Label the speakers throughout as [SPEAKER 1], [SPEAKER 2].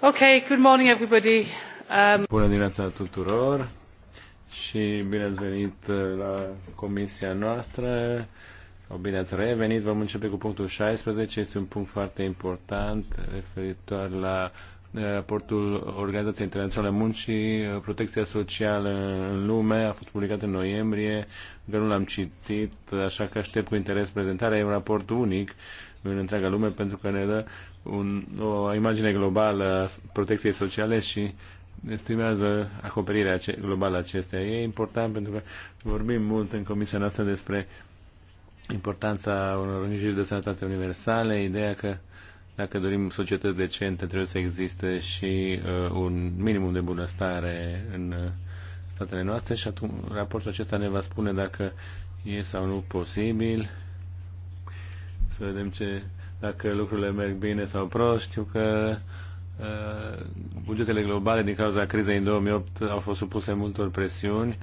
[SPEAKER 1] good morning everybody. Um...
[SPEAKER 2] Bună dimineața tuturor și bine ați venit uh, la comisia noastră. O bine ați revenit. Vom începe cu punctul 16. Este un punct foarte important referitor la uh, raportul Organizației Internaționale Muncii, uh, Protecția Socială în lume, a fost publicat în noiembrie, încă nu l-am citit, așa că aștept cu interes prezentarea. E un raport unic în întreaga lume pentru că ne dă un, o imagine globală a protecției sociale și estimează acoperirea globală acestea. E important pentru că vorbim mult în comisia noastră despre importanța unor îngrijiri de sănătate universale, ideea că dacă dorim societăți decente, trebuie să existe și uh, un minimum de bunăstare în uh, statele noastre și atunci raportul acesta ne va spune dacă e sau nu posibil să vedem ce, dacă lucrurile merg bine sau prost. Știu că uh, bugetele globale din cauza crizei în 2008 au fost supuse multor presiuni.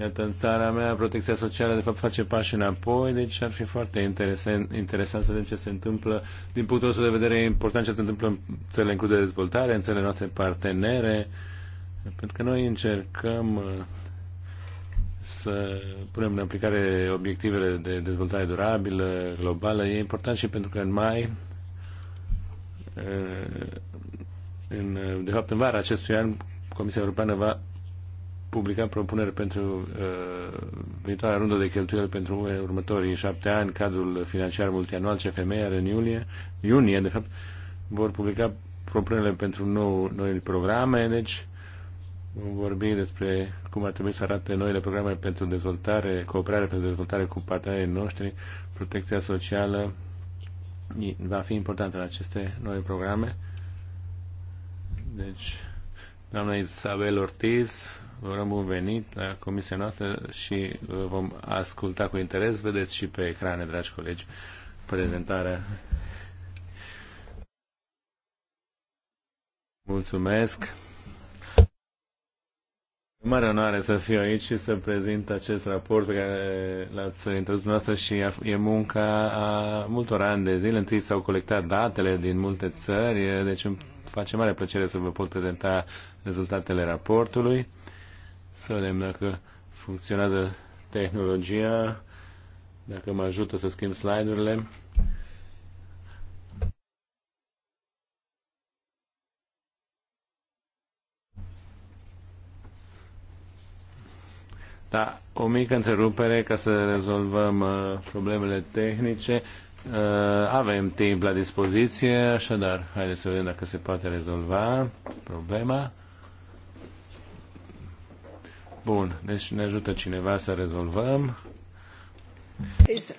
[SPEAKER 2] Iată, în țara mea, protecția socială, de fapt, face pași înapoi, deci ar fi foarte interesant, interesant să vedem ce se întâmplă. Din punctul nostru de vedere, e important ce se întâmplă în țările în curs de dezvoltare, în țările noastre partenere, pentru că noi încercăm uh, să punem în aplicare obiectivele de dezvoltare durabilă, globală. E important și pentru că în mai, eh, în, de fapt în vara acestui an, Comisia Europeană va publica propuneri pentru uh, viitoarea rundă de cheltuieli pentru următorii șapte ani, cadrul financiar multianual CFM, iar în iulie, iunie, de fapt, vor publica propunerile pentru nou, noi programe, deci Vom vorbi despre cum ar trebui să arate noile programe pentru dezvoltare, cooperare pentru dezvoltare cu partenerii noștri, protecția socială va fi importantă în aceste noi programe. Deci, doamna Isabel Ortiz, vă rog bun venit la comisia noastră și vom asculta cu interes. Vedeți și pe ecrane, dragi colegi, prezentarea. Mulțumesc! Mare onoare să fiu aici și să prezint acest raport pe care l-ați introdus dumneavoastră și e munca a multor ani de zile. Întâi s-au colectat datele din multe țări, deci îmi face mare plăcere să vă pot prezenta rezultatele raportului. Să vedem dacă funcționează tehnologia, dacă mă ajută să schimb slide-urile. Da, o mică întrerupere ca să rezolvăm uh, problemele tehnice. Uh, avem timp la dispoziție, așadar, haideți să vedem dacă se poate rezolva problema. Bun, deci ne ajută cineva să rezolvăm.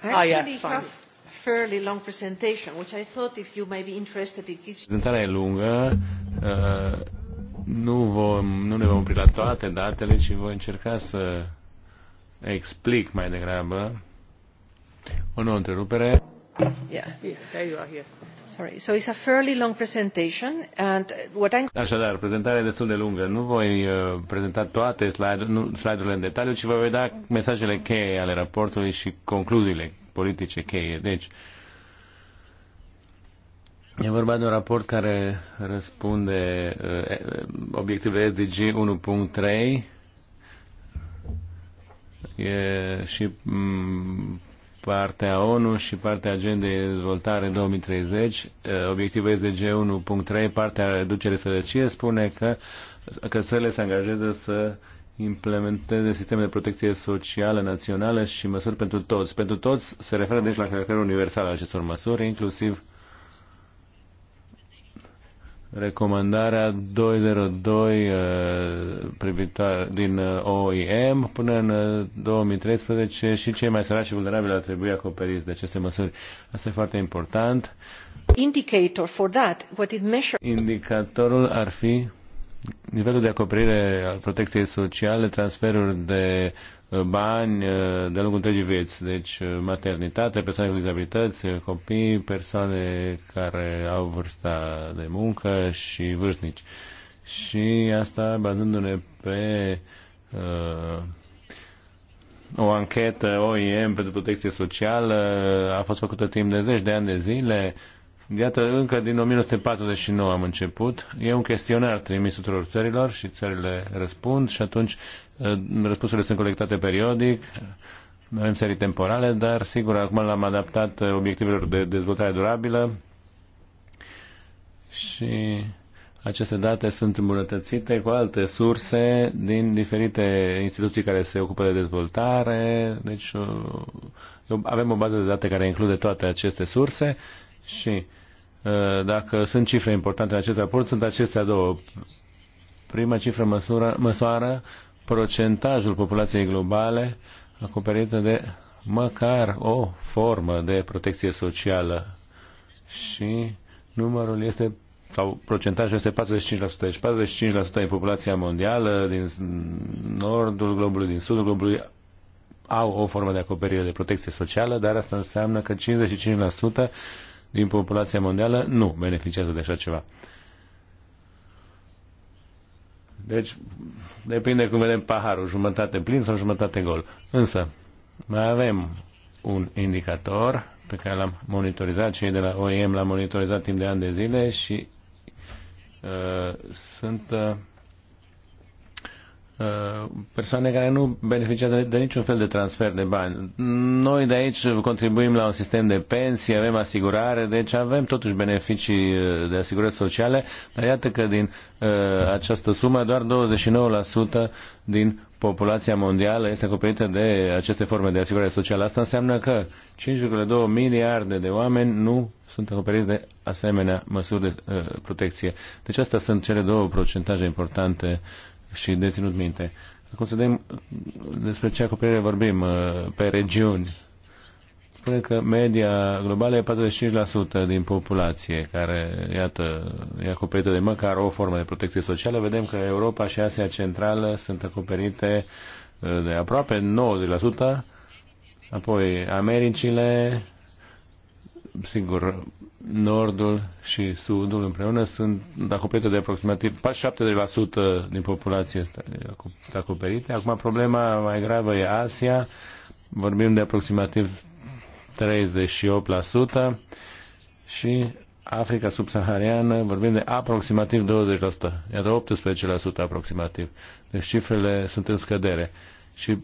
[SPEAKER 3] Ah, yeah, fine fairly long presentation, which I thought if you may be interested it gives...
[SPEAKER 2] Prezentarea e lungă, uh, nu, vom, nu ne vom opri la toate datele, ci voi încerca să explic mai degrabă o nouă întrerupere.
[SPEAKER 3] Yeah. There you are here. Sorry. So it's a fairly long presentation and what
[SPEAKER 2] Așadar, prezentarea e destul de lungă. Nu voi uh, prezenta toate slide-urile slide în detaliu, ci voi da mesajele cheie ale raportului și concluziile politice cheie. Deci, E vorba de un raport care răspunde uh, obiectivele SDG 1.3 e și mm, partea ONU și partea Agendei de Dezvoltare 2030, obiectivul SDG 1.3, partea reducere sărăcie, spune că, că țările se angajează să implementeze sisteme de protecție socială națională și măsuri pentru toți. Pentru toți se referă deci la caracterul universal al acestor măsuri, inclusiv uh, recomandarea 202 uh, privitoare din uh, OIM până în 2013 uh, și cei mai săraci și vulnerabili ar trebui acoperiți de aceste măsuri. Asta e foarte important.
[SPEAKER 3] Indicator for that, what it measure...
[SPEAKER 2] Indicatorul ar fi nivelul de acoperire al protecției sociale, transferuri de Uh, bani uh, de-a lungul întregii vieți, deci uh, maternitate, persoane cu dizabilități, copii, persoane care au vârsta de muncă și vârstnici. Și asta bazându-ne pe uh, o anchetă OIM pentru protecție socială, a fost făcută timp de zeci de ani de zile, Iată, încă din 1949 am început. E un chestionar trimis tuturor țărilor și țările răspund și atunci eh, răspunsurile sunt colectate periodic. Avem serii temporale, dar sigur, acum l-am adaptat eh, obiectivelor de dezvoltare durabilă și aceste date sunt îmbunătățite cu alte surse din diferite instituții care se ocupă de dezvoltare. Deci avem o bază de date care include toate aceste surse și uh, dacă sunt cifre importante în acest raport, sunt acestea două. Prima cifră măsură, măsoară procentajul populației globale acoperită de măcar o formă de protecție socială și numărul este sau procentajul este 45%. Deci 45% din populația mondială, din nordul globului, din sudul globului, au o formă de acoperire de protecție socială, dar asta înseamnă că 55% din populația mondială nu beneficiază de așa ceva. Deci, depinde cum vedem paharul, jumătate plin sau jumătate gol. Însă, mai avem un indicator pe care l-am monitorizat, cei de la OEM l-am monitorizat timp de ani de zile și uh, sunt uh, Uh, persoane care nu beneficiază de niciun fel de transfer de bani. Noi de aici contribuim la un sistem de pensii, avem asigurare, deci avem totuși beneficii uh, de asigurări sociale, dar iată că din uh, această sumă doar 29% din populația mondială este acoperită de aceste forme de asigurare socială. Asta înseamnă că 5,2 miliarde de oameni nu sunt acoperiți de asemenea măsuri de protecție. Deci astea sunt cele două procentaje importante uh, și de ținut minte. Acum să vedem despre ce acoperire vorbim uh, pe regiuni. Spune că media globală e 45% din populație, care, iată, e acoperită de măcar o formă de protecție socială. Vedem că Europa și Asia Centrală sunt acoperite uh, de aproape 90%, apoi Americile sigur, nordul și sudul împreună sunt acoperite de aproximativ 70% din populație este acoperite. Acum problema mai gravă e Asia, vorbim de aproximativ 38% și Africa subsahariană, vorbim de aproximativ 20%, iar 18% aproximativ. Deci cifrele sunt în scădere și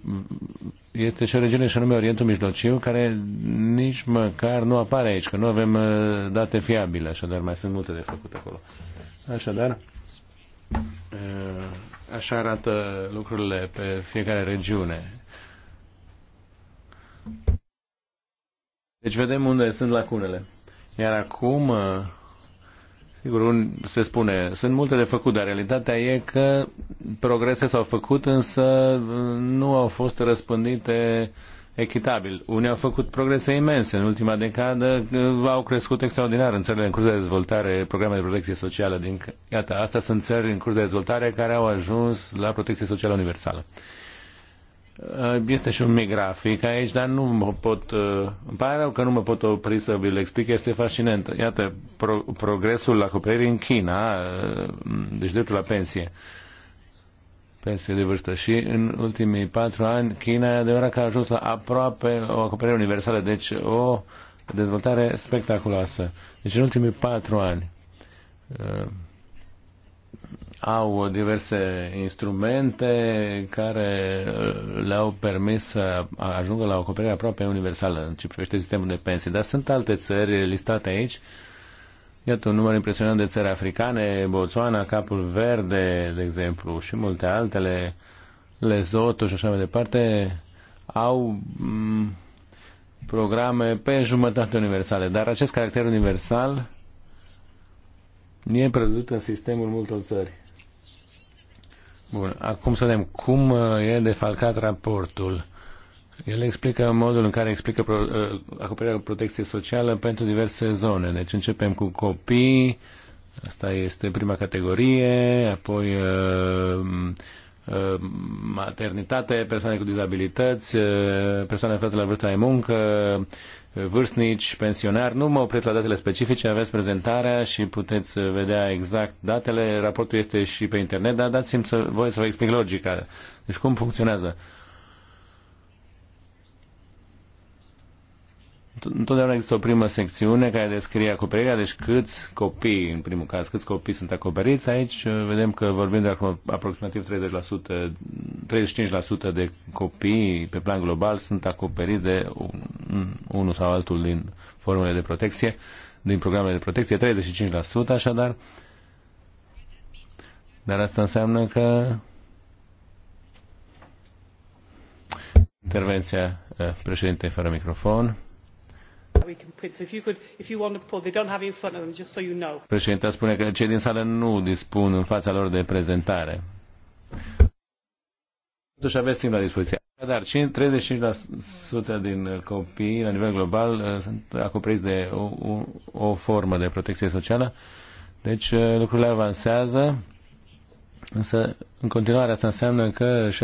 [SPEAKER 2] este și o regiune și anume Orientul Mijlociu, care nici măcar nu apare aici, că nu avem uh, date fiabile, așadar mai sunt multe de făcut acolo. Așadar, uh, așa arată lucrurile pe fiecare regiune. Deci vedem unde sunt lacunele. Iar acum uh, Sigur, un, se spune, sunt multe de făcut, dar realitatea e că progrese s-au făcut, însă uh, nu au fost răspândite echitabil. Unii au făcut progrese imense în ultima decadă, uh, au crescut extraordinar în țările în curs de dezvoltare, programe de protecție socială. Din, iată, astea sunt țări în curs de dezvoltare care au ajuns la protecție socială universală. Uh, este și un mic grafic aici, dar nu mă pot... Uh, îmi pare rău că nu mă pot opri să vi-l explic, este fascinant. Iată, pro, progresul la acoperirii în China, uh, deci dreptul la pensie, pensie de vârstă. Și în ultimii patru ani, China e adevărat că a ajuns la aproape o acoperire universală, deci o dezvoltare spectaculoasă. Deci în ultimii patru ani au diverse instrumente care uh, le-au permis să ajungă la o acoperire aproape universală în ce privește sistemul de pensii. Dar sunt alte țări listate aici. Iată un număr impresionant de țări africane, Botswana, Capul Verde, de exemplu, și multe altele, Lesotho și așa mai departe, au mm, programe pe jumătate universale. Dar acest caracter universal e prezut în sistemul multor țări. Bun, acum să vedem cum uh, e defalcat raportul. El explică modul în care explică pro, uh, acoperirea cu protecție socială pentru diverse zone. Deci începem cu copii, asta este prima categorie, apoi uh, maternitate, persoane cu dizabilități, persoane aflate la vârsta de muncă, vârstnici, pensionari. Nu mă opresc la datele specifice, aveți prezentarea și puteți vedea exact datele. Raportul este și pe internet, dar dați-mi să, voi să vă explic logica. Deci cum funcționează. Uh, Întotdeauna există o primă secțiune care descrie acoperirea, deci câți copii, în primul caz, câți copii sunt acoperiți. Aici uh, vedem că vorbim de aproximativ 30%, 35% de copii pe plan global sunt acoperiți de unul sau altul din formele de protecție, din programele de protecție, 35% așadar. Dar asta înseamnă că intervenția uh, președintei fără microfon
[SPEAKER 1] what we can print. So if you could, if you want to pull, they don't have it in front of them, just so you know.
[SPEAKER 2] spune că cei din sală nu dispun în fața lor de prezentare. Totuși aveți timp la dispoziție. Dar 35% din copii la nivel global uh, sunt acoperiți de o, o, o formă de protecție socială. Deci uh, lucrurile avansează, însă în continuare asta înseamnă că 65%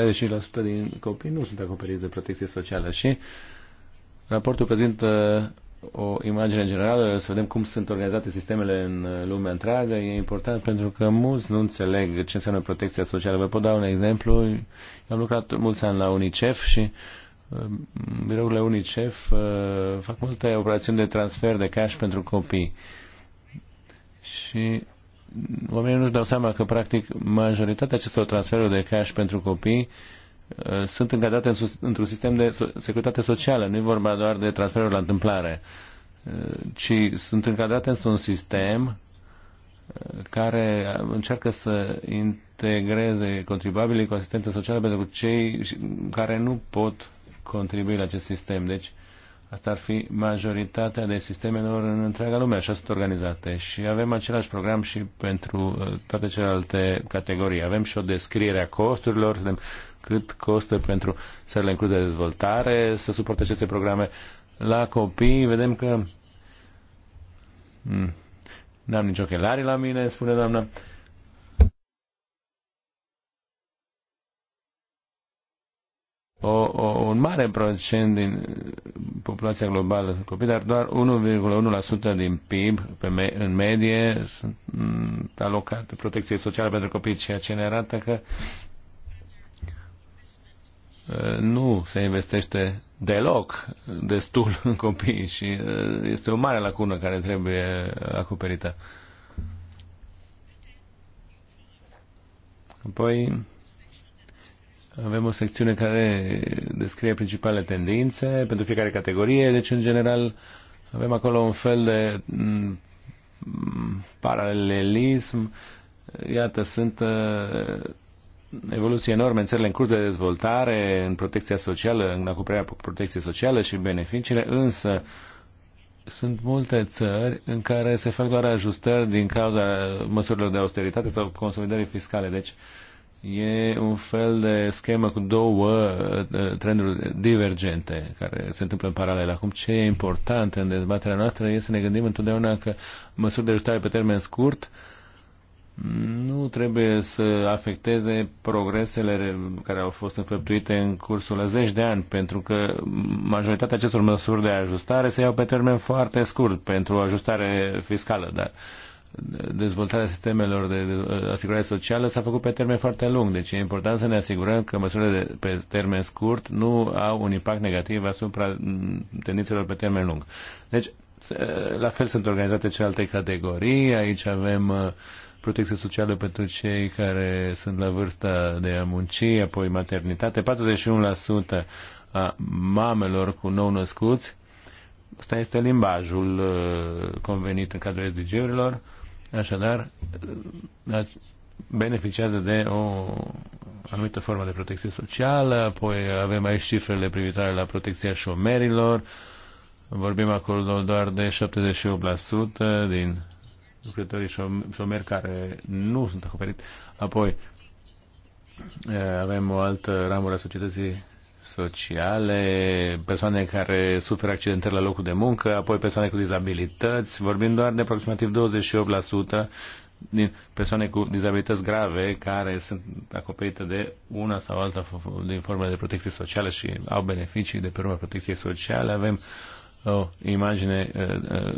[SPEAKER 2] din copii nu sunt acoperiți de protecție socială și raportul prezintă o imagine generală, să vedem cum sunt organizate sistemele în lumea întreagă. E important pentru că mulți nu înțeleg ce înseamnă protecția socială. Vă pot da un exemplu. Eu am lucrat mulți ani la UNICEF și uh, birourile UNICEF uh, fac multe operațiuni de transfer de cash pentru copii. Și oamenii nu-și dau seama că, practic, majoritatea acestor transferuri de cash pentru copii uh, Uh, sunt încadrate într-un sistem de securitate socială. Nu e vorba doar de transferuri la întâmplare, uh, ci sunt încadrate într-un sistem uh, care încearcă să integreze contribuabilii cu asistență socială pentru cei care nu pot contribui la acest sistem. Deci, asta ar fi majoritatea de sistemelor în întreaga lume, așa sunt organizate. Și avem același program și pentru toate celelalte categorii. Avem și o descriere a costurilor, cât costă pentru țările în curs de dezvoltare să suporte aceste programe. La copii vedem că hmm, n-am nici ochelari la mine, spune doamna. o, o, un mare procent din populația globală sunt copii, dar doar 1,1% din PIB pe me- în medie sunt hmm, alocate protecție socială pentru copii, ceea ce ne arată că nu se investește deloc destul în copii și uh, este o mare lacună care trebuie acoperită. Apoi avem o secțiune care descrie principalele tendințe pentru fiecare categorie, deci în general avem acolo un fel de mm, paralelism. Iată, sunt uh, evoluție enorme în țările în curs de dezvoltare, în protecția socială, în acoperirea protecției sociale și beneficiile, însă sunt multe țări în care se fac doar ajustări din cauza măsurilor de austeritate sau consolidării fiscale. Deci e un fel de schemă cu două ă, trenduri divergente care se întâmplă în paralel. Acum ce e important în dezbaterea noastră e să ne gândim întotdeauna că măsuri de ajustare pe termen scurt uh, nu trebuie să afecteze progresele care au fost înfăptuite în cursul a zeci de ani, pentru că majoritatea acestor măsuri de ajustare se iau pe termen foarte scurt pentru o ajustare fiscală, dar dezvoltarea sistemelor de uh, asigurare socială s-a făcut pe termen foarte lung, deci e important să ne asigurăm că măsurile de, pe termen scurt nu au un impact negativ asupra mm, tendințelor pe termen lung. Deci, la fel sunt organizate celelalte categorii, aici avem uh, protecție socială pentru cei care sunt la vârsta de a munci, apoi maternitate, 41% a mamelor cu nou-născuți. Asta este limbajul uh, convenit în cadrul SDG-urilor. Așadar, uh, beneficiază de o anumită formă de protecție socială, apoi avem aici cifrele privitoare la protecția șomerilor, vorbim acolo doar de 78% din lucrătorii șomeri care nu sunt acoperiți. Apoi avem o altă ramură a societății sociale, persoane care suferă accidentări la locul de muncă, apoi persoane cu dizabilități, vorbim doar de aproximativ 28% din persoane cu dizabilități grave care sunt acoperite de una sau alta din formele de protecție socială și au beneficii de pe urma protecției sociale. Avem uh, o imagine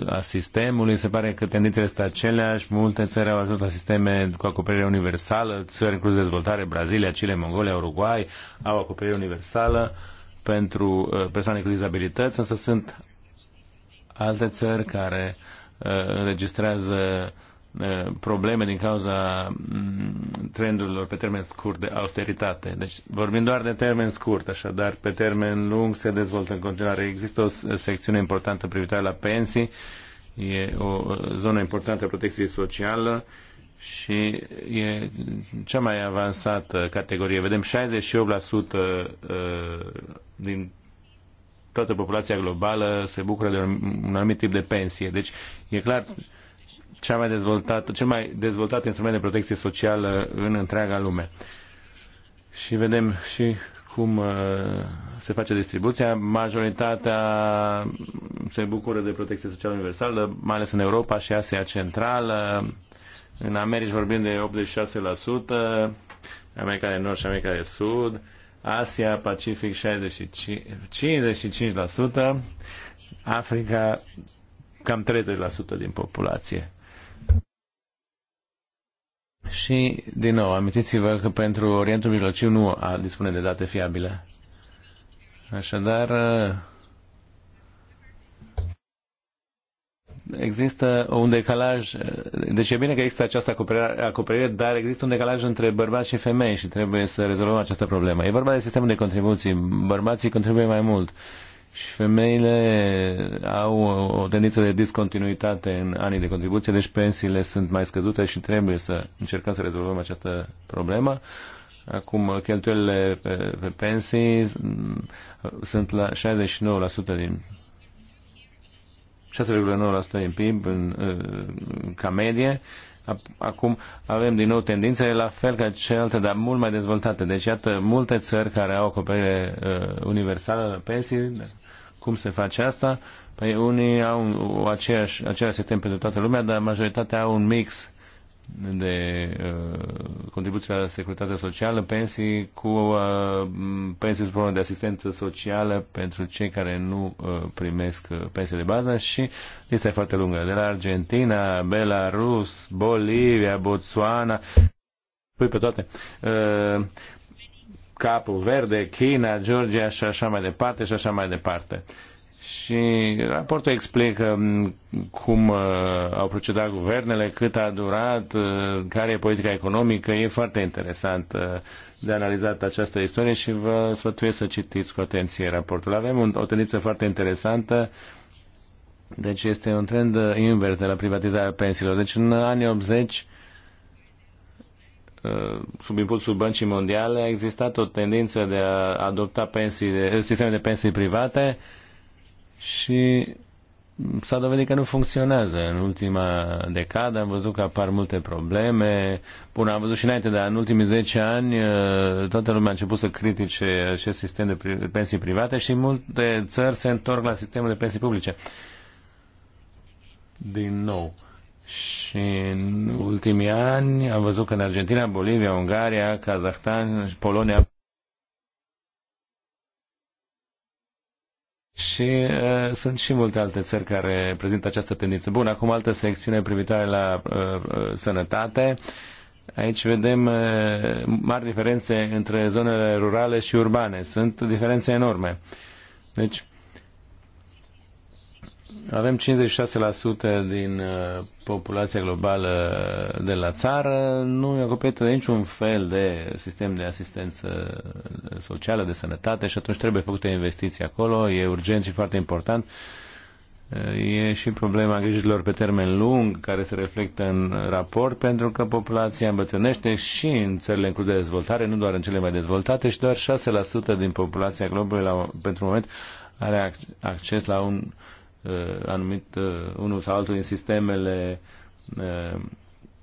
[SPEAKER 2] a sistemului. Se pare că tendințele sunt aceleași. Multe țări au ajuns la sisteme cu acoperire universală, țări în de dezvoltare, Brazilia, Chile, Mongolia, Uruguay, au acoperire universală pentru persoane cu dizabilități, însă sunt alte țări care înregistrează uh, Uh, probleme din cauza mm, trendurilor pe termen scurt de austeritate. Deci vorbim doar de termen scurt, dar pe termen lung se dezvoltă în continuare. Există o secțiune importantă privitoare la pensii, e o uh, zonă importantă a protecției socială și e cea mai avansată categorie. Vedem 68% uh, din toată populația globală se bucură de un anumit tip de pensie. Deci e clar cea mai dezvoltată, cel mai dezvoltat instrument de protecție socială în întreaga lume. Și vedem și cum uh, se face distribuția. Majoritatea se bucură de protecție socială universală, mai ales în Europa și Asia Centrală. În America vorbim de 86%, America de Nord și America de Sud, Asia, Pacific 65, 55%, Africa cam 30% din populație. Și, din nou, amintiți-vă că pentru Orientul Mijlociu nu a dispune de date fiabile. Așadar, există un decalaj, deci e bine că există această acoperire, acoperire, dar există un decalaj între bărbați și femei și trebuie să rezolvăm această problemă. E vorba de sistemul de contribuții. Bărbații contribuie mai mult și femeile au o tendință de discontinuitate în anii de contribuție, deci pensiile sunt mai scăzute și trebuie să încercăm să rezolvăm această problemă. Acum cheltuielile pe, pe pensii mm, sunt la 69% din 6,9% din PIB în, în, uh, ca medie Acum avem din nou tendințe la fel ca celelalte, dar mult mai dezvoltate. Deci, iată, multe țări care au acoperire uh, universală la pensii, da. cum se face asta? Păi unii au aceeași, aceeași sistem pentru toată lumea, dar majoritatea au un mix de uh, contribuții la securitatea socială, pensii cu uh, pensii suplimentare de asistență socială pentru cei care nu uh, primesc uh, pensii de bază și lista e foarte lungă. De la Argentina, Belarus, Bolivia, Botswana, pui pe toate. Uh, Capul Verde, China, Georgia și așa mai departe și așa mai departe. Uh, și raportul explică cum uh, au procedat guvernele, cât a durat, uh, care e politica economică. E foarte interesant uh, de analizat această istorie și vă sfătuiesc să citiți cu atenție raportul. Avem o tendință foarte interesantă deci este un trend invers de la privatizarea pensiilor. Deci în anii 80, sub impulsul băncii mondiale, a existat o tendință de a adopta pensii, de, sisteme de pensii private și s-a dovedit că nu funcționează. În ultima decadă am văzut că apar multe probleme. Bun, am văzut și înainte, dar în ultimii 10 ani uh, toată lumea a început să critique acest sistem de pensii private și multe țări se întorc la sistemul de pensii publice. Din nou. Și în ultimii ani am văzut că în Argentina, Bolivia, Ungaria, Kazahstan și Polonia și uh, sunt și multe alte țări care prezintă această tendință. Bun, acum altă secțiune privitoare la uh, uh sănătate. Aici vedem uh, mari diferențe între zonele rurale și urbane. Sunt diferențe enorme. Deci, avem 56% din uh, populația globală de la țară, nu e acoperită de niciun fel de sistem de asistență socială, de sănătate și atunci trebuie făcute investiții acolo, e urgent și foarte important. Uh, e și problema grijilor pe termen lung care se reflectă în raport pentru că populația îmbătrânește și în țările în curs de dezvoltare, nu doar în cele mai dezvoltate și doar 6% din populația globului la, pentru moment are acces la un uh, Uh, anumit uh, unul sau altul din sistemele uh,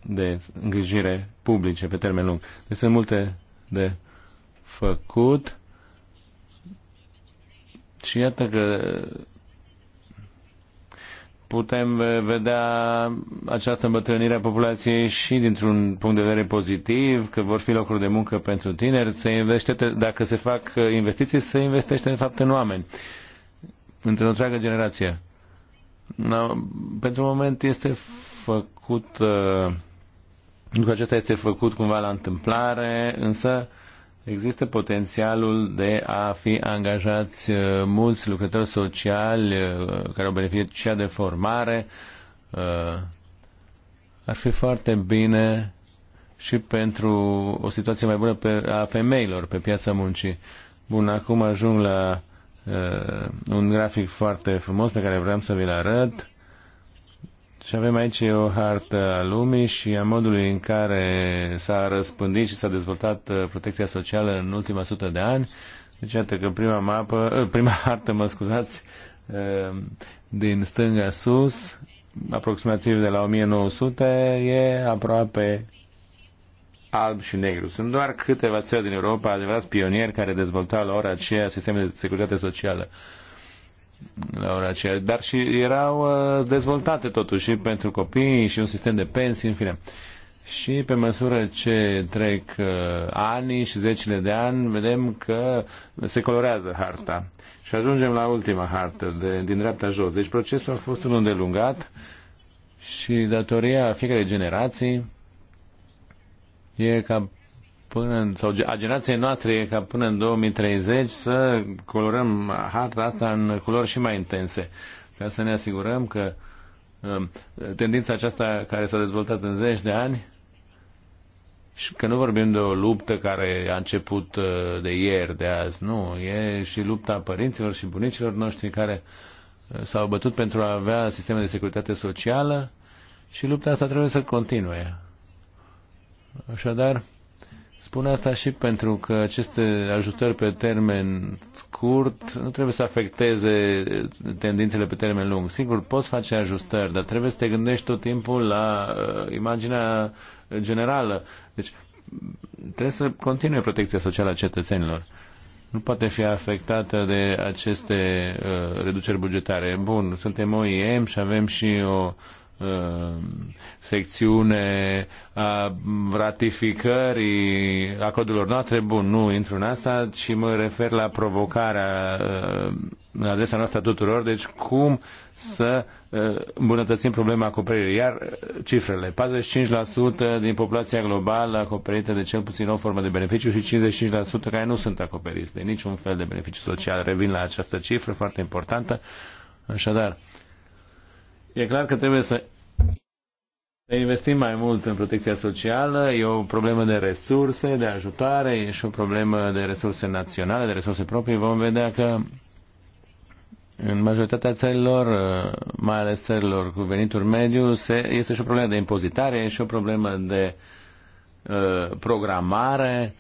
[SPEAKER 2] de îngrijire publice pe termen lung. Deci sunt multe de făcut și iată că putem vedea această îmbătrânire a populației și dintr-un punct de vedere pozitiv, că vor fi locuri de muncă pentru tineri, se investește, dacă se fac investiții, se investește în fapt în oameni, într-o întreagă generație. Da, pentru moment este făcut, uh, lucrul acesta este făcut cumva la întâmplare, însă există potențialul de a fi angajați uh, mulți lucrători sociali uh, care au beneficiat de formare. Ar fi foarte bine și pentru o situație mai bună pe, a femeilor pe piața muncii. Bun, acum ajung la Uh, un grafic foarte frumos pe care vreau să vi-l arăt. Și avem aici o hartă a lumii și a modului în care s-a răspândit și s-a dezvoltat uh, protecția socială în ultima sută de ani. Deci, iată că prima mapă, uh, prima hartă, mă scuzați, din stânga sus, aproximativ de la 1900, e aproape alb și negru. Sunt doar câteva țări din Europa, adevărați pionieri, care dezvoltau la ora aceea sisteme de securitate socială la ora aceea, dar și erau uh, dezvoltate totuși și pentru copii și un sistem de pensii, în fine. Și pe măsură ce trec uh, anii și zecile de ani, vedem că se colorează harta. Și ajungem la ultima hartă, de, din dreapta jos. Deci procesul a fost unul îndelungat și datoria fiecarei generații e ca până în, sau a generației noastre e ca până în 2030 să colorăm harta asta în culori și mai intense, ca să ne asigurăm că um, tendința aceasta care s-a dezvoltat în zeci de ani și că nu vorbim de o luptă care a început uh, de ieri, de azi, nu, e și lupta părinților și bunicilor noștri care uh, s-au bătut pentru a avea sisteme de securitate socială și lupta asta trebuie să continue. Așadar, spun asta și pentru că aceste ajustări pe termen scurt nu trebuie să afecteze tendințele pe termen lung. Sigur, poți face ajustări, dar trebuie să te gândești tot timpul la uh, imaginea generală. Deci, trebuie să continue protecția socială a cetățenilor. Nu poate fi afectată de aceste uh, reduceri bugetare. Bun, suntem OIM și avem și o uh, Uh, secțiune a ratificării acordurilor noastre, bun, nu intru în asta, ci mă refer la provocarea uh, la adresa noastră a tuturor, deci cum să uh, îmbunătățim problema acoperirii. Iar cifrele, 45% din populația globală acoperită de cel puțin o formă de beneficiu și 55% care nu sunt acoperiți de niciun fel de beneficiu social. Revin la această cifră foarte importantă. Așadar, E clar că trebuie să investim mai mult în protecția socială, e o problemă de resurse, de ajutare, e și o problemă de resurse naționale, de resurse proprii. Vom vedea că în majoritatea țărilor, mai ales țărilor cu venituri mediu, se, este și o problemă de impozitare, e și o problemă de uh, programare.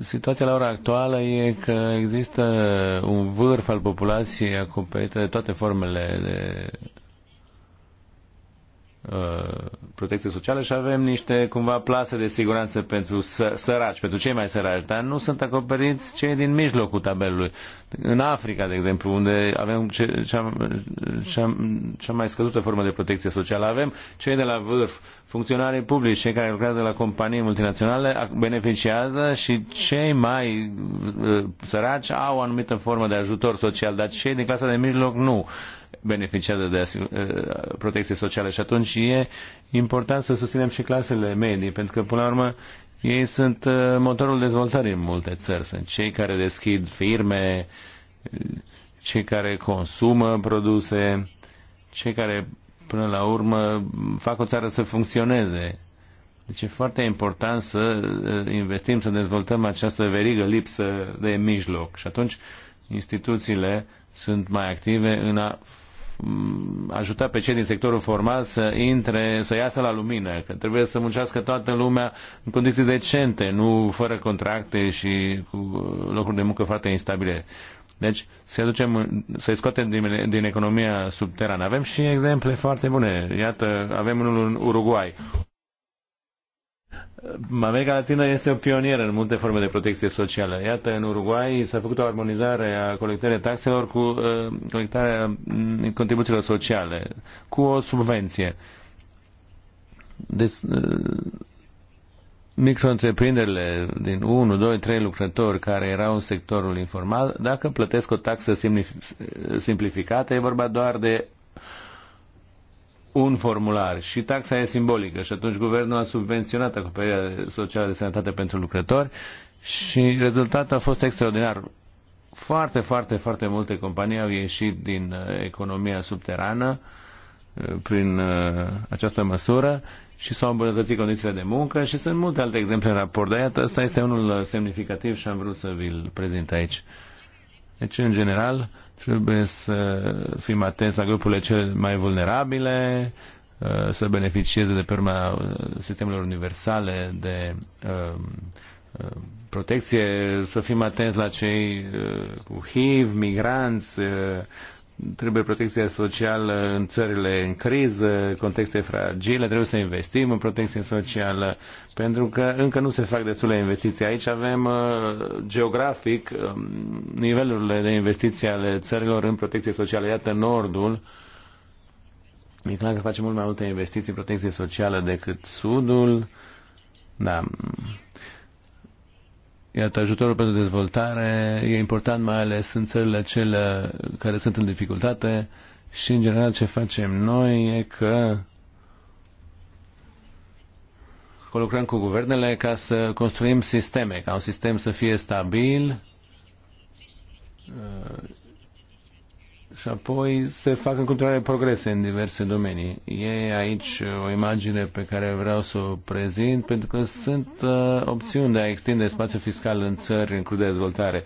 [SPEAKER 2] Situația la ora actuală e că există un vârf al populației acoperită de toate formele de Uh, protecție socială și avem niște cumva plase de siguranță pentru săraci, pentru cei mai săraci, dar nu sunt acoperiți cei din mijlocul tabelului. În Africa, de exemplu, unde avem cea, cea, cea mai scăzută formă de protecție socială, avem cei de la vârf, funcționarii publici, cei care lucrează la companii multinaționale, beneficiază și cei mai uh, săraci au o anumită formă de ajutor social, dar cei din clasa de mijloc nu. Uh, beneficiază de eh, protecție socială și atunci e important să susținem și clasele medii, pentru că până la urmă ei sunt eh, motorul dezvoltării în multe țări, sunt cei care deschid firme, cei care consumă produse, cei care până la urmă fac o țară să funcționeze. Deci e foarte important să eh, investim, să dezvoltăm această verigă lipsă de mijloc. Și atunci instituțiile sunt mai active în a Mm, ajuta pe cei din sectorul formal să intre, să iasă la lumină, că trebuie să muncească toată lumea în condiții decente, nu fără contracte și cu locuri de muncă foarte instabile. Deci să aducem, să scoatem din, din economia subterană. Avem și exemple foarte bune. Iată, avem unul în Uruguay. America Latina este o pionieră în multe forme de protecție socială. Iată, în Uruguay s-a făcut o armonizare a colectării taxelor cu uh, colectarea mm, contribuțiilor sociale, cu o subvenție. Deci, uh, micro din 1, 2, 3 lucrători care erau în sectorul informal, dacă plătesc o taxă simplificată, e vorba doar de un formular și taxa e simbolică și atunci guvernul a subvenționat acoperirea socială de sănătate pentru lucrători și rezultatul a fost extraordinar. Foarte, foarte, foarte multe companii au ieșit din uh, economia subterană uh, prin uh, această măsură și s-au îmbunătățit condițiile de muncă și sunt multe alte exemple în raport, dar iată, ăsta este unul semnificativ și am vrut să vi-l prezint aici. Deci, în general, Trebuie să fim atenți la grupurile cele mai vulnerabile, uh, să beneficieze de pe urma uh, sistemelor universale de um, uh, protecție, să fim atenți la cei cu HIV, migranți, trebuie protecția socială în țările în criză, contexte fragile, trebuie să investim în protecție socială, pentru că încă nu se fac destule investiții. Aici avem uh, geografic um, nivelurile de investiții ale țărilor în protecție socială. Iată Nordul, e clar că face mult mai multe investiții în protecție socială decât Sudul, da, Iată, ajutorul pentru dezvoltare e important mai ales în țările cele care sunt în dificultate și, în general, ce facem noi e că colucrăm cu guvernele ca să construim sisteme, ca un sistem să fie stabil și apoi se fac în continuare progrese în diverse domenii. E aici o imagine pe care vreau să o prezint, pentru că sunt uh, opțiuni de a extinde spațiul fiscal în țări în curs de dezvoltare.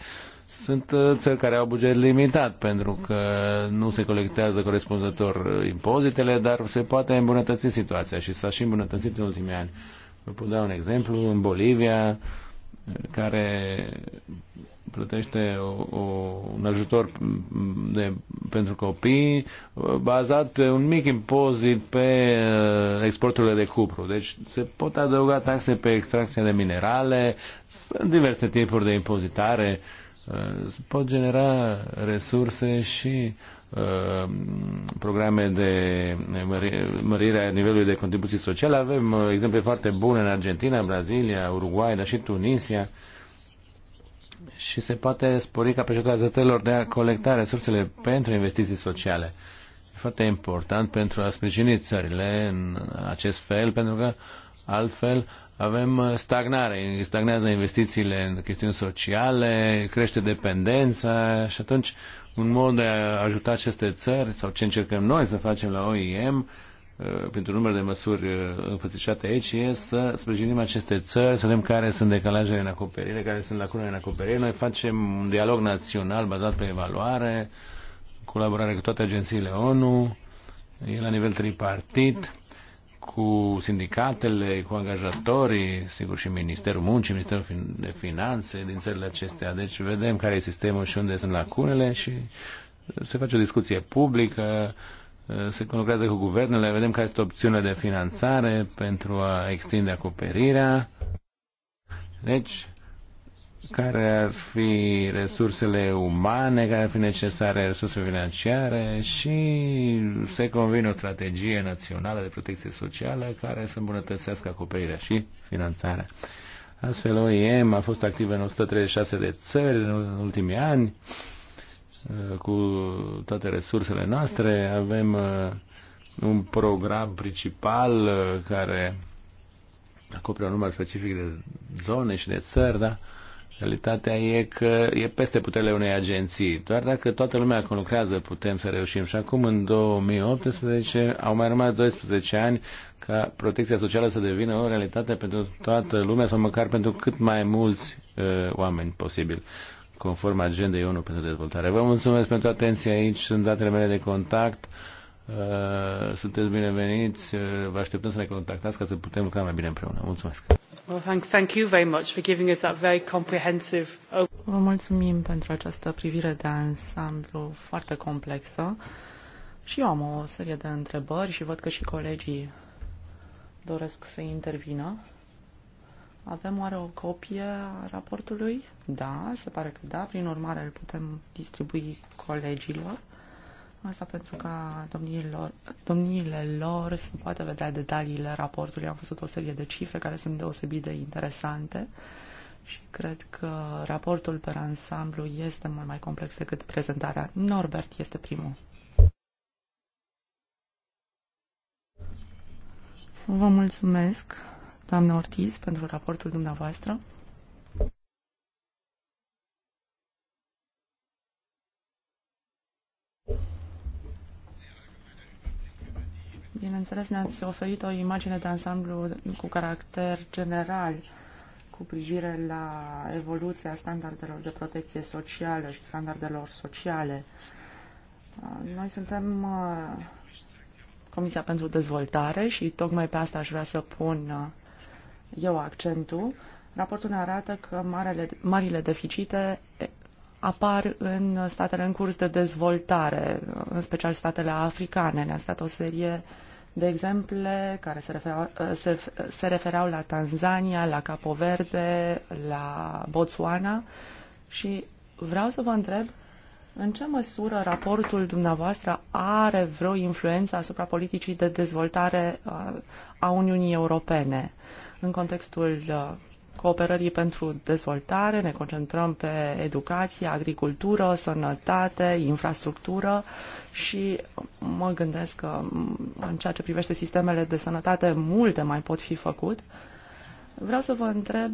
[SPEAKER 2] Sunt uh, țări care au buget limitat pentru că nu se colectează corespunzător uh, impozitele, dar se poate îmbunătăți situația și s-a și îmbunătățit în ultimii ani. Vă pot da un exemplu, în Bolivia, uh, care plătește o, o, un ajutor de, pentru copii bazat pe un mic impozit pe uh, exporturile de cupru. Deci se pot adăuga taxe pe extracția de minerale, sunt diverse tipuri de impozitare, uh, se pot genera resurse și uh, programe de mărire a nivelului de contribuții sociale. Avem exemple foarte bune în Argentina, Brazilia, Uruguay, dar și Tunisia. Uh, și se poate spori capacitatea statelor de a colecta resursele pentru investiții sociale. E foarte important pentru a sprijini țările în acest fel, pentru că altfel avem stagnare. Stagnează investițiile în chestiuni sociale, crește dependența și atunci un mod de a ajuta aceste țări sau ce încercăm noi să facem la OIM Uh, pentru număr de măsuri uh, înfățișate aici e să sprijinim aceste țări, să vedem care sunt decalajele în acoperire, care sunt lacunele în acoperire. Noi facem un dialog național bazat pe evaluare, colaborare cu toate agențiile ONU, e la nivel tripartit, cu sindicatele, cu angajatorii, sigur și Ministerul Muncii, Ministerul de Finanțe din țările acestea. Deci vedem care e sistemul și unde sunt lacunele și se face o discuție publică, se lucrează cu guvernele, vedem care este opțiunea de finanțare pentru a extinde acoperirea. Deci, care ar fi resursele umane, care ar fi necesare resurse financiare și se convine o strategie națională de protecție socială care să îmbunătățească acoperirea și finanțarea. Astfel, OIM a fost activă în 136 de țări în ultimii ani Eh, cu toate resursele noastre. Avem eh, un program principal eh, care acoperă un număr specific de zone și de țări, da? Realitatea e că e peste puterile unei agenții. Doar dacă toată lumea conlucrează, putem să reușim. Și acum, în 2018, au mai rămas 12 ani ca protecția socială să devină o realitate pentru toată lumea sau măcar pentru cât mai mulți uh, oameni posibil conform agendei 1 pentru dezvoltare. Vă mulțumesc pentru atenție aici, sunt datele mele de contact. Uh, sunteți bineveniți, uh, vă așteptăm să ne contactați ca să putem lucra mai bine împreună. Mulțumesc!
[SPEAKER 4] Vă mulțumim pentru această privire de ansamblu foarte complexă. Și eu am o serie de întrebări și văd că și colegii doresc să intervină. Avem oare o copie a raportului? Da, se pare că da. Prin urmare, îl putem distribui colegilor. Asta pentru ca domniilor, domniile lor să poată vedea detaliile raportului. Am văzut o serie de cifre care sunt deosebit de interesante și cred că raportul pe ansamblu este mult mai complex decât prezentarea. Norbert este primul. Vă mulțumesc doamnă Ortiz, pentru raportul dumneavoastră. Bineînțeles, ne-ați oferit o imagine de ansamblu cu caracter general cu privire la evoluția standardelor de protecție socială și standardelor sociale. Noi suntem uh, Comisia pentru Dezvoltare și tocmai pe asta aș vrea să pun uh, eu accentul. Raportul ne arată că marele, marile deficite apar în statele în curs de dezvoltare, în special statele africane. Ne-a stat o serie de exemple care se, referau, se, se refereau la Tanzania, la Capo Verde, la Botswana și vreau să vă întreb în ce măsură raportul dumneavoastră are vreo influență asupra politicii de dezvoltare a Uniunii Europene? Uh, în contextul uh, cooperării pentru dezvoltare, ne concentrăm pe educație, agricultură, sănătate, infrastructură și mă gândesc că în ceea ce privește sistemele de sănătate multe mai pot fi făcut. Vreau să vă întreb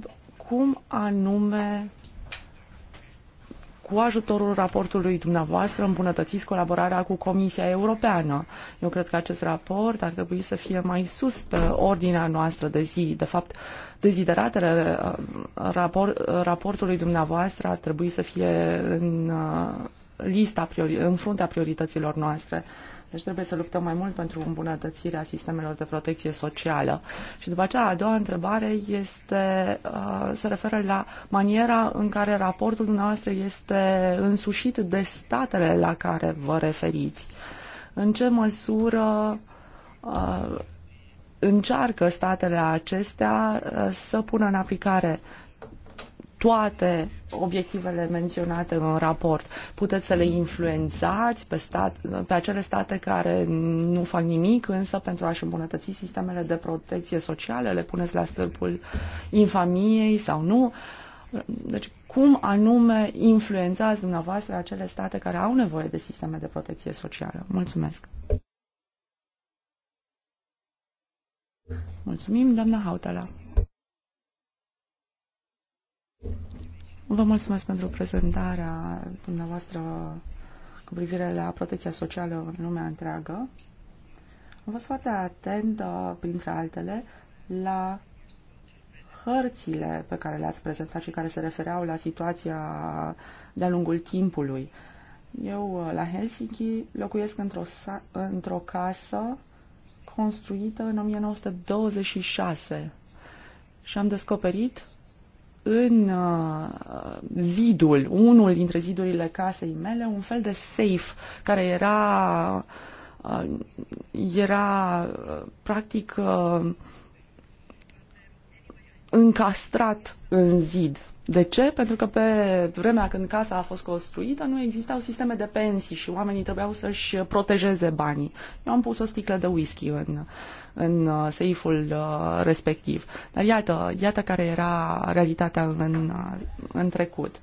[SPEAKER 4] cum anume cu ajutorul raportului dumneavoastră îmbunătățiți colaborarea cu Comisia Europeană. Eu cred că acest raport ar trebui să fie mai sus pe ordinea noastră de zi. De fapt, dezideratele uh, rapor, raportului dumneavoastră ar trebui să fie în uh, lista priori, în fruntea priorităților noastre. Uh, deci trebuie să luptăm mai mult pentru îmbunătățirea sistemelor de protecție socială. Și după aceea, a doua întrebare este, uh, se referă la maniera în care raportul dumneavoastră este însușit de statele la care vă referiți. În ce măsură uh, încearcă statele acestea uh, să pună în aplicare toate obiectivele menționate în raport. Puteți să le influențați pe, stat, pe acele state care nu fac nimic, însă pentru a-și îmbunătăți sistemele de protecție socială, le puneți la stâlpul infamiei sau nu. Deci, cum anume influențați dumneavoastră acele state care au nevoie de sisteme de protecție socială? Mulțumesc! Mulțumim, doamna Hautala! Vă mulțumesc pentru prezentarea dumneavoastră cu privire la protecția socială în lumea întreagă. Am fost foarte atent, uh, printre altele, la hărțile pe care le-ați prezentat și care se refereau la situația de-a lungul timpului. Eu uh, la Helsinki locuiesc într-o, într-o casă construită în 1926 și am descoperit în uh, zidul, unul dintre zidurile casei mele, un fel de safe care era uh, era uh, practic încastrat în zid. De ce? Pentru că pe vremea când casa a fost construită nu existau sisteme de pensii și oamenii trebuiau să-și protejeze banii. Eu am pus o sticlă de whisky în, în uh, seiful uh, respectiv. Dar iată, iată care era realitatea în, uh, în trecut.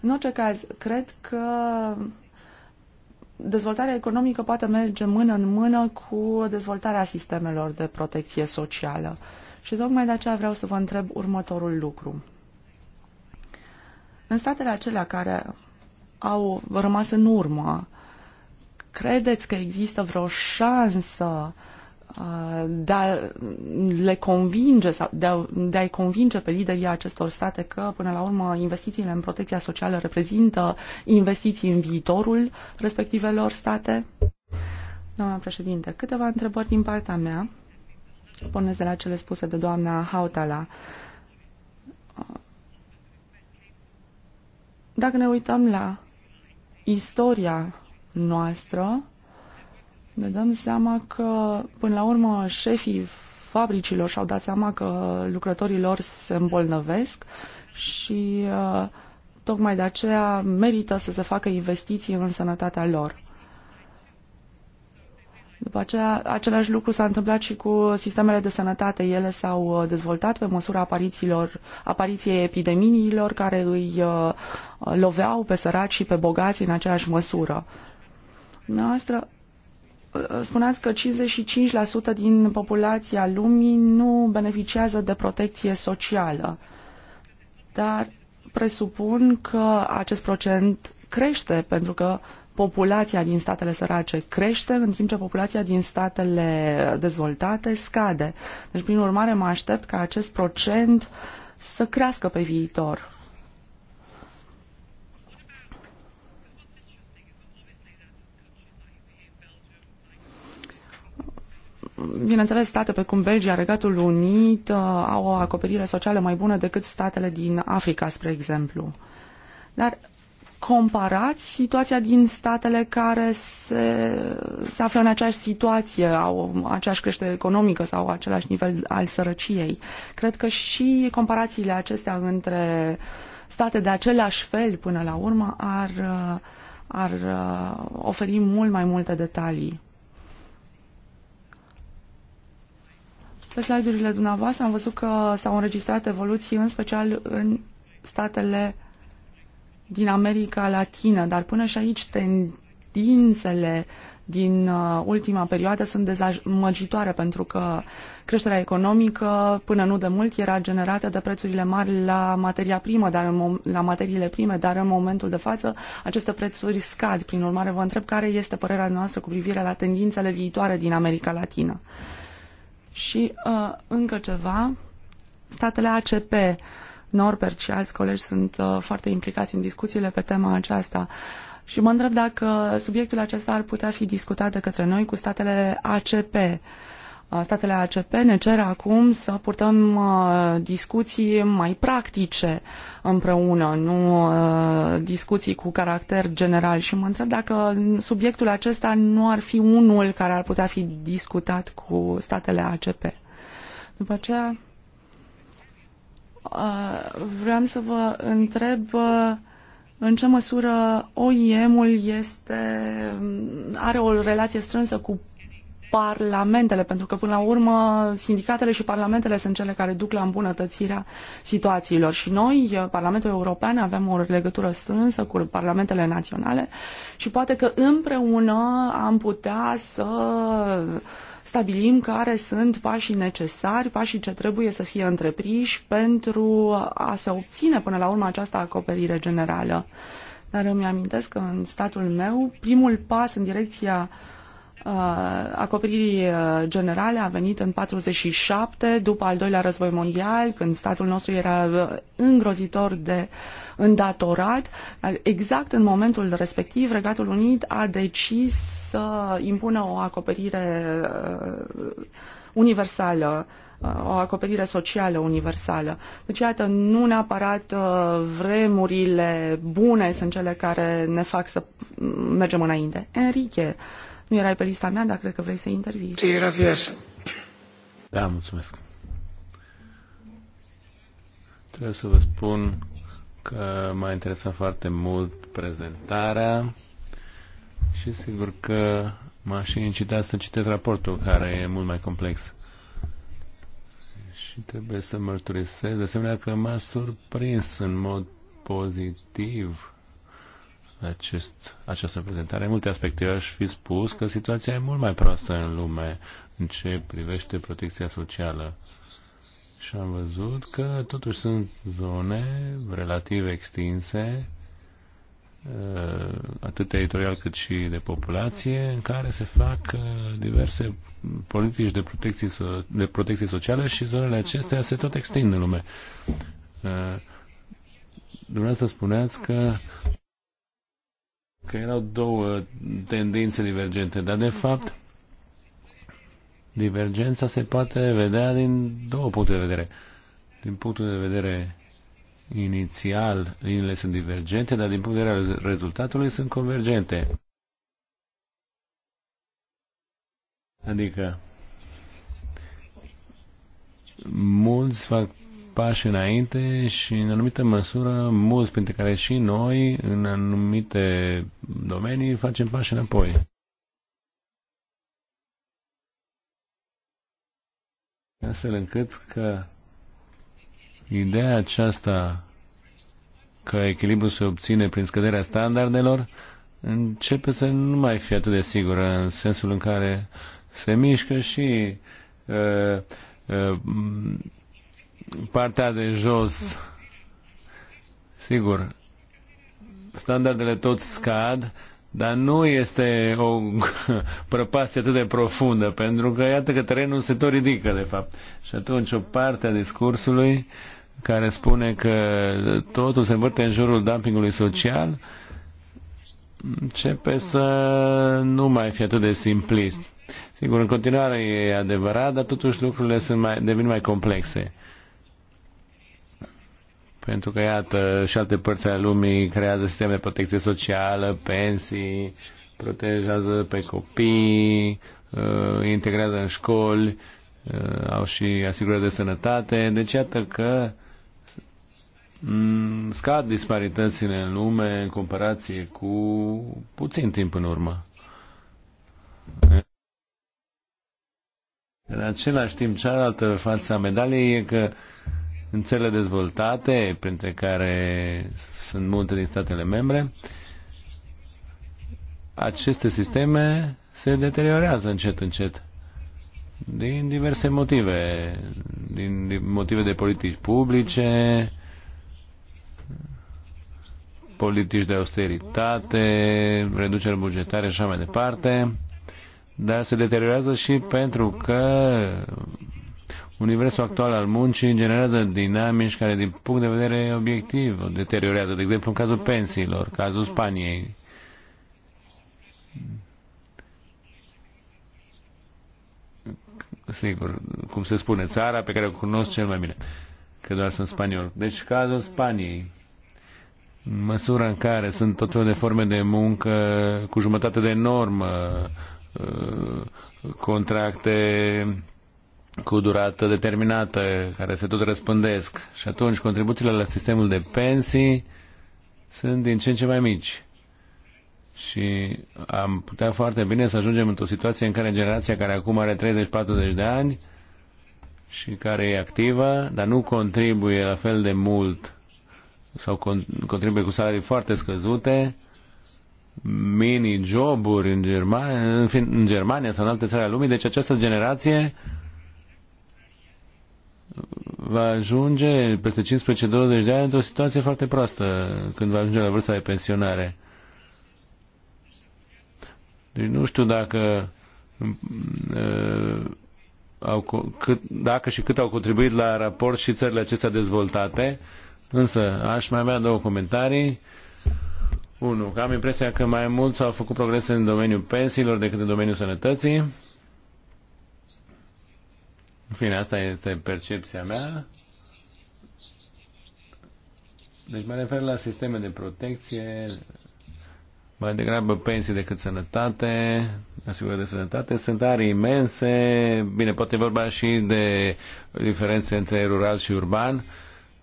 [SPEAKER 4] În orice caz, cred că dezvoltarea economică poate merge mână în mână cu dezvoltarea sistemelor de protecție socială. Și tocmai de aceea vreau să vă întreb următorul lucru. În statele acelea care au rămas în urmă, credeți că există vreo șansă uh, Uh, de a le convinge sau de, a, de a-i convinge pe liderii acestor state că, până la urmă, investițiile în protecția socială reprezintă investiții în viitorul respectivelor state? Doamna președinte, câteva întrebări din partea mea. Pornesc de la cele spuse de doamna Hautala. Dacă ne uităm la istoria noastră, ne dăm seama că, până la urmă, șefii fabricilor și-au dat seama că lucrătorii lor se îmbolnăvesc și uh, tocmai de aceea merită să se facă investiții în sănătatea lor. După aceea, același lucru s-a întâmplat și cu sistemele de sănătate. Ele s-au uh, dezvoltat pe măsura aparițiilor, apariției epidemiilor care îi uh, loveau pe săraci și pe bogați în aceeași măsură. Noastră, spuneați că 55% din populația lumii nu beneficiază de protecție socială, dar presupun că acest procent crește pentru că populația din statele sărace crește, în timp ce populația din statele dezvoltate scade. Deci, prin urmare, mă aștept ca acest procent să crească pe viitor. Bineînțeles, state precum Belgia, Regatul Unit uh, au o acoperire socială mai bună decât statele din Africa, spre exemplu. Dar comparați situația din statele care se, se află în aceeași situație, au aceeași creștere economică sau același nivel al sărăciei. Cred că și comparațiile acestea între state de același fel până la urmă ar, ar uh, oferi mult mai multe detalii. Pe slide-urile dumneavoastră am văzut că s-au înregistrat evoluții, în special în statele din America Latină, dar până și aici tendințele din uh, ultima perioadă sunt dezamăgitoare pentru că creșterea economică până nu de mult era generată de prețurile mari la materia primă, dar în la materiile prime, dar în momentul de față aceste prețuri scad. Prin urmare, vă întreb care este părerea noastră cu privire la tendințele viitoare din America Latină. Uh, și uh, încă ceva, statele ACP, Norbert și alți colegi sunt uh, foarte implicați în discuțiile pe tema aceasta. Și mă întreb dacă subiectul acesta ar putea fi discutat de către noi cu statele ACP. Uh, Statele ACP ne cer acum să purtăm uh, discuții mai practice împreună, nu uh, discuții cu caracter general și mă întreb dacă subiectul acesta nu ar fi unul care ar putea fi discutat cu statele ACP. După aceea, uh, vreau să vă întreb în ce măsură OIM-ul este, are o relație strânsă cu parlamentele, pentru că până la urmă sindicatele și parlamentele sunt cele care duc la îmbunătățirea situațiilor și noi, Parlamentul European, avem o legătură strânsă cu parlamentele naționale și poate că împreună am putea să stabilim care sunt pașii necesari, pașii ce trebuie să fie întreprinși pentru a se obține până la urmă această acoperire generală. Dar îmi amintesc că în statul meu primul pas în direcția Uh, acoperirii uh, generale a venit în 47, după al doilea război mondial, când statul nostru era uh, îngrozitor de îndatorat. Exact în momentul respectiv, Regatul Unit a decis să impună o acoperire universală o acoperire socială universală. Deci, iată, nu neapărat vremurile bune sunt cele care ne fac să mergem înainte. Enrique, nu erai pe lista mea, dar cred că vrei să intervii. Sí, gracias.
[SPEAKER 2] Da, mulțumesc. Trebuie să vă spun că m-a interesat foarte mult prezentarea și sigur că m-a și incitat să citesc raportul, care e mult mai complex. Și trebuie să mărturisesc, de asemenea, că m-a surprins în mod pozitiv acest, această prezentare. În multe aspecte eu aș fi spus că situația e mult mai proastă în lume în ce privește protecția socială. Și am văzut că totuși sunt zone relativ extinse, uh, atât teritorial cât și de populație, în care se fac uh, diverse politici de protecție, de protecție socială și zonele acestea se tot extind în lume. Uh, dumneavoastră spuneați că că erau două tendințe divergente, dar de fapt divergența se poate vedea din două puncte de vedere. Din punctul de vedere inițial, liniile sunt divergente, dar din punct de vedere al rezultatului sunt convergente. Adică mulți fac pași înainte și, în anumită măsură, mulți printre care și noi, în anumite domenii, facem pași înapoi. Astfel încât că ideea aceasta că echilibru se obține prin scăderea standardelor începe să nu mai fie atât de sigură în sensul în care se mișcă și uh, uh, partea de jos, sigur, standardele tot scad, dar nu este o prăpastie atât de profundă, pentru că iată că terenul se tot ridică, de fapt. Și atunci o parte a discursului care spune că totul se învârte în jurul dumpingului social, începe să nu mai fie atât de simplist. Sigur, în continuare e adevărat, dar totuși lucrurile sunt mai, devin mai complexe. Pentru că, iată, și alte părți ale lumii creează sisteme de protecție socială, pensii, protejează pe copii, uh, integrează în școli, uh, au și asigurări de sănătate. Deci, iată că mm, scad disparitățile în lume în comparație cu puțin timp în urmă. În același timp, cealaltă față a medaliei e că în țările dezvoltate, printre care sunt multe din statele membre, aceste sisteme se deteriorează încet, încet. Din diverse motive. Din motive de politici publice, politici de austeritate, reduceri bugetare și așa mai departe. Dar se deteriorează și pentru că Universul actual al muncii generează dinamici care, din punct de vedere obiectiv, o deteriorează. De exemplu, în cazul pensiilor, cazul Spaniei. Sigur, cum se spune, țara pe care o cunosc cel mai bine, că doar sunt spaniol. Deci, cazul Spaniei în măsura în care sunt tot felul de forme de muncă cu jumătate de normă, uh, contracte cu durată determinată care se tot răspândesc și atunci contribuțiile la sistemul de pensii sunt din ce în ce mai mici. Și am putea foarte bine să ajungem într-o situație în care generația care acum are 30-40 de ani și care e activă, dar nu contribuie la fel de mult sau contribuie cu salarii foarte scăzute, mini-joburi în Germania, în, Germania sau în alte țări ale lumii, deci această generație va ajunge peste 15-20 de ani într-o situație foarte proastă când va ajunge la vârsta de pensionare. Deci nu știu dacă mm, eh, au, cât, dacă și cât au contribuit la raport și țările acestea dezvoltate, însă aș mai avea două comentarii. Unu, că am impresia că mai mulți au făcut progrese în domeniul pensiilor decât în domeniul sănătății. În fine, asta este percepția mea. Deci mă refer la sisteme de protecție, mai degrabă pensii decât sănătate, asigurări de sănătate. Sunt arii imense, bine, poate vorba și de diferențe între rural și urban,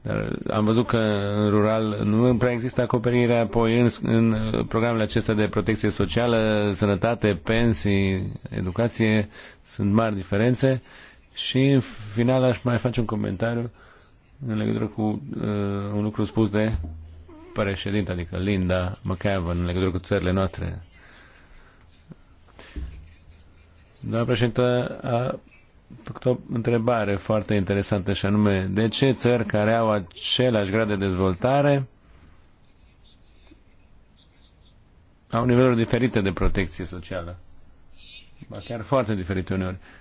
[SPEAKER 2] dar am văzut că în rural nu prea există acoperire, apoi în, în programele acestea de protecție socială, sănătate, pensii, educație, sunt mari diferențe. Uh, și în final aș mai face un comentariu în legătură cu uh, un lucru spus de președinte, adică Linda McCavan, în legătură cu țările noastre. Doamna președintă a făcut o întrebare foarte interesantă și anume, de ce țări care au același grad de dezvoltare au niveluri diferite de protecție socială? Ba chiar foarte diferite uneori. Uh,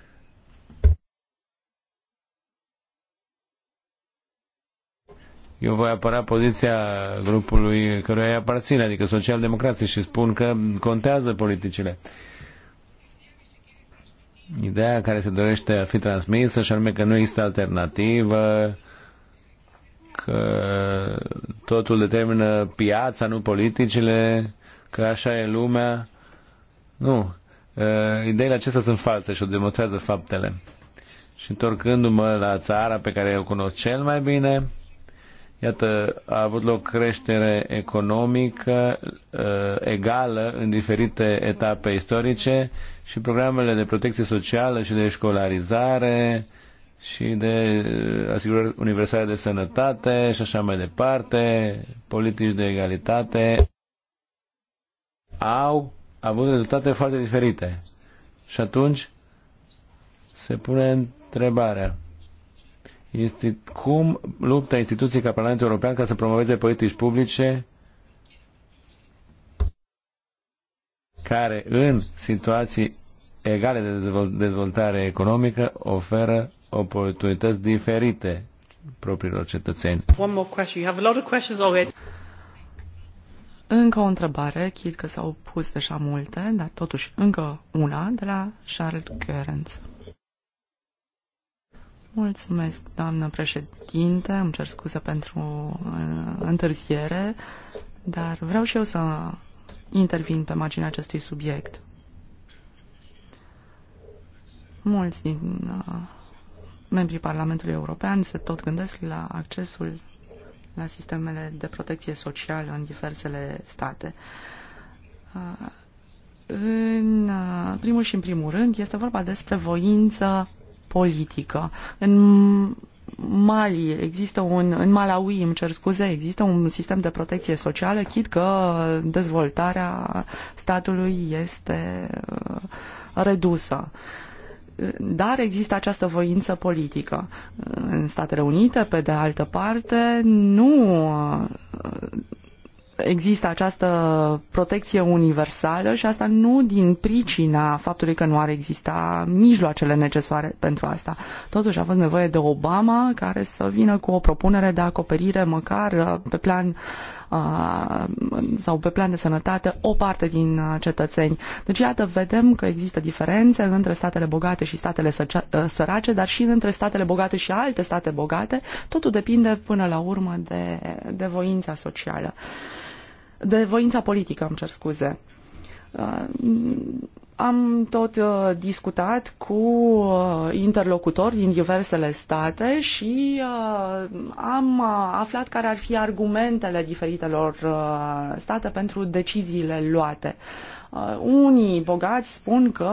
[SPEAKER 2] eu voi apăra poziția grupului căruia îi aparțin, adică social și spun că contează politicile. Ideea care se dorește a fi transmisă, și anume că nu există alternativă, că totul determină piața, nu politicile, că așa e lumea. Nu. Ideile acestea sunt false și o demonstrează faptele. Și întorcându-mă la țara pe care eu cunosc cel mai bine, Iată, a avut loc creștere economică uh, egală în diferite etape istorice și programele de protecție socială și de școlarizare și de uh, asigurări universale de sănătate și așa mai departe, politici de egalitate, au avut rezultate foarte diferite. Și atunci se pune întrebarea este cum luptă instituții ca Parlamentul European ca să promoveze politici publice care în situații egale de dezvoltare economică oferă oportunități diferite propriilor cetățeni. One
[SPEAKER 3] more question. You have a lot of questions already.
[SPEAKER 4] Încă o întrebare, chid că s-au pus deja multe, dar totuși încă una de la Charles Görens. Mulțumesc, doamnă președinte. Îmi cer scuze pentru uh, întârziere, dar vreau și eu să intervin pe marginea acestui subiect. Mulți din uh, membrii Parlamentului European se tot gândesc la accesul la sistemele de protecție socială în diversele state. Uh, în primul și în primul rând este vorba despre voință politică. În Mali există un, în Malawi, îmi cer scuze, există un sistem de protecție socială, chid că dezvoltarea statului este uh, redusă dar există această voință politică. În Statele Unite, pe de altă parte, nu uh, există această protecție universală și asta nu din pricina faptului că nu ar exista mijloacele necesare pentru asta. Totuși a fost nevoie de Obama care să vină cu o propunere de acoperire măcar uh, pe plan uh, sau pe plan de sănătate o parte din uh, cetățeni. Deci iată, vedem că există diferențe între statele bogate și statele sărace, dar și între statele bogate și alte state bogate. Totul depinde până la urmă de, de voința socială de voința politică, îmi cer scuze. Uh, am tot uh, discutat cu uh, interlocutori din diversele state și am aflat care ar fi argumentele diferitelor state pentru deciziile luate. Unii bogați spun că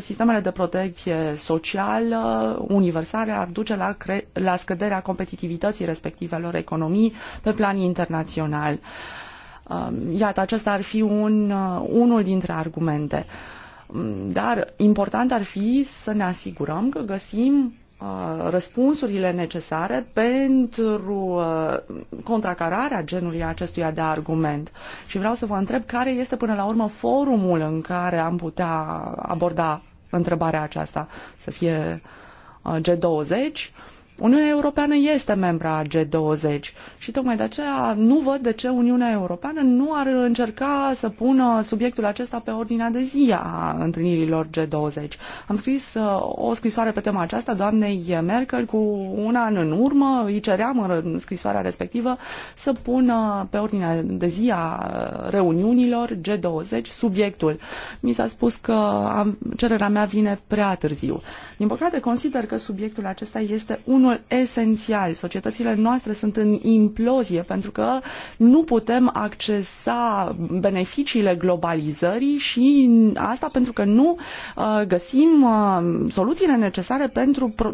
[SPEAKER 4] sistemele de protecție socială universale ar duce la, la scăderea competitivității respectivelor economii pe plan internațional. Uh, Um, iată, acesta ar fi un, uh, unul dintre argumente. Um, dar important ar fi să ne asigurăm că găsim uh, răspunsurile necesare pentru uh, contracararea genului acestuia de argument. Și vreau să vă întreb care este până la urmă forumul în care am putea aborda întrebarea aceasta. Să fie G20, Uniunea Europeană este membra a G20 și tocmai de aceea nu văd de ce Uniunea Europeană nu ar încerca să pună subiectul acesta pe ordinea de zi a întâlnirilor G20. Am scris uh, o scrisoare pe tema aceasta doamnei Merkel cu un an în urmă. Îi ceream în scrisoarea respectivă să pună pe ordinea de zi a reuniunilor G20 subiectul. Mi s-a spus că am, cererea mea vine prea târziu. Din păcate, consider că subiectul acesta este unul unul esențial. Societățile noastre sunt în implozie pentru că nu putem accesa beneficiile globalizării și asta pentru că nu uh, găsim uh, soluțiile necesare pentru uh,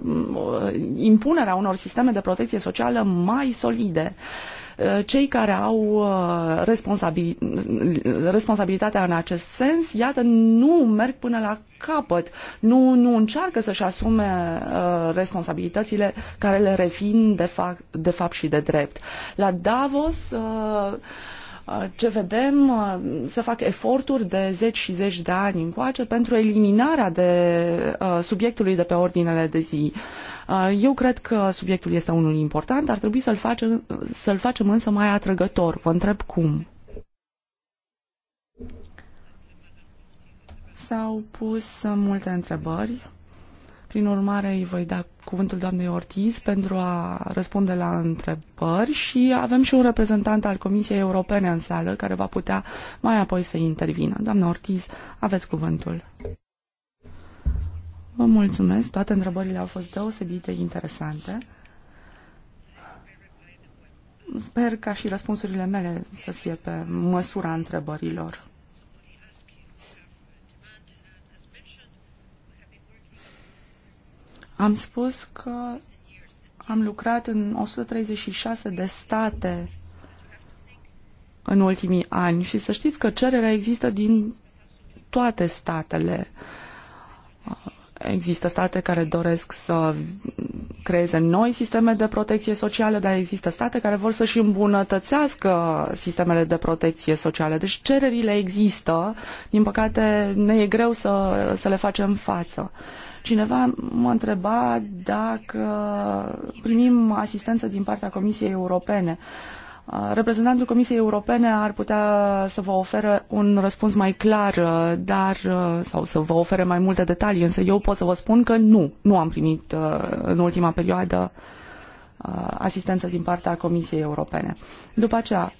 [SPEAKER 4] impunerea unor sisteme de protecție socială mai solide. Uh, cei care au uh, responsabilitatea în acest sens, iată, nu merg până la capăt, nu, nu încearcă să-și asume uh, responsabilitățile care le refin de, fac, de fapt și de drept. La Davos ce vedem, se fac eforturi de zeci și zeci de ani încoace pentru eliminarea de subiectului de pe ordinele de zi. Uh, eu cred că subiectul este unul important, ar trebui să-l facem, să-l facem însă mai atrăgător. Vă întreb cum. S-au pus multe întrebări. Prin urmare, îi voi da cuvântul doamnei Ortiz pentru a răspunde la întrebări și avem și un reprezentant al Comisiei Europene în sală care va putea mai apoi să intervină. Doamna Ortiz, aveți cuvântul. Vă mulțumesc, toate întrebările au fost deosebite interesante. Sper ca și răspunsurile mele să fie pe măsura întrebărilor. Am spus că am lucrat în 136 de state în ultimii ani și să știți că cererea există din toate statele. Există state care doresc să creeze noi sisteme de protecție socială, dar există state care vor să-și îmbunătățească sistemele de protecție socială. Deci cererile există, din păcate ne e greu să, să le facem față. Cineva mă întreba dacă primim asistență din partea Comisiei Europene. Uh, Reprezentantul Comisiei Europene ar putea să vă ofere un răspuns mai clar, dar sau să vă ofere mai multe detalii, însă eu pot să vă spun că nu, nu am primit în ultima perioadă asistență din partea Comisiei Europene. După aceea,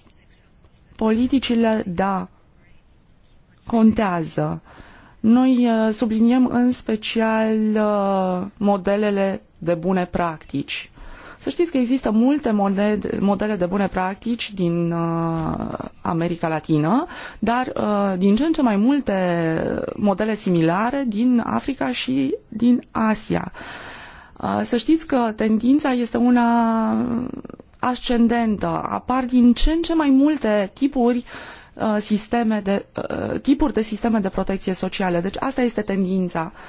[SPEAKER 4] politicile, da, contează. Noi subliniem în special modelele de bune practici să știți că există multe modele, de bune practici din uh, America Latină, dar uh, din ce în ce mai multe modele similare din Africa și din Asia. Uh, să știți că tendința este una ascendentă. Apar din ce în ce mai multe tipuri uh, sisteme de, uh, tipuri de sisteme de protecție socială. Deci asta este tendința uh,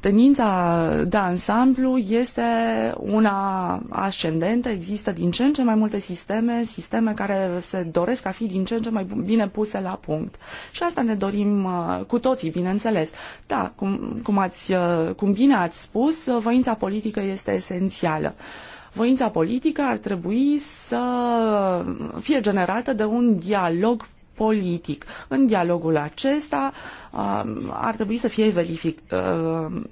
[SPEAKER 4] tendința de ansamblu este una ascendentă, există din ce în ce mai multe sisteme, sisteme care se doresc a fi din ce în ce mai bine puse la punct. Și asta ne dorim uh, cu toții, bineînțeles. Da, cum, cum, ați, uh, cum bine ați spus, uh, voința politică este esențială voința politică ar trebui să fie generată de un dialog politic. În dialogul acesta um, ar trebui să fie verific, um,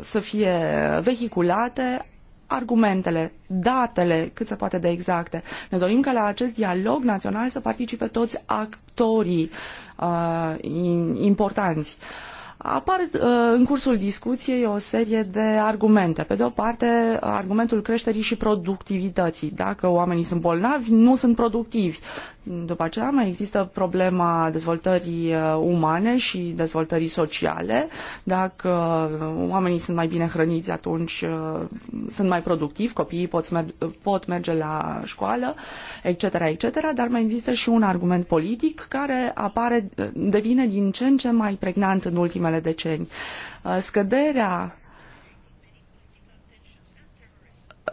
[SPEAKER 4] să fie vehiculate argumentele, datele cât se poate de exacte. Ne dorim ca la acest dialog național să participe toți actorii uh, importanți. Apar uh, în cursul discuției o serie de argumente. Pe de o parte, argumentul creșterii și productivității. Dacă oamenii sunt bolnavi, nu sunt productivi. După aceea mai există problema dezvoltării uh, umane și dezvoltării sociale. Dacă uh, oamenii sunt mai bine hrăniți, atunci uh, sunt mai productivi, copiii pot, mer- pot merge la școală, etc., etc., dar mai există și un argument politic care apare, devine din ce în ce mai pregnant în ultimele decenii. Scăderea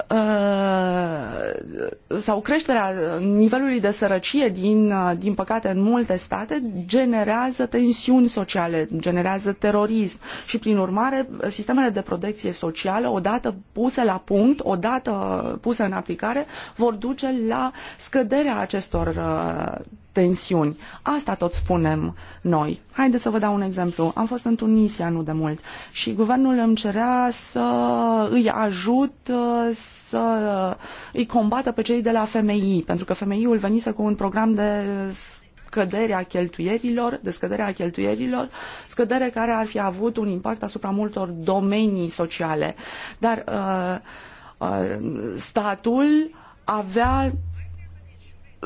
[SPEAKER 4] Uh, sau creșterea nivelului de sărăcie din, uh, din păcate în multe state generează tensiuni sociale, generează terorism și prin urmare sistemele de protecție socială odată puse la punct, odată puse în aplicare vor duce la scăderea acestor uh, tensiuni. Asta tot spunem noi. Haideți să vă dau un exemplu. Am fost în Tunisia nu de mult și guvernul îmi cerea să îi ajut uh, să îi combată pe cei de la FMI, pentru că FMI-ul venise cu un program de scăderea cheltuierilor, de scăderea cheltuierilor, scădere care ar fi avut un impact asupra multor domenii sociale. Dar uh, uh, statul avea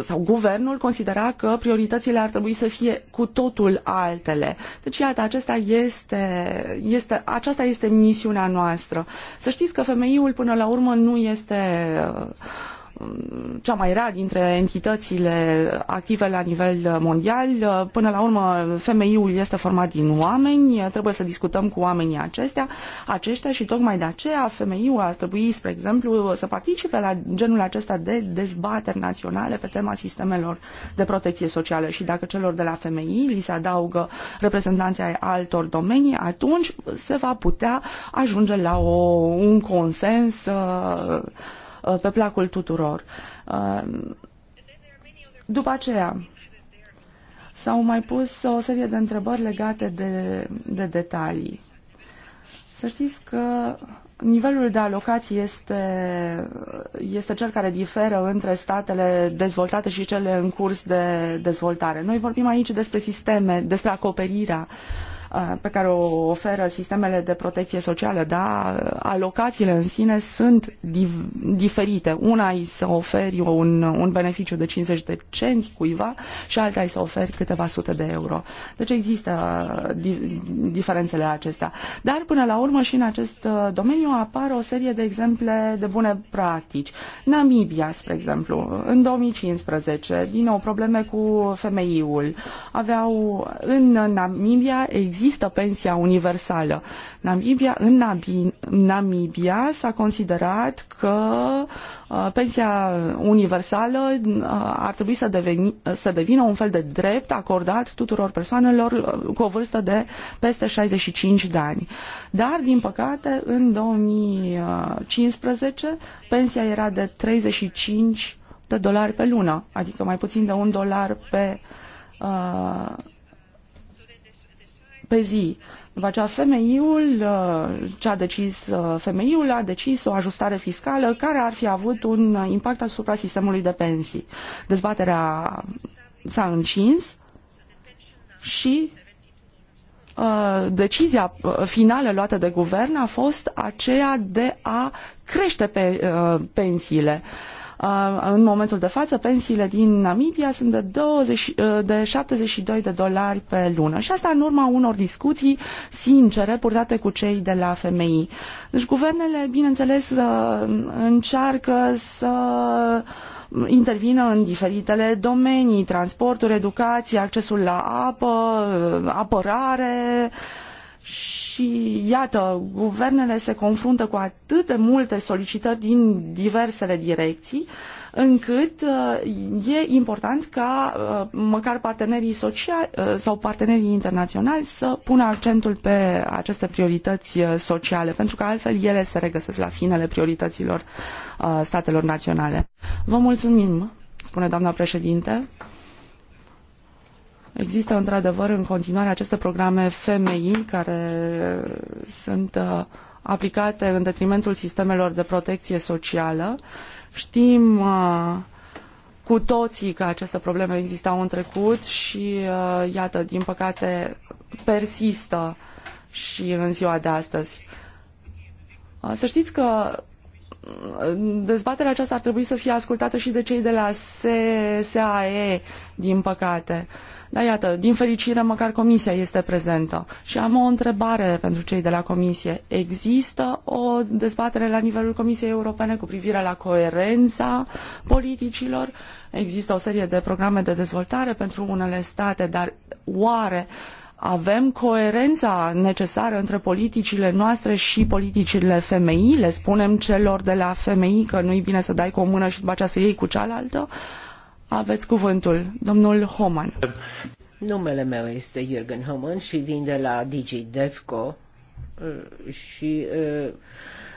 [SPEAKER 4] sau guvernul considera că prioritățile ar trebui să fie cu totul altele. Deci, iată, acesta este, este, aceasta este misiunea noastră. Să știți că femeiul, până la urmă, nu este cea mai rea dintre entitățile active la nivel mondial. Până la urmă, FMI-ul este format din oameni, trebuie să discutăm cu oamenii acestea, aceștia și tocmai de aceea FMI-ul ar trebui, spre exemplu, să participe la genul acesta de dezbateri naționale pe tema sistemelor de protecție socială și dacă celor de la FMI li se adaugă reprezentanții ai altor domenii, atunci se va putea ajunge la o, un consens uh, Uh, pe placul tuturor. Uh, după aceea, s-au mai pus o serie de întrebări legate de, de detalii. Să știți că nivelul de alocații este, este cel care diferă între statele dezvoltate și cele în curs de dezvoltare. Noi vorbim aici despre sisteme, despre acoperirea uh, pe care o oferă sistemele de protecție socială, dar alocațiile în sine sunt diferite. Una îi să oferi un, un beneficiu de 50 de cenți cuiva și alta îi să oferi câteva sute de euro. Deci există di- diferențele acestea. Dar până la urmă și în acest domeniu apar o serie de exemple de bune practici. Namibia, spre exemplu, în 2015, din nou probleme cu femeiul. Aveau în Namibia există există pensia universală. Namibia, în Nabi, Namibia s-a considerat că uh, pensia universală uh, ar trebui să, deveni, să devină un fel de drept acordat tuturor persoanelor uh, cu o vârstă de peste 65 de ani. Dar, din păcate, în 2015 pensia era de 35 de dolari pe lună, adică mai puțin de un dolar pe uh, pe zi. După aceea femeiul, uh, ce a decis uh, femeiul, a decis o ajustare fiscală care ar fi avut un impact asupra sistemului de pensii. Dezbaterea s-a încins și uh, decizia finală luată de guvern a fost aceea de a crește pe, pensiile. Uh, în momentul de față, pensiile din Namibia sunt de, 20, uh, de 72 de dolari pe lună și asta în urma unor discuții sincere purtate cu cei de la FMI. Deci guvernele, bineînțeles, uh, încearcă să intervină în diferitele domenii, transporturi, educație, accesul la apă, apărare, uh, și iată, guvernele se confruntă cu atât de multe solicitări din diversele direcții, încât uh, e important ca uh, măcar partenerii sociali uh, sau partenerii internaționali să pună accentul pe aceste priorități sociale, pentru că altfel ele se regăsesc la finele priorităților statelor naționale. Vă mulțumim, spune doamna președinte. Există într-adevăr în continuare aceste programe FMI care sunt uh, aplicate în detrimentul sistemelor de protecție socială. Știm uh, cu toții că aceste probleme existau în trecut și uh, iată, din păcate, persistă și în ziua de astăzi. Să știți că dezbaterea aceasta ar trebui să fie ascultată și de cei de la SAE, din păcate. Dar iată, din fericire, măcar comisia este prezentă. Și am o întrebare pentru cei de la comisie. Există o dezbatere la nivelul Comisiei Europene cu privire la coerența politicilor? Există o serie de programe de dezvoltare pentru unele state, dar oare uh, avem coerența necesară între politicile noastre și politicile FMI. le spunem celor de la femei că nu-i bine să dai cu o mână și după aceea să iei cu cealaltă, aveți cuvântul, domnul Homan.
[SPEAKER 3] Numele meu este Jürgen Homan și vin de la DigiDevco uh, și uh,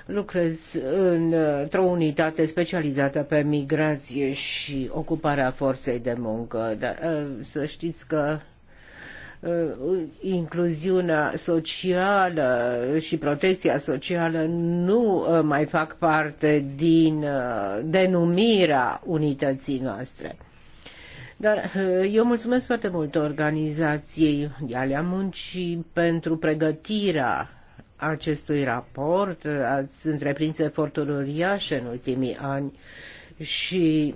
[SPEAKER 3] lucrez uh, într-o unitate specializată pe migrație și ocuparea forței de muncă, dar să știți că Uh, incluziunea socială și protecția socială nu uh, mai fac parte din uh, denumirea unității noastre. Dar eu mulțumesc foarte mult organizației Ialea Muncii pentru pregătirea acestui raport. Ați întreprins eforturi uriașe în ultimii ani și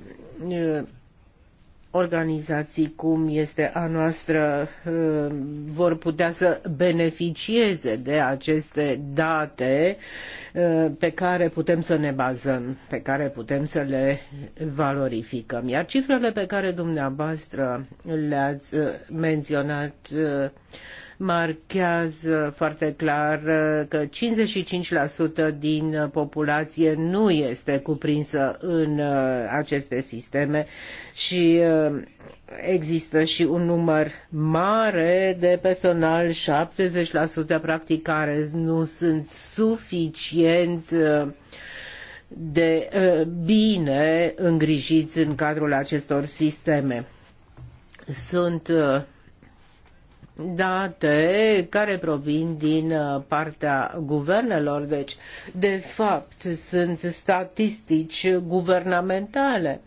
[SPEAKER 3] organizații cum este a noastră uh, vor putea să beneficieze de aceste date uh, pe care putem să ne bazăm, pe care putem să le valorificăm. Iar cifrele pe care dumneavoastră le-ați uh, menționat marchează foarte clar că 55% din populație nu este cuprinsă în uh, aceste sisteme și uh, există și un număr mare de personal, 70% practic care nu sunt suficient uh, de bine îngrijiți în cadrul acestor sisteme. Sunt date care provin din uh, partea guvernelor, deci de fapt sunt statistici guvernamentale.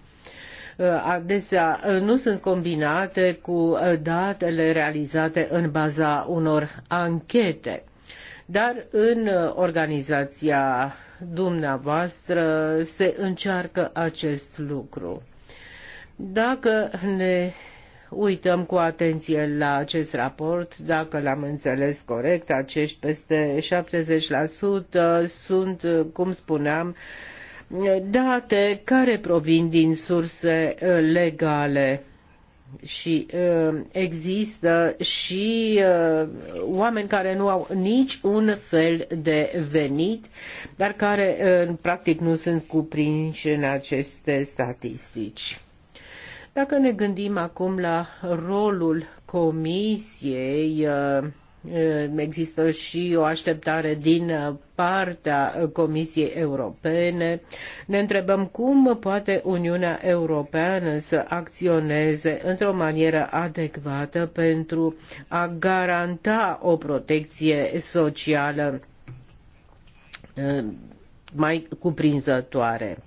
[SPEAKER 3] Uh, adesea uh, nu sunt combinate cu datele realizate în baza unor anchete. Dar în organizația dumneavoastră se încearcă acest lucru. Dacă ne uităm cu atenție la acest raport. Dacă l-am înțeles corect, acești peste 70% sunt, cum spuneam, date care provin din surse uh, legale și uh, există și uh, oameni care nu au nici un fel de venit, dar care practic nu sunt cuprinși în aceste statistici. Dacă ne gândim acum la rolul comisiei, uh, uh, există și o așteptare din partea Comisiei Europene. Ne întrebăm cum poate Uniunea Europeană să acționeze într-o manieră adecvată pentru a garanta o protecție socială uh, mai cuprinzătoare.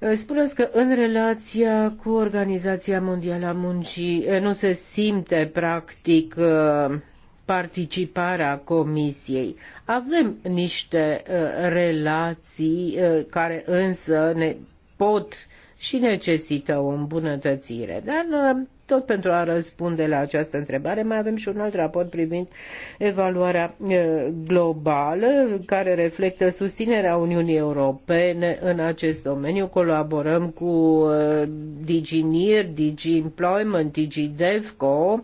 [SPEAKER 3] Eh, spuneți că în relația cu Organizația Mondială a Muncii eh, nu se simte practic eh, participarea Comisiei. Avem niște relații care însă ne pot și necesită o îmbunătățire, dar tot pentru a răspunde la această întrebare, mai avem și un alt raport privind evaluarea globală, care reflectă susținerea Uniunii Europene în acest domeniu. Colaborăm cu DigiNIR, DigiEmployment, DigiDevco,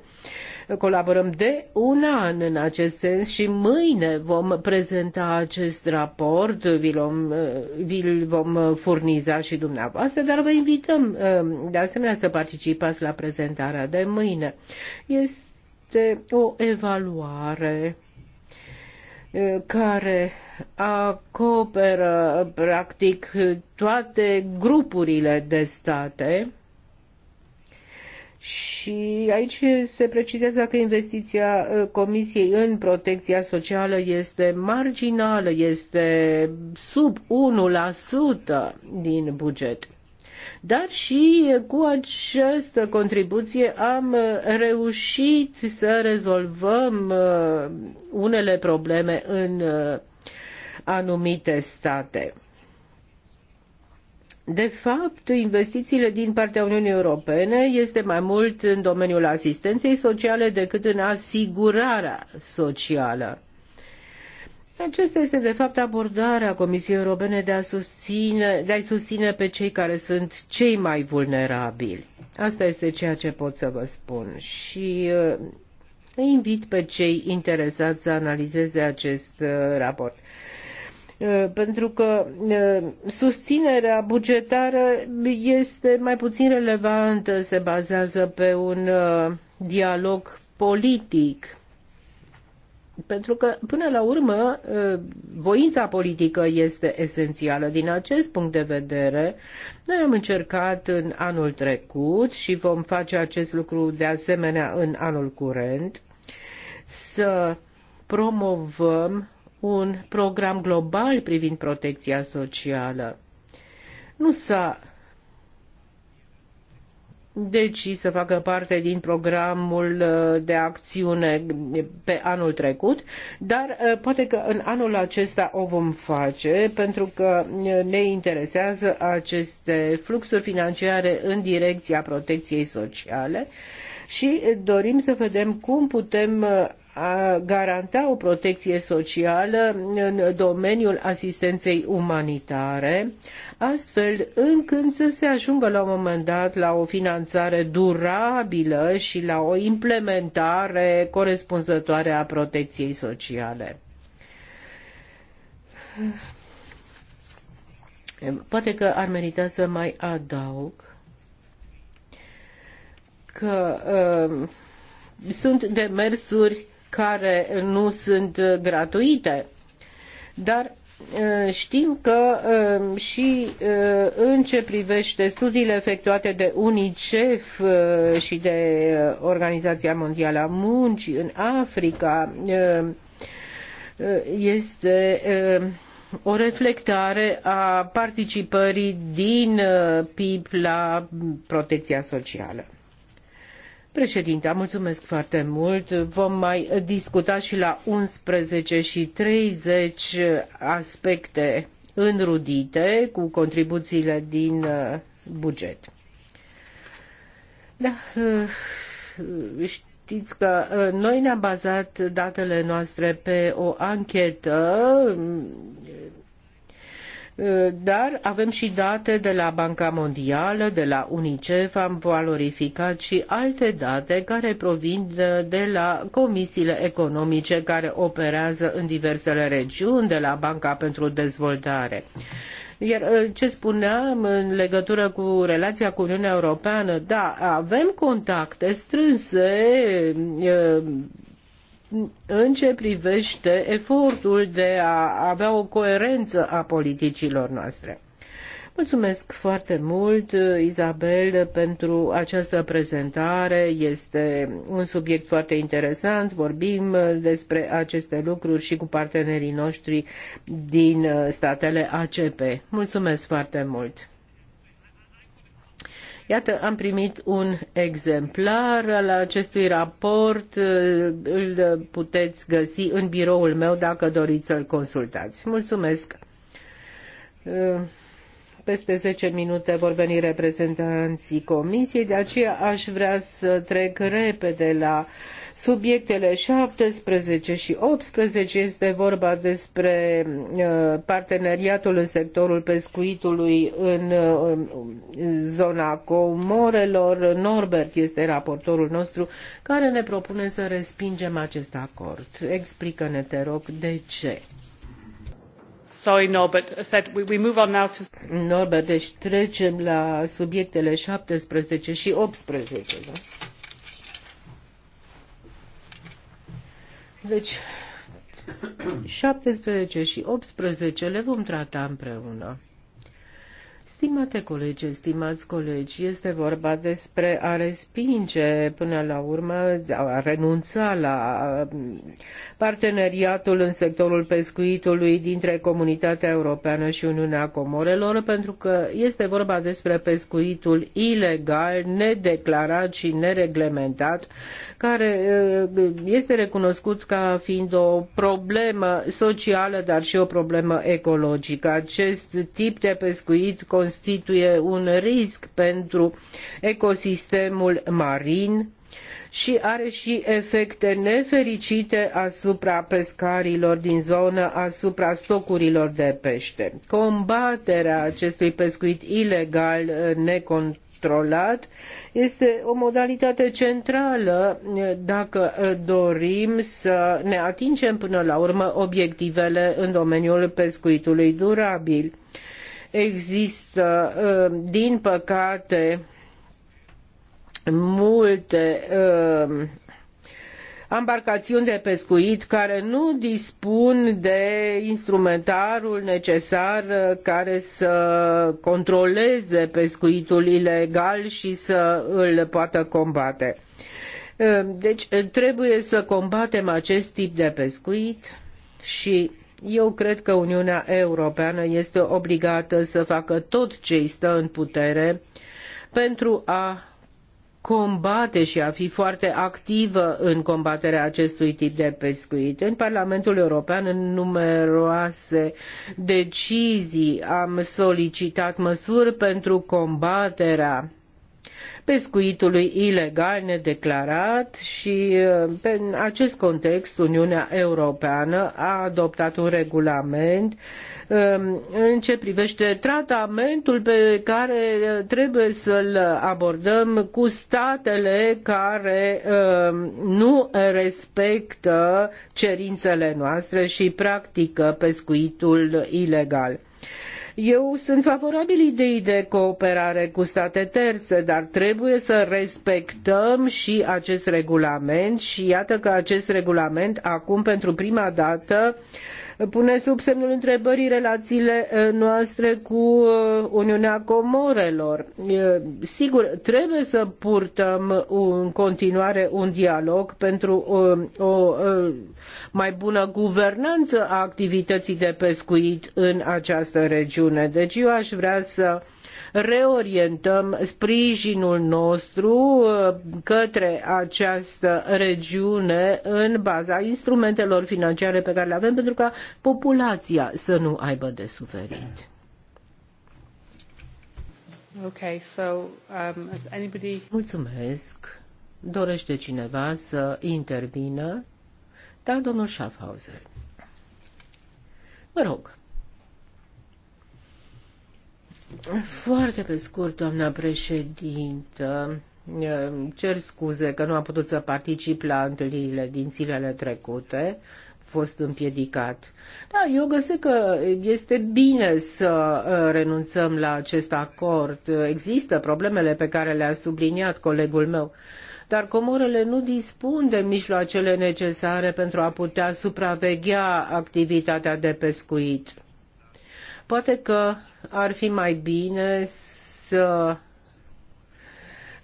[SPEAKER 3] Colaborăm de un an în acest sens și mâine vom prezenta acest raport, vi-l vom, vi vom furniza și dumneavoastră, dar vă invităm um, de asemenea să participați la prezentarea de mâine. Este o evaluare uh, care acoperă practic toate grupurile de state și aici se precizează că investiția uh, Comisiei în protecția socială este marginală, este sub 1% din buget. Dar și cu această contribuție am uh, reușit să rezolvăm uh, unele probleme în anumite state. De fapt, investițiile din partea Uniunii Europene este mai mult în domeniul asistenței sociale decât în asigurarea socială. Acesta este, de fapt, abordarea Comisiei Europene de a, susține, de a susține pe cei care sunt cei mai vulnerabili. Asta este ceea ce pot să vă spun și uh, îi invit pe cei interesați să analizeze acest uh, raport. Uh, pentru că uh, susținerea bugetară este mai puțin relevantă, se bazează pe un uh, dialog politic. Pentru că, până la urmă, voința politică este esențială. Din acest punct de vedere, noi am încercat în anul trecut și vom face acest lucru de asemenea în anul curent să promovăm un program global privind protecția socială. Nu s-a decis să facă parte din programul uh, de acțiune pe anul trecut, dar uh, poate că în anul acesta o vom face pentru că uh, ne interesează aceste fluxuri financiare în direcția protecției sociale și dorim să vedem cum putem a garanta o protecție socială în domeniul asistenței umanitare, astfel încât să se ajungă la un moment dat la o finanțare durabilă și la o implementare corespunzătoare a protecției sociale. Poate că ar merita să mai adaug că uh, sunt demersuri care nu sunt gratuite. Dar Știm că și în ce privește studiile efectuate de UNICEF și de Organizația Mondială a Muncii în Africa este o reflectare a participării din PIB la protecția socială. Președinte, mulțumesc foarte mult. Vom mai discuta și la 11 și 30 aspecte înrudite cu contribuțiile din uh, buget. Da, uh, știți că uh, noi ne-am bazat datele noastre pe o anchetă Eh, dar avem și date de la Banca Mondială, de la UNICEF, am valorificat și alte date care provin de la comisiile economice care operează în diversele regiuni, de la Banca pentru Dezvoltare. Iar eh, ce spuneam în legătură cu relația cu Uniunea Europeană, da, avem contacte strânse eh, în ce privește efortul de a avea o coerență a politicilor noastre. Mulțumesc foarte mult, Izabel, pentru această prezentare. Este un subiect foarte interesant. Vorbim despre aceste lucruri și cu partenerii noștri din statele ACP. Mulțumesc foarte mult! Iată, am primit un exemplar al acestui raport, uh, îl puteți găsi în biroul meu dacă doriți să-l consultați. Mulțumesc! Uh, peste 10 minute vor veni reprezentanții comisiei, de aceea aș vrea să trec repede la subiectele 17 și 18. Este vorba despre uh, parteneriatul în sectorul pescuitului în uh, zona Comorelor. Norbert este raportorul nostru care ne propune să respingem acest acord. Explică-ne, te rog, de ce. Sorry, Norbert. I said we, we move on now to... Norbert, deci trecem la subiectele 17 și 18, da? Deci, 17 și 18 le vom trata împreună. Stimate colegi, stimați colegi, este vorba despre a respinge până la urmă, a renunța la um, parteneriatul în sectorul pescuitului dintre Comunitatea Europeană și Uniunea Comorelor, pentru că este vorba despre pescuitul ilegal, nedeclarat și nereglementat, care uh, este recunoscut ca fiind o problemă socială, dar și o problemă ecologică. Acest tip de pescuit constituie un risc pentru ecosistemul marin și are și efecte nefericite asupra pescarilor din zonă, asupra stocurilor de pește. Combaterea acestui pescuit ilegal necontrolat este o modalitate centrală dacă dorim să ne atingem până la urmă obiectivele în domeniul pescuitului durabil. Există, uh, din păcate, multe ambarcațiuni uh, de pescuit care nu dispun de instrumentarul necesar uh, care să controleze pescuitul ilegal și să îl poată combate. Deci trebuie să combatem acest tip de pescuit și eu cred că Uniunea Europeană este obligată să facă tot ce îi stă în putere pentru a combate și a fi foarte activă în combaterea acestui tip de pescuit. În Parlamentul European, în numeroase decizii, am solicitat măsuri pentru combaterea pescuitului ilegal nedeclarat și uh, în acest context Uniunea Europeană a adoptat un regulament um, în ce privește tratamentul pe care uh, trebuie să-l abordăm cu statele care um, nu respectă cerințele noastre și practică pescuitul ilegal. Eu sunt favorabil ideii de cooperare cu state terțe, dar trebuie să respectăm și acest regulament și iată că acest regulament acum pentru prima dată pune sub semnul întrebării relațiile noastre cu Uniunea Comorelor. Sigur, trebuie să purtăm în continuare un dialog pentru o, o mai bună guvernanță a activității de pescuit în această regiune. Deci eu aș vrea să reorientăm sprijinul nostru uh, către această regiune în baza instrumentelor financiare pe care le avem pentru ca populația să nu aibă de suferit. Okay, so, um, anybody... Mulțumesc. Dorește cineva să intervină? Da, domnul Schaffhauser. Mă rog. Foarte pe scurt, doamna președintă, cer scuze că nu am putut să particip la întâlnirile din zilele trecute, fost împiedicat. Da, eu găsesc că este bine să uh, renunțăm la acest acord. Există problemele pe care le-a subliniat colegul meu, dar comorele nu dispun de mijloacele necesare pentru a putea supraveghea activitatea de pescuit Poate că ar fi mai bine să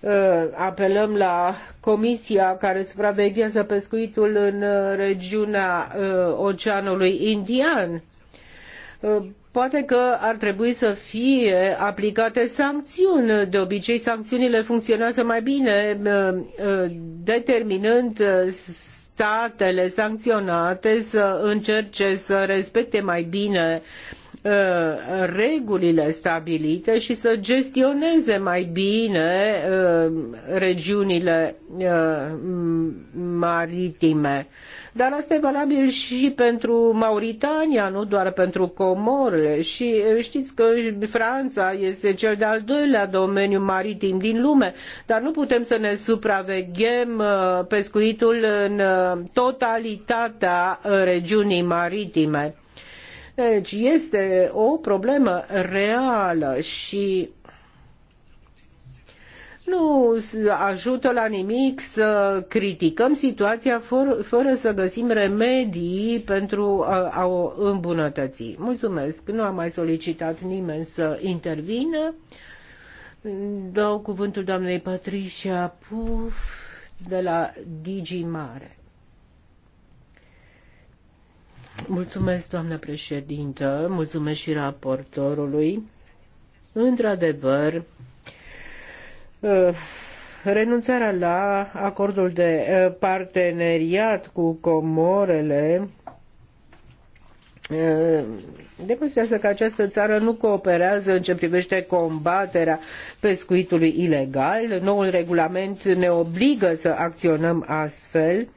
[SPEAKER 3] uh, apelăm la comisia care supraveghează pescuitul în uh, regiunea uh, Oceanului Indian. Poate că ar trebui să fie aplicate sancțiuni. De obicei, sancțiunile funcționează mai bine, determinând statele sancționate să încerce să respecte mai bine Uh, regulile stabilite și să gestioneze mai bine uh, regiunile uh, maritime. Dar asta e valabil și pentru Mauritania, nu doar pentru Comorile. Și știți că Franța este cel de-al doilea domeniu maritim din lume, dar nu putem să ne supraveghem pescuitul în totalitatea regiunii maritime deci este o problemă reală și nu ajută la nimic să criticăm situația fără să găsim remedii pentru a o îmbunătăți. Mulțumesc, nu a mai solicitat nimeni să intervină. Dau cuvântul doamnei Patricia Puf de la Digi Mare. Mulțumesc, doamnă președintă, mulțumesc și raportorului. Într-adevăr, uh, renunțarea la acordul de uh, parteneriat cu Comorele uh, demonstrează că această țară nu cooperează în ce privește combaterea pescuitului ilegal. Noul regulament ne obligă să acționăm astfel.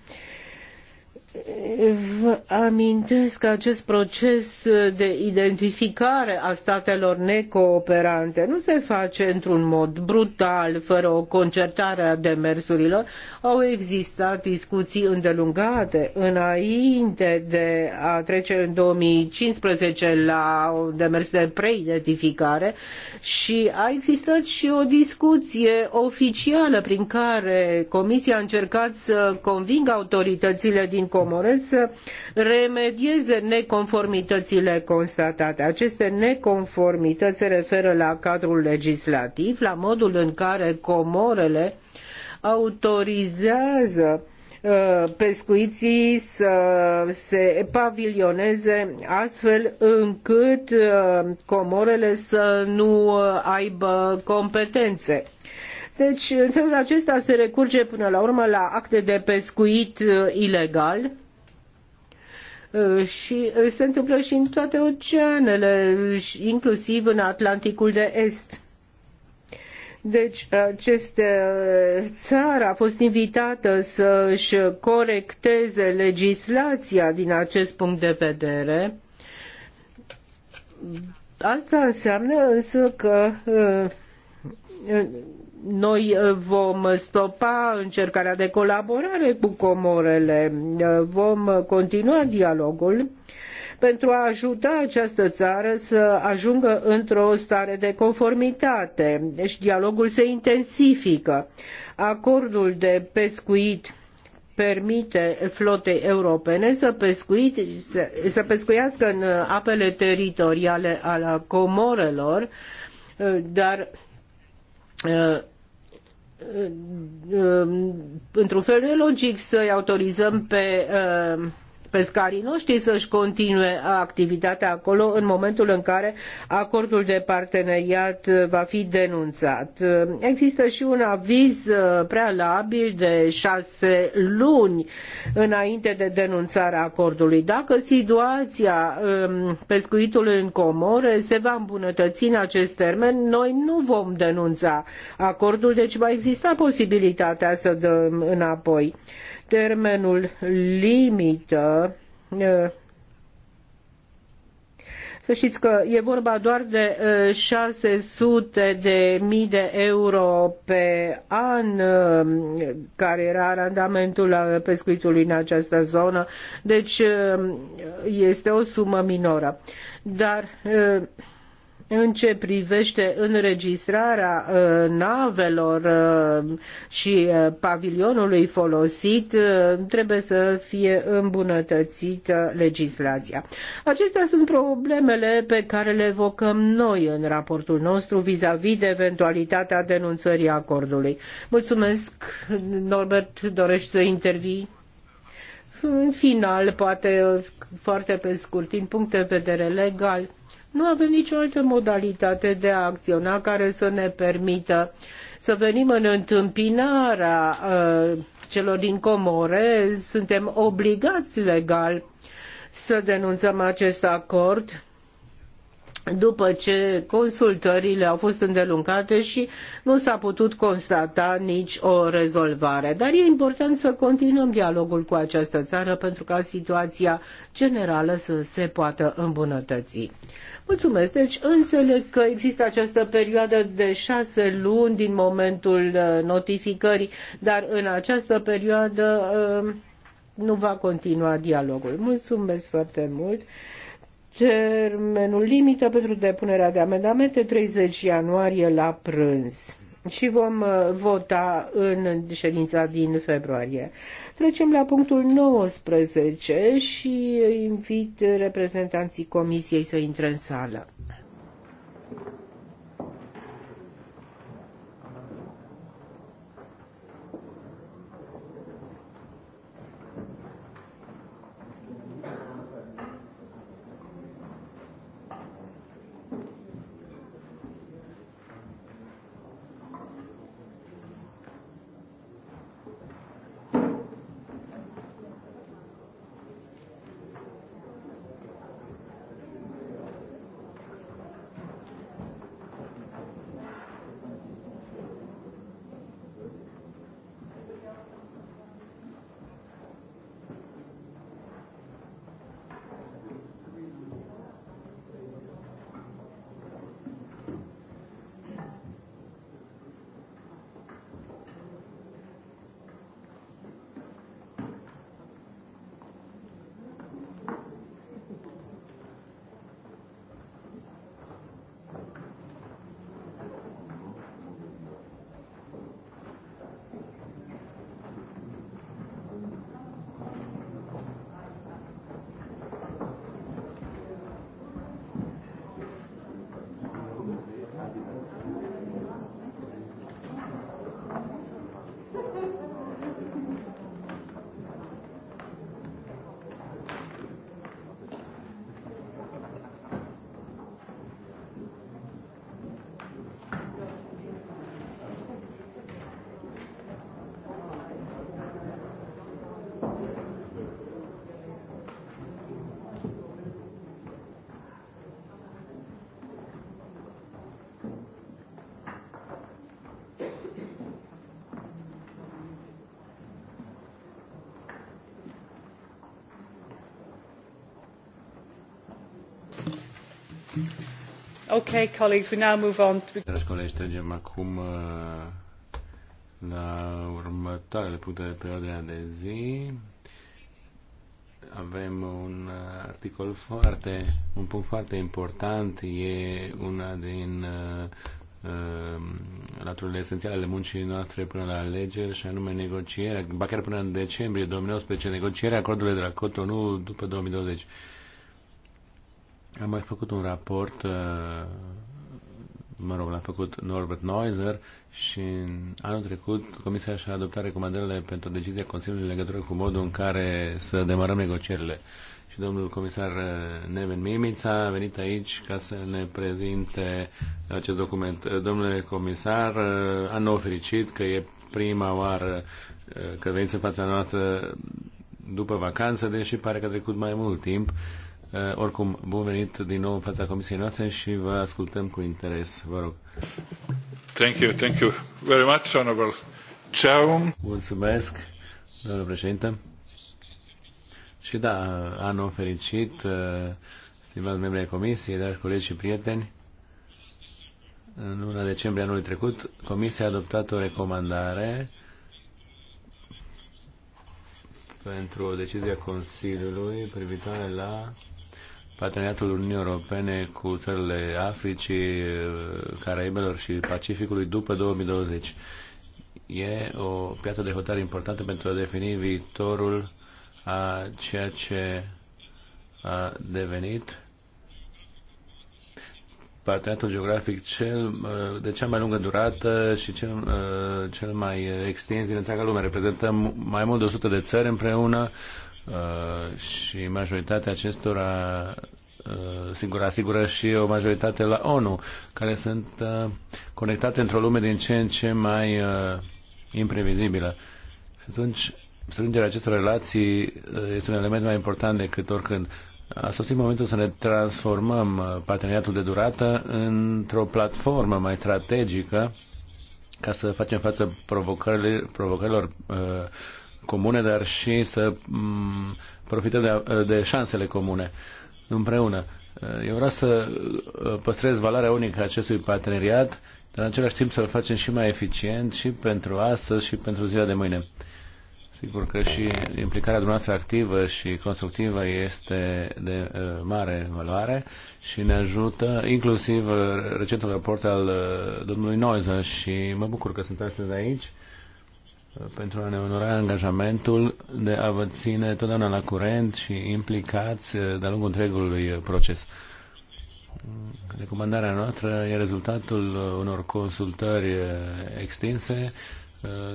[SPEAKER 3] Vă amintesc că acest proces de identificare a statelor necooperante nu se face într-un mod brutal, fără o concertare a demersurilor. Au existat discuții îndelungate înainte de a trece în 2015 la un demers de preidentificare și a existat și o discuție oficială prin care Comisia a încercat să convingă autoritățile din Comores să remedieze neconformitățile constatate. Aceste neconformități se referă la cadrul legislativ, la modul în care Comorele autorizează uh, pescuiții să se pavilioneze astfel încât uh, comorele să nu uh, aibă competențe deci, în felul acesta se recurge până la urmă la acte de pescuit uh, ilegal uh, și uh, se întâmplă și în toate oceanele, inclusiv în Atlanticul de Est. Deci, această țară a fost invitată să-și corecteze legislația din acest punct de vedere. Asta înseamnă însă că noi uh, vom stopa încercarea de colaborare cu comorele, uh, vom continua dialogul pentru a ajuta această țară să ajungă într-o stare de conformitate. și deci dialogul se intensifică. Acordul de pescuit permite flotei europene să, pescuit, să, să pescuiască în apele teritoriale ale Comorelor, uh, dar într-un fel nu e logic să-i autorizăm pe uh, pescarii noștri să-și continue activitatea acolo în momentul în care acordul de parteneriat va fi denunțat. Există și un aviz prealabil de șase luni înainte de denunțarea acordului. Dacă situația um, pescuitului în comore se va îmbunătăți în acest termen, noi nu vom denunța acordul, deci va exista posibilitatea să dăm înapoi termenul limită să știți că e vorba doar de 600 de mii de euro pe an care era randamentul pescuitului în această zonă, deci este o sumă minoră. Dar în ce privește înregistrarea uh, navelor uh, și uh, pavilionului folosit, trebuie să fie îmbunătățită legislația. Acestea sunt problemele pe care le evocăm noi în raportul nostru vis-a-vis de eventualitatea denunțării acordului. Mulțumesc, Norbert, dorești să intervii? În final, poate foarte pe scurt, din punct de vedere legal, nu avem nicio altă modalitate de a acționa care să ne permită să venim în întâmpinarea uh, celor din Comore. Suntem obligați legal să denunțăm acest acord după ce consultările au fost îndelungate și nu s-a putut constata nici o rezolvare. Dar e important să continuăm dialogul cu această țară pentru ca situația generală să se poată îmbunătăți. Mulțumesc. Deci înțeleg că există această perioadă de șase luni din momentul uh, notificării, dar în această perioadă uh, nu va continua dialogul. Mulțumesc foarte mult. Termenul limită pentru depunerea de amendamente 30 ianuarie la prânz și vom uh, vota în ședința din februarie. Trecem la punctul 19 și invit reprezentanții comisiei să intre în sală.
[SPEAKER 1] Okay, colleagues, we now move on to... Dragi
[SPEAKER 2] colegi, trecem acum uh, la următoarele puncte de pe ordinea de zi. Avem un uh, articol foarte, un punct foarte important, e una din uh, um, laturile esențiale ale muncii noastre până la alegeri și anume negocierea, ba chiar până în decembrie 2019, negocierea acordului de la Cotonou după 2020. Am mai făcut un raport, uh, mă rog, l-a făcut Norbert Neuser și în anul trecut Comisia și-a adoptat recomandările pentru decizia Consiliului în legătură cu modul în care să demarăm negocierile. Și domnul comisar uh, Neven Mimița a venit aici ca să ne prezinte acest document. Uh, domnule comisar, anul fericit că e prima oară că veniți în fața noastră după vacanță, deși pare că a trecut mai mult timp Eh, oricum, bun venit din nou în fața comisiei noastre și vă ascultăm cu interes. Vă rog.
[SPEAKER 1] Thank you, thank you
[SPEAKER 2] very much, honorable Chaum. Mulțumesc, domnule președinte. Și da, anul fericit, eh, stimați membri ai comisiei, dar colegi și prieteni. În luna decembrie anului trecut, comisia a adoptat o recomandare pentru o decizie a Consiliului privitoare la parteneriatul Uniunii Europene cu țările Africii, Caraibelor și Pacificului după 2020. E o piață de hotare importantă pentru a defini viitorul a ceea ce a devenit parteneriatul geografic cel, de cea mai lungă durată și cel, cel mai extins din întreaga lume. Reprezentăm mai mult de 100 de țări împreună, Uh, și majoritatea acestora uh, sigur asigură și o majoritate la ONU, care sunt uh, conectate într-o lume din ce în ce mai imprevizibilă. Și atunci strângerea acestor relații este un element mai important decât oricând. A sosit momentul să ne transformăm parteneriatul de durată într-o platformă mai strategică ca să facem față provocărilor, provocărilor comune, dar și să mm, profităm de, de șansele comune împreună. Eu vreau să uh, păstrez valoarea unică a acestui parteneriat, dar în același timp să-l facem și mai eficient și pentru astăzi și pentru ziua de mâine. Sigur că și implicarea dumneavoastră activă și constructivă este de uh, mare valoare și ne ajută, inclusiv uh, recentul raport al uh, domnului Noiză și mă bucur că sunt astăzi aici pentru a ne onora angajamentul de a vă ține totdeauna la curent și implicați eh, de-a lungul întregului eh, proces. Recomandarea noastră e rezultatul eh, unor consultări extinse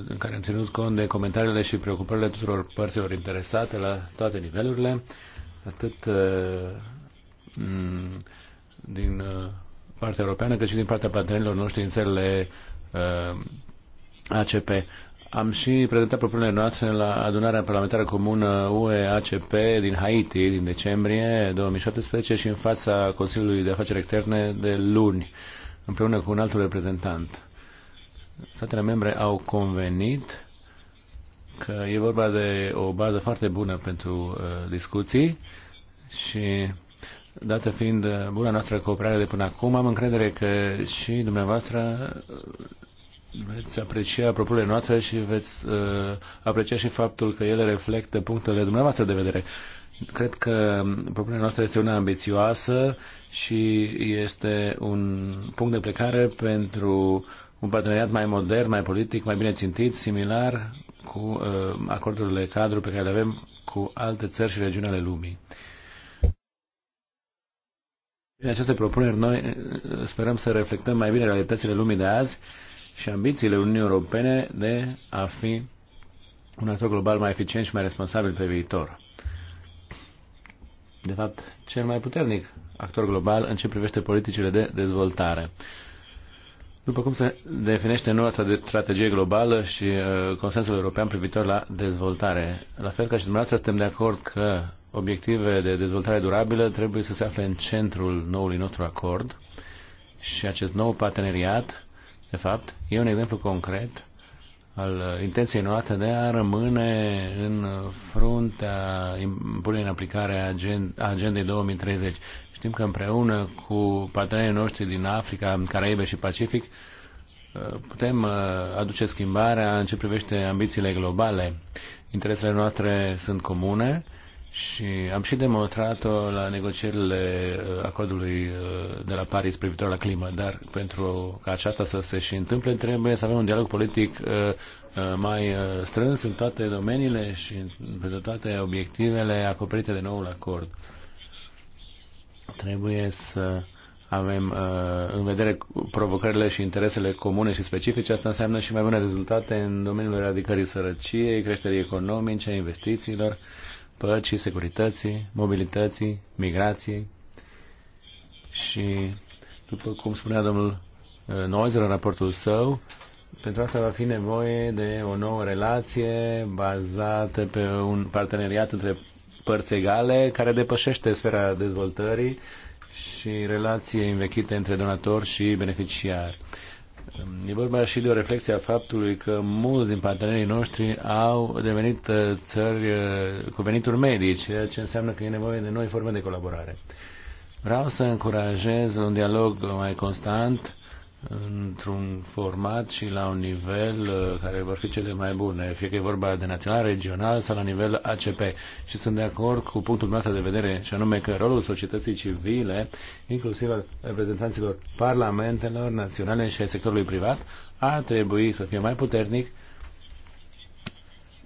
[SPEAKER 2] în care am ținut cont de comentariile și preocupările tuturor părților interesate la toate nivelurile, atât din partea europeană cât și din partea partenerilor noștri în țările ACP. Am și prezentat propunerile noastre la adunarea parlamentară comună UE-ACP din Haiti din decembrie 2017 și în fața Consiliului de Afaceri Externe de luni, împreună cu un altul reprezentant. Statele membre au convenit că e vorba de o bază foarte bună pentru uh, discuții și dată fiind buna noastră cooperare de până acum, am încredere că și dumneavoastră veți aprecia propunerile noastre și veți uh, aprecia și faptul că ele reflectă punctele dumneavoastră de vedere. Cred că propunerea noastră este una ambițioasă și este un punct de plecare pentru un parteneriat mai modern, mai politic, mai bine țintit, similar cu uh, acordurile cadru pe care le avem cu alte țări și regiuni ale lumii. În aceste propuneri, noi uh, sperăm să reflectăm mai bine realitățile lumii de azi și ambițiile Uniunii Europene de a fi un actor global mai eficient și mai responsabil pe viitor. De fapt, cel mai puternic actor global în ce privește politicile de dezvoltare. După cum se definește noua strategie globală și uh, consensul european privitor la dezvoltare. La fel ca și dumneavoastră, suntem de acord că obiective de dezvoltare durabilă trebuie să se afle în centrul noului nostru acord și acest nou parteneriat de fapt, e un exemplu concret al intenției noastre de a rămâne în fruntea punerii în aplicare a agend agendei 2030. Știm că împreună cu partenerii noștri din Africa, Caraibe și Pacific, putem uh, aduce schimbarea în ce privește ambițiile globale. Interesele noastre sunt comune și am și demonstrat-o la negocierile uh, acordului uh, de la Paris privitor la climă, dar pentru ca aceasta să se și întâmple, trebuie să avem un dialog politic uh, mai strâns în toate domeniile și pentru toate obiectivele acoperite de noul acord. Trebuie să avem în vedere provocările și interesele comune și specifice, asta înseamnă și mai bune rezultate în domeniul eradicării sărăciei, creșterii economice, investițiilor păcii, securității, mobilității, migrației și, după cum spunea domnul uh, Noizer în raportul său, pentru asta va fi nevoie de o nouă relație bazată pe un parteneriat între părți egale care depășește sfera dezvoltării și relație învechite între donator și beneficiar. E vorba și de o reflexie a faptului că mulți din partenerii noștri au devenit uh, țări uh, cu venituri medii, ceea ce înseamnă că e nevoie de noi forme de colaborare. Vreau să încurajez un dialog mai constant într-un format și la un nivel uh, care vor fi cele mai bune, fie că e vorba de național, regional sau la nivel ACP. Și sunt de acord cu punctul meu de vedere, și anume că rolul societății civile, inclusiv al reprezentanților parlamentelor naționale și ai sectorului privat, ar trebui să fie mai puternic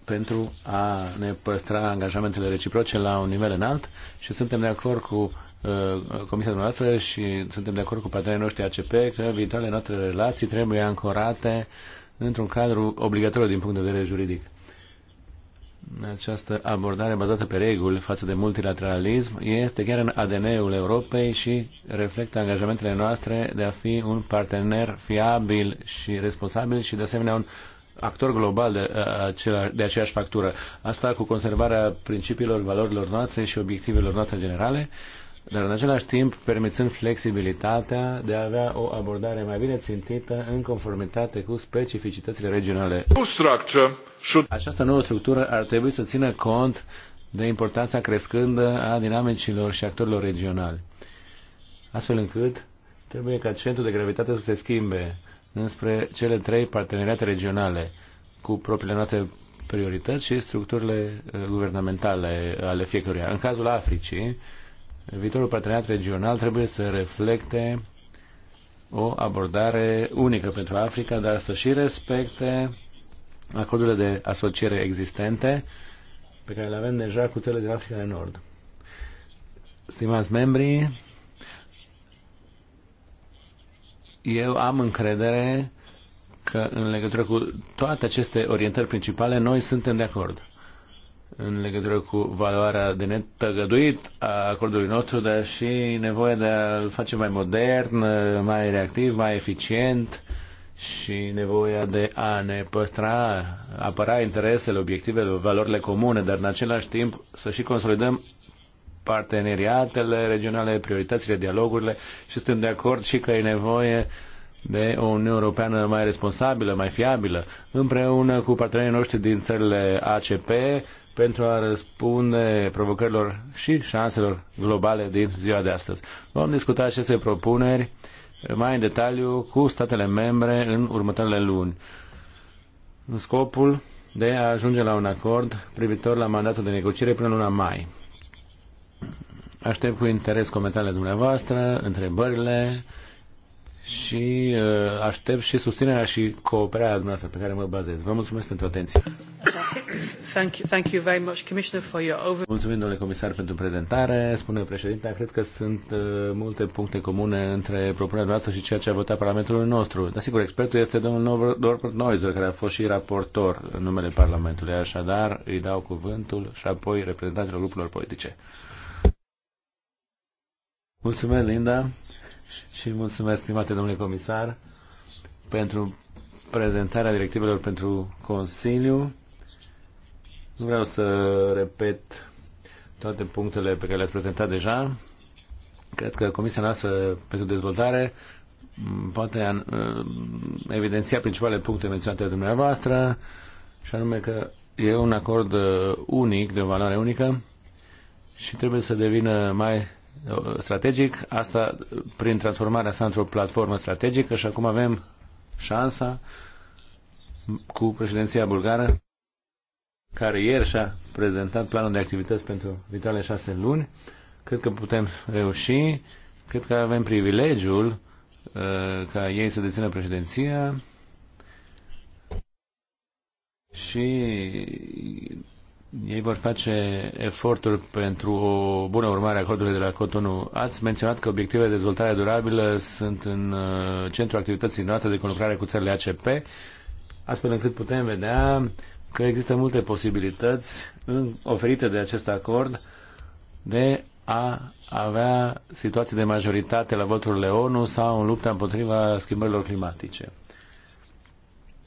[SPEAKER 2] pentru a ne păstra angajamentele reciproce la un nivel înalt și suntem de acord cu Uh, comisia noastră și suntem de acord cu partenerii noștri ACP că viitoarele noastre relații trebuie ancorate într-un cadru obligatoriu din punct de vedere juridic. Această abordare bazată pe reguli față de multilateralism este chiar în ADN-ul Europei și reflectă angajamentele noastre de a fi un partener fiabil și responsabil și de asemenea un actor global de, uh, acela, de aceeași factură. Asta cu conservarea principiilor, valorilor noastre și obiectivelor noastre generale dar în același timp permițând flexibilitatea de a avea o abordare mai bine țintită în conformitate cu specificitățile regionale. Această nouă structură ar trebui să țină cont de importanța crescândă a dinamicilor și actorilor regionali, astfel încât trebuie ca centrul de gravitate să se schimbe înspre cele trei parteneriate regionale cu propriile noastre priorități și structurile eh, guvernamentale ale fiecăruia. În cazul Africii, viitorul parteneriat regional trebuie să reflecte o abordare unică pentru Africa, dar să și respecte acordurile de asociere existente pe care le avem deja cu țările din Africa de Nord. Stimați membri, eu am încredere că în legătură cu toate aceste orientări principale noi suntem de acord în legătură cu valoarea de netăgăduit a acordului nostru, dar și nevoia de a-l face mai modern, mai reactiv, mai eficient și nevoia de a ne păstra, apăra interesele, obiectivele, valorile comune, dar în același timp să și consolidăm parteneriatele regionale, prioritățile, dialogurile și suntem de acord și că e nevoie de o Uniune Europeană mai responsabilă, mai fiabilă, împreună cu partenerii noștri din țările ACP, pentru a răspunde provocărilor și șanselor globale din ziua de astăzi. Vom discuta aceste propuneri mai în detaliu cu statele membre în următoarele luni. În scopul de a ajunge la un acord privitor la mandatul de negociere până luna mai. Aștept cu interes comentariile dumneavoastră, întrebările și uh, aștept și susținerea și cooperarea dumneavoastră pe care mă bazez. Vă mulțumesc pentru atenție.
[SPEAKER 1] Thank you, thank you very much,
[SPEAKER 2] Commissioner, for your over... Mulțumim, domnule comisar, pentru prezentare. Spune președinte, cred că sunt uh, multe puncte comune între propunerea dumneavoastră și ceea ce a votat Parlamentul nostru. Dar sigur, expertul este domnul Norbert Neuser, care a fost și raportor în numele Parlamentului. Așadar, îi dau cuvântul și apoi reprezentanților grupurilor politice. Mulțumesc, Linda și mulțumesc, stimate domnule comisar, pentru prezentarea directivelor pentru Consiliu. Nu vreau să repet toate punctele pe care le-ați prezentat deja. Cred că Comisia noastră pentru dezvoltare poate uh, evidenția principalele puncte menționate de dumneavoastră, și anume că e un acord uh, unic, de o valoare unică, și trebuie să devină mai strategic, asta prin transformarea sa într-o platformă strategică și acum avem șansa cu președinția bulgară care ieri și-a prezentat planul de activități pentru viitoarele șase luni. Cred că putem reuși, cred că avem privilegiul uh, ca ei să dețină președinția și ei vor face eforturi pentru o bună urmare a acordului de la Cotonou. Ați menționat că obiectivele de dezvoltare durabilă sunt în uh, centrul activității noastre de conlucrare cu țările ACP, astfel încât putem vedea că există multe posibilități oferite de acest acord de a avea situații de majoritate la voturile ONU sau în lupta împotriva schimbărilor climatice.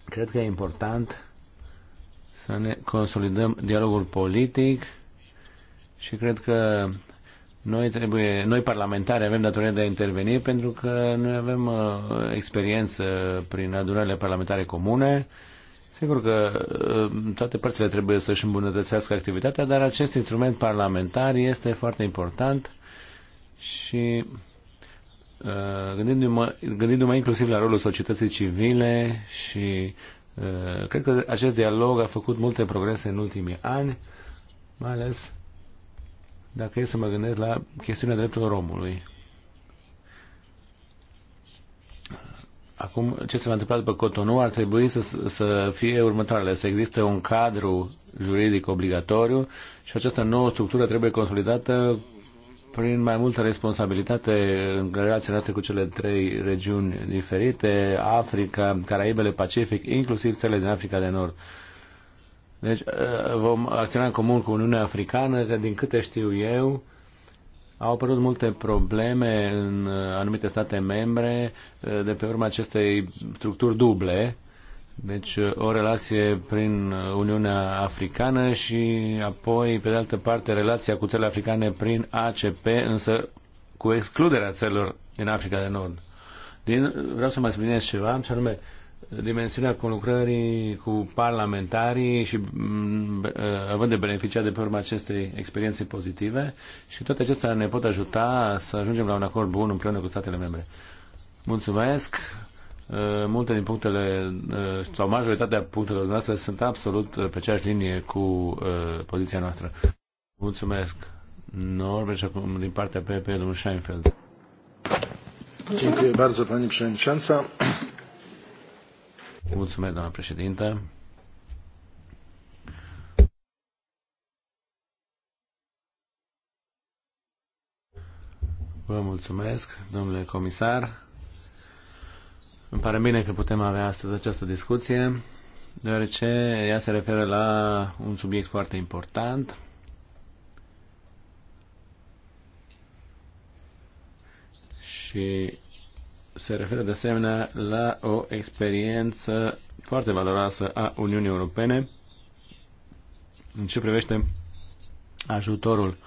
[SPEAKER 2] Cred că e important să ne consolidăm dialogul politic și cred că noi, trebuie, noi parlamentari avem datoria de a interveni pentru că noi avem uh, experiență prin adunările parlamentare comune. Sigur că uh, toate părțile trebuie să-și îmbunătățească activitatea, dar acest instrument parlamentar este foarte important și uh, gândindu-mă, gândindu-mă inclusiv la rolul societății civile și Eh, cred că acest dialog a făcut multe progrese în ultimii ani, mai ales dacă e să mă gândesc la chestiunea drepturilor omului. Acum, ce se va întâmpla după Cotonou ar trebui să, să fie următoarele. Să existe un cadru juridic obligatoriu și această nouă structură trebuie consolidată prin mai multă responsabilitate relaționată cu cele trei regiuni diferite, Africa, Caraibele, Pacific, inclusiv țările din Africa de Nord. Deci uh, vom acționa în comun cu Uniunea Africană, că din câte știu eu, au apărut multe probleme în uh, anumite state membre uh, de pe urma acestei structuri duble, deci uh, o relație prin uh, Uniunea Africană și apoi, pe de altă parte, relația cu țările africane prin ACP, însă cu excluderea țărilor din Africa de Nord. Din, vreau să mai subliniez ceva, și anume dimensiunea conlucrării cu parlamentarii și mm, uh, având de beneficiat de pe urma acestei experiențe pozitive și toate acestea ne pot ajuta să ajungem la un acord bun împreună cu statele membre. Mulțumesc! Uh, multe din punctele, uh, sau majoritatea punctelor noastre sunt absolut uh, pe aceeași linie cu poziția noastră. Mulțumesc, Norbert, și acum din partea PP, domnul Scheinfeld. Dziękuję bardzo, pani przewodnicząca. Mulțumesc, doamna președintă. Vă mulțumesc, domnule comisar. Îmi pare bine că putem avea astăzi această discuție, deoarece ea se referă la un subiect foarte important. Și se referă de asemenea la o experiență foarte valoroasă a Uniunii Europene în ce privește ajutorul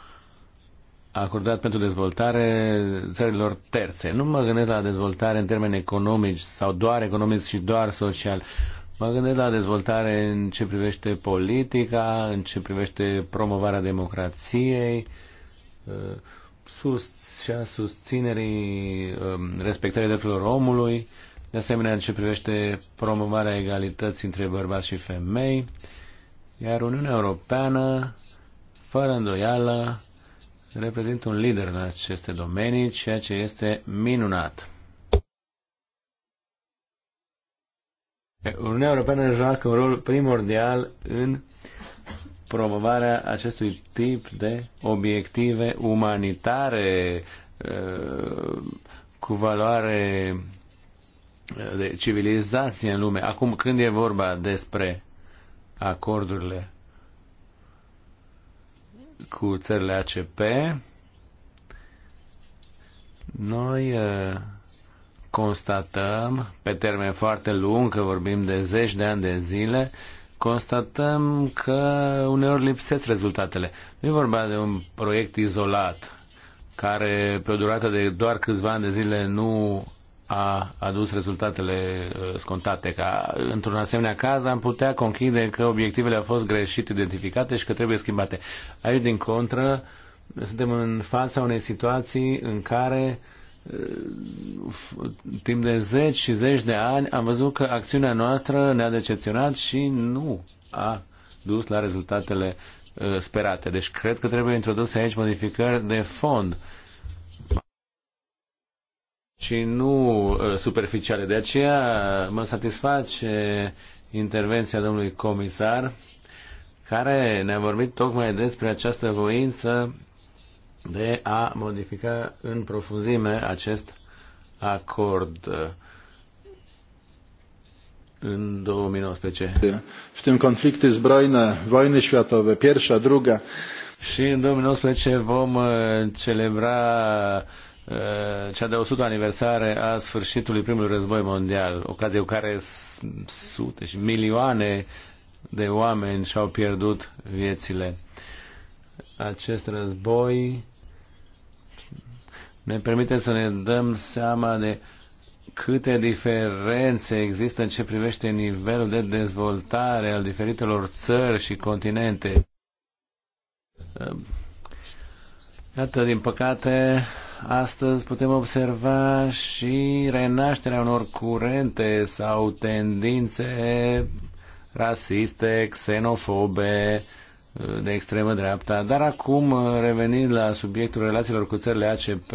[SPEAKER 2] acordat pentru dezvoltare țărilor terțe. Nu mă gândesc la dezvoltare în termeni economici sau doar economic și doar social. Mă gândesc la dezvoltare în ce privește politica, în ce privește promovarea democrației, uh, sus și a susținerii um, respectării drepturilor omului, de asemenea în ce privește promovarea egalității între bărbați și femei, iar Uniunea Europeană, fără îndoială, reprezintă un lider în aceste domenii, ceea ce este minunat. Uniunea Europeană joacă un rol primordial în promovarea acestui tip de obiective umanitare uh, cu valoare uh, de civilizație în lume. Acum, când e vorba despre acordurile cu țările ACP, noi uh, constatăm, pe termen foarte lung, că vorbim de zeci de ani de zile, constatăm că uneori lipsesc rezultatele. Nu e vorba de un proiect izolat, care pe o durată de doar câțiva ani de zile nu a adus rezultatele uh, scontate. Ca într-un asemenea caz am putea conchide că obiectivele au fost greșit identificate și că trebuie schimbate. Aici, din contră, suntem în fața unei situații în care uh, timp de zeci și zeci de ani am văzut că acțiunea noastră ne-a decepționat și nu a dus la rezultatele uh, sperate. Deci cred că trebuie introduse aici modificări de fond și nu uh, superficiale. De aceea mă satisface intervenția domnului comisar care ne-a vorbit tocmai despre această voință de a modifica în profunzime acest acord uh, în 2019.
[SPEAKER 3] W tym konflikty zbrojne, vojne światowe, pierwsza, druga.
[SPEAKER 2] Și în 2019 vom uh, celebra Eh, cea de 100 aniversare a sfârșitului primului război mondial, ocazie cu care sute și milioane de oameni și-au pierdut viețile. Acest război ne permite să ne dăm seama de câte diferențe există în ce privește nivelul de dezvoltare al diferitelor țări și continente. Eh, iată, din păcate, astăzi putem observa și renașterea unor curente sau tendințe rasiste, xenofobe, de extremă dreapta. Dar acum, revenind la subiectul relațiilor cu țările ACP,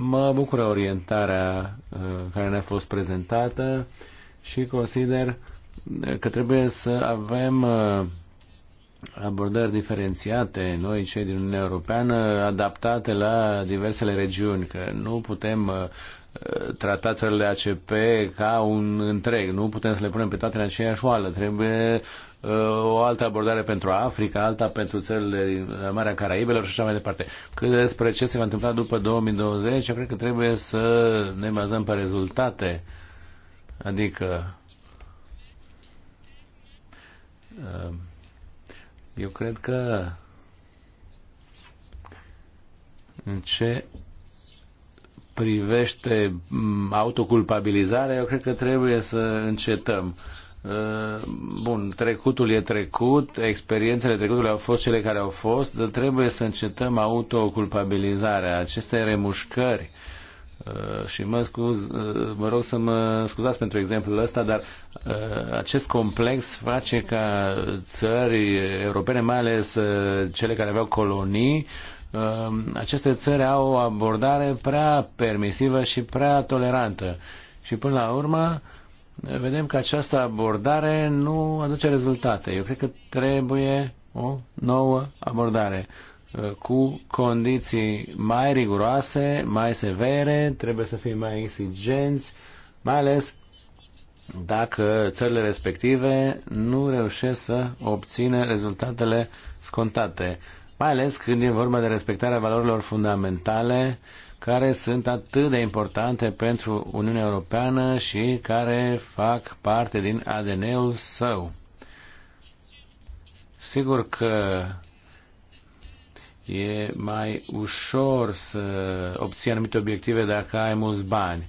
[SPEAKER 2] mă bucură orientarea uh, care ne-a fost prezentată și consider că trebuie să avem uh, abordări diferențiate, noi cei din Uniunea Europeană, adaptate la diversele regiuni, că nu putem uh, trata țările ACP ca un întreg, nu putem să le punem pe toate în aceeași oală, trebuie uh, o altă abordare pentru Africa, alta pentru țările din Marea Caraibelor și așa mai departe. Cât despre ce se va întâmpla după 2020, eu cred că trebuie să ne bazăm pe rezultate, adică uh, eu cred că în ce privește mm, autoculpabilizarea, eu cred că trebuie să încetăm. Uh, bun, trecutul e trecut, experiențele trecutului au fost cele care au fost, dar trebuie să încetăm autoculpabilizarea. Aceste remușcări uh, Uh, și mă, scuz, uh, mă rog să mă scuzați pentru exemplul ăsta, dar uh, acest complex face ca țări europene, mai ales cele care aveau colonii, aceste țări au o abordare prea permisivă și prea tolerantă. Și până la urmă, vedem că această abordare nu aduce rezultate. Eu cred că trebuie o nouă abordare. Uh, cu condiții mai riguroase, mai severe, trebuie să fim mai exigenți, mai ales dacă țările respective nu reușesc să obțină rezultatele scontate, mai ales când e vorba de respectarea valorilor fundamentale care sunt atât de importante pentru Uniunea Europeană și care fac parte din ADN-ul său. Sigur că E mai ușor să obții anumite obiective dacă ai mulți bani.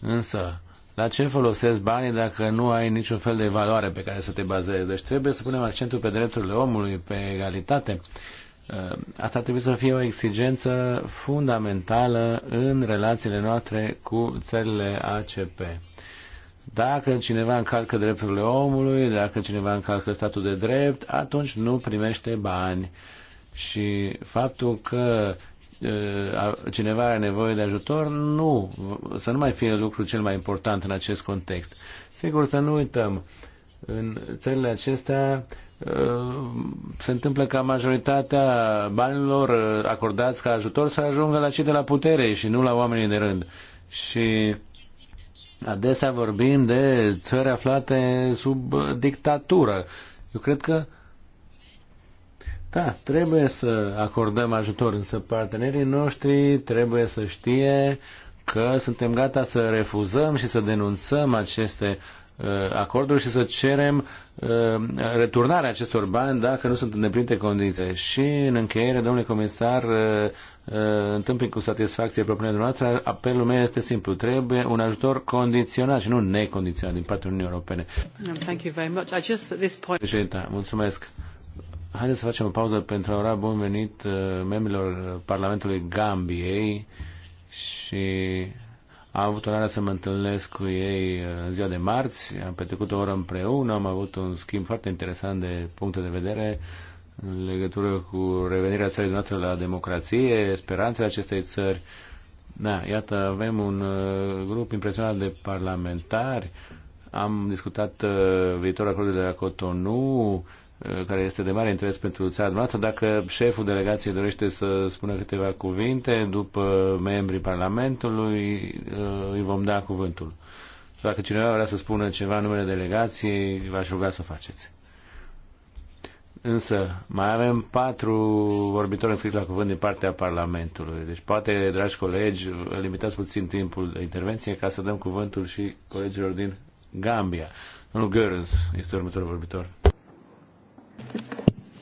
[SPEAKER 2] Însă, la ce folosesc banii dacă nu ai niciun fel de valoare pe care să te bazezi? Deci trebuie să punem accentul pe drepturile omului, pe egalitate. Uh, asta trebuie să fie o exigență fundamentală în relațiile noastre cu țările ACP. Dacă cineva încalcă drepturile omului, dacă cineva încalcă statul de drept, atunci nu primește bani și faptul că cineva are nevoie de ajutor, nu, să nu mai fie lucrul cel mai important în acest context. Sigur, să nu uităm, în țările acestea se întâmplă ca majoritatea banilor acordați ca ajutor să ajungă la cei de la putere și nu la oamenii de rând. Și adesea vorbim de țări aflate sub dictatură. Eu cred că da, trebuie să acordăm ajutor, însă partenerii noștri trebuie să știe că suntem gata să refuzăm și să denunțăm aceste uh, acorduri și să cerem uh, returnarea acestor bani dacă nu sunt îndeplinite condiții. Și în încheiere, domnule comisar, uh, uh, întâmpin cu satisfacție propunerea dumneavoastră, apelul meu este simplu. Trebuie un ajutor condiționat și nu necondiționat din partea Uniunii Europene.
[SPEAKER 1] Thank you very much. I just, at this point...
[SPEAKER 2] mulțumesc. Haideți să facem o pauză pentru a ora bun venit uh, membrilor Parlamentului Gambiei și am avut onoarea să mă întâlnesc cu ei uh, în ziua de marți, am petrecut o oră împreună, am avut un schimb foarte interesant de puncte de vedere în legătură cu revenirea țării noastre la democrație, speranțele acestei țări. Da, iată, avem un uh, grup impresionant de parlamentari, am discutat viitorul acord de la Cotonou, Uh, care este de mare interes pentru țara noastră. Dacă șeful delegației dorește să spună câteva cuvinte, după membrii Parlamentului uh, îi vom da cuvântul. Dacă cineva vrea să spună ceva în numele delegației, v-aș ruga să o faceți. Însă, mai avem patru vorbitori înscriși la cuvânt din partea Parlamentului. Deci, poate, dragi colegi, limitați puțin timpul de intervenție ca să dăm cuvântul și colegilor din Gambia. Domnul Görens este următorul vorbitor.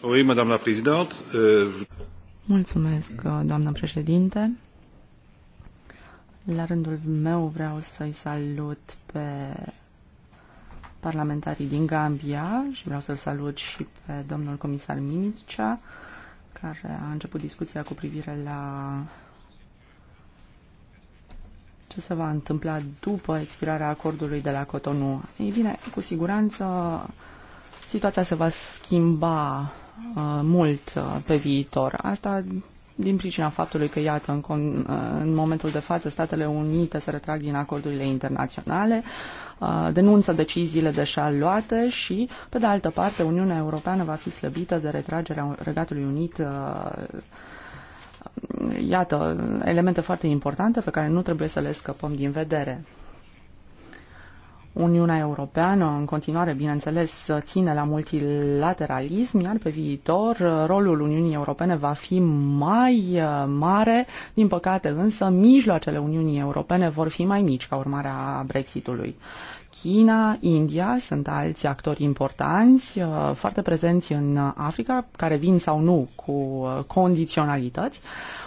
[SPEAKER 2] Oui, madame la présidente.
[SPEAKER 1] Euh,
[SPEAKER 4] Mulțumesc, uh, doamnă președinte. La rândul meu vreau să-i salut pe parlamentarii din Gambia și vreau să-l salut și pe domnul comisar Mimicea, care a început discuția cu privire la ce se va întâmpla după expirarea acordului de la Cotonou. Ei bine, cu siguranță situația se va schimba uh, mult uh, pe viitor. Asta din pricina faptului că, iată, în, con, uh, în momentul de față, Statele Unite se retrag din acordurile internaționale, uh, denunță deciziile deja luate și, pe de altă parte, Uniunea Europeană va fi slăbită de retragerea Regatului Unit. Uh, iată, elemente foarte importante pe care nu trebuie să le scăpăm din vedere. Uniunea Europeană în continuare, bineînțeles, ține la multilateralism, iar pe viitor rolul Uniunii Europene va fi mai uh, mare. Din păcate însă, mijloacele Uniunii Europene vor fi mai mici ca urmare a Brexitului. China, India sunt alți actori importanți, uh, foarte prezenți în Africa, care vin sau nu cu uh, condiționalități.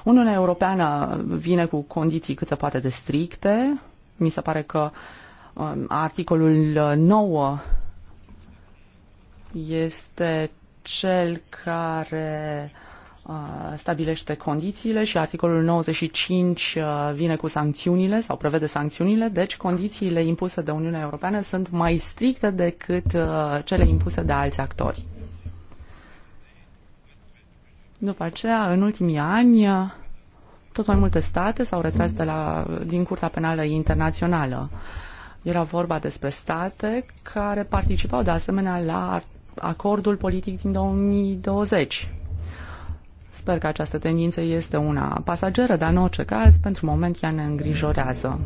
[SPEAKER 4] Uniunea Europeană vine cu condiții cât se poate de stricte. Mi se pare că uh, Um, articolul 9 este cel care uh, stabilește condițiile și articolul 95 uh, vine cu sancțiunile sau prevede sancțiunile, deci condițiile impuse de Uniunea Europeană sunt mai stricte decât uh, cele impuse de alți actori. După aceea, în ultimii ani, tot mai multe state s-au retras de la, din Curtea Penală Internațională. Uh, era vorba despre state care participau de asemenea la acordul politic din 2020. Sper că această tendință este una pasageră, dar în orice caz, pentru moment, ea ne îngrijorează.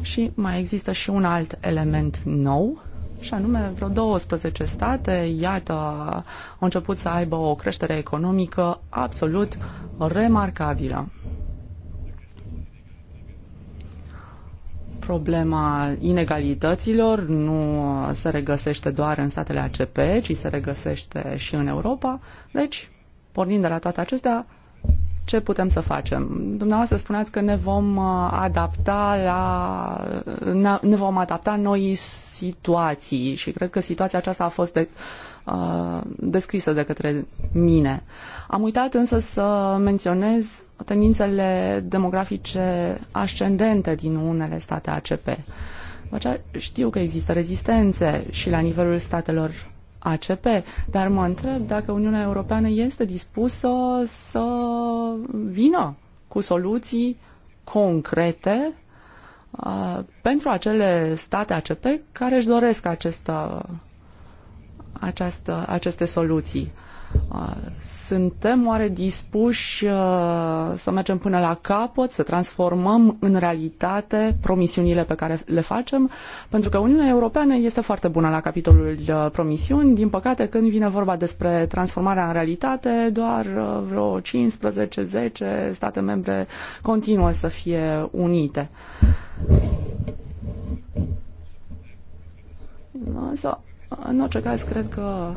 [SPEAKER 4] Și mai există și un alt element nou, și anume vreo 12 state, iată, au început să aibă o creștere economică absolut remarcabilă. Problema inegalităților nu se regăsește doar în statele ACP, ci se regăsește și în Europa. Deci, pornind de la toate acestea, ce putem să facem? Dumneavoastră spuneați că ne vom uh, adapta la ne vom adapta noi situații și cred că situația aceasta a fost de, Uh, descrisă de către mine. Am uitat însă să menționez tendințele demografice ascendente din unele state ACP. Deci, știu că există rezistențe și la nivelul statelor ACP, dar mă întreb dacă Uniunea Europeană este dispusă să vină cu soluții concrete uh, pentru acele state ACP care își doresc acest această, aceste soluții. Uh, suntem oare dispuși uh, să mergem până la capăt, să transformăm în realitate promisiunile pe care le facem? Pentru că Uniunea Europeană este foarte bună la capitolul uh, promisiuni. Din păcate, când vine vorba despre transformarea în realitate, doar vreo 15-10 state membre continuă să fie unite. Însă, în orice caz, cred că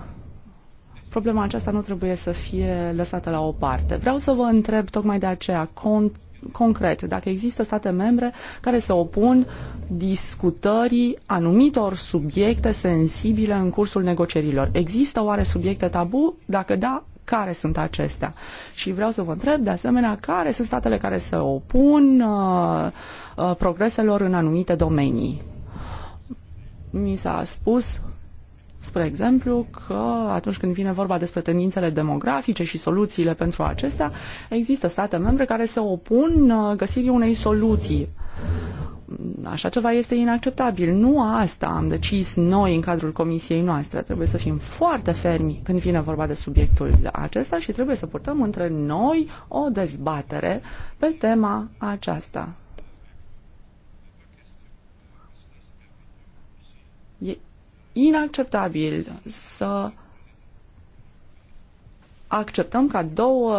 [SPEAKER 4] problema aceasta nu trebuie să fie lăsată la o parte. Vreau să vă întreb tocmai de aceea, con- concret, dacă există state membre care se opun discutării anumitor subiecte sensibile în cursul negocierilor. Există oare subiecte tabu? Dacă da, care sunt acestea? Și vreau să vă întreb, de asemenea, care sunt statele care se opun uh, uh, progreselor în anumite domenii? Mi s-a spus spre exemplu, că atunci când vine vorba despre tendințele demografice și soluțiile pentru acestea, există state membre care se opun uh, găsirii unei soluții. Așa ceva este inacceptabil. Nu asta am decis noi în cadrul comisiei noastre. Trebuie să fim foarte fermi când vine vorba de subiectul acesta și trebuie să purtăm între noi o dezbatere pe tema aceasta. inacceptabil să acceptăm ca două,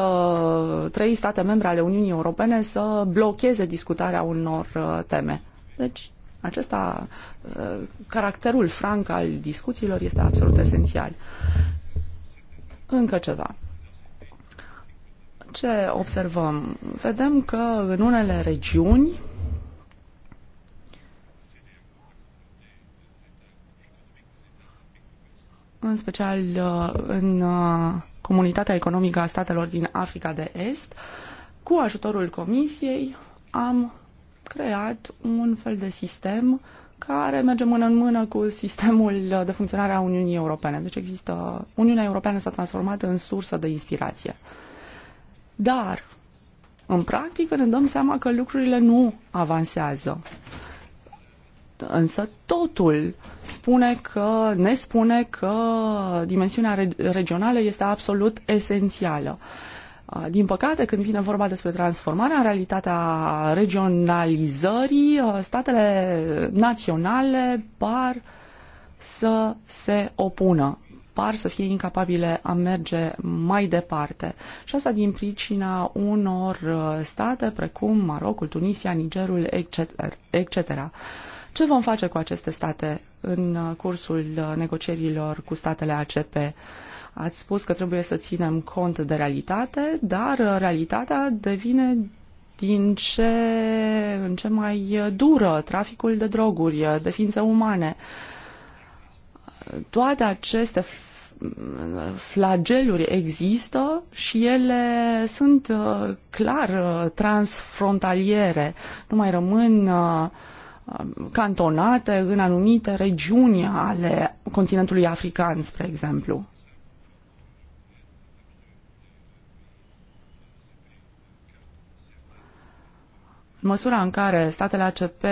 [SPEAKER 4] trei state membre ale Uniunii Europene să blocheze discutarea unor uh, teme. Deci, acesta, uh, caracterul franc al discuțiilor este absolut esențial. Încă ceva. Ce observăm? Vedem că în unele regiuni în special uh, în uh, comunitatea economică a statelor din Africa de Est, cu ajutorul Comisiei am creat un fel de sistem care merge mână în mână cu sistemul de funcționare a Uniunii Europene. Deci există, Uniunea Europeană s-a transformat în sursă de inspirație. Dar, în practică, ne dăm seama că lucrurile nu avansează. Însă totul spune că, ne spune că dimensiunea regională este absolut esențială. Din păcate, când vine vorba despre transformarea în realitatea regionalizării, statele naționale par să se opună par să fie incapabile a merge mai departe. Și asta din pricina unor state precum Marocul, Tunisia, Nigerul, etc. etc. Ce vom face cu aceste state în uh, cursul uh, negocierilor cu statele ACP? Ați spus că trebuie să ținem cont de realitate, dar uh, realitatea devine din ce în ce mai dură, traficul de droguri, de ființe umane. Toate aceste flageluri există și ele sunt clar transfrontaliere. Nu mai rămân uh, cantonate în anumite regiuni ale continentului african, spre exemplu. În măsura în care statele ACP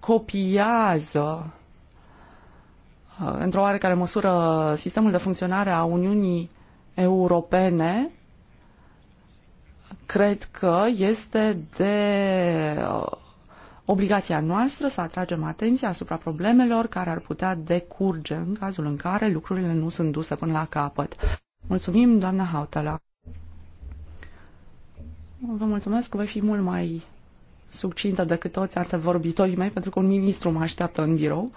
[SPEAKER 4] copiază uh, într-o oarecare măsură sistemul de funcționare a Uniunii Europene, cred că este de uh, obligația noastră să atragem atenția asupra problemelor care ar putea decurge în cazul în care lucrurile nu sunt duse până la capăt. Mulțumim, doamna Hautala. Vă mulțumesc că voi fi mult mai succintă decât toți antevorbitorii mei, pentru că un ministru mă așteaptă în birou.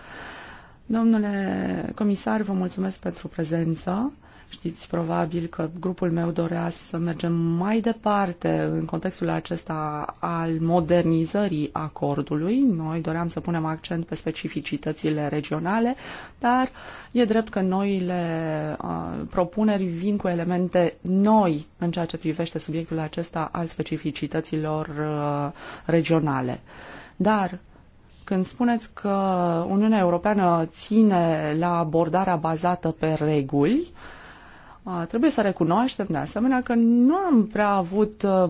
[SPEAKER 4] Domnule comisar, vă mulțumesc pentru prezență. Știți probabil că grupul meu dorea să mergem mai departe în contextul acesta al modernizării acordului. Noi doream să punem accent pe specificitățile regionale, dar e drept că noile uh, propuneri vin cu elemente noi în ceea ce privește subiectul acesta al specificităților uh, regionale. Dar când spuneți că Uniunea Europeană ține la abordarea bazată pe reguli, uh, Trebuie să recunoaștem, de asemenea, că nu am prea avut uh,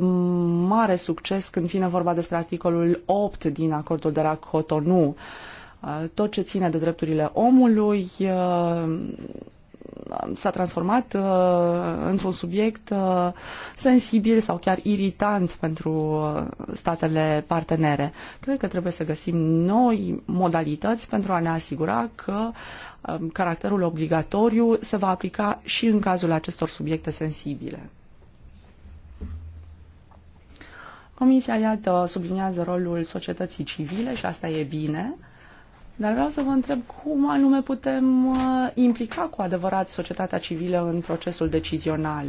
[SPEAKER 4] mare succes când vine vorba despre articolul 8 din acordul de la Cotonou. Uh, tot ce ține de drepturile omului uh, s-a transformat uh, într-un subiect uh, sensibil sau chiar irritant pentru uh, statele partenere. Cred că trebuie să găsim noi modalități pentru a ne asigura că uh, caracterul obligatoriu se va aplica și în cazul acestor subiecte sensibile. Comisia, iată, subliniază rolul societății civile și asta e bine. Dar vreau să vă întreb cum anume putem uh, implica cu adevărat societatea civilă în procesul decizional.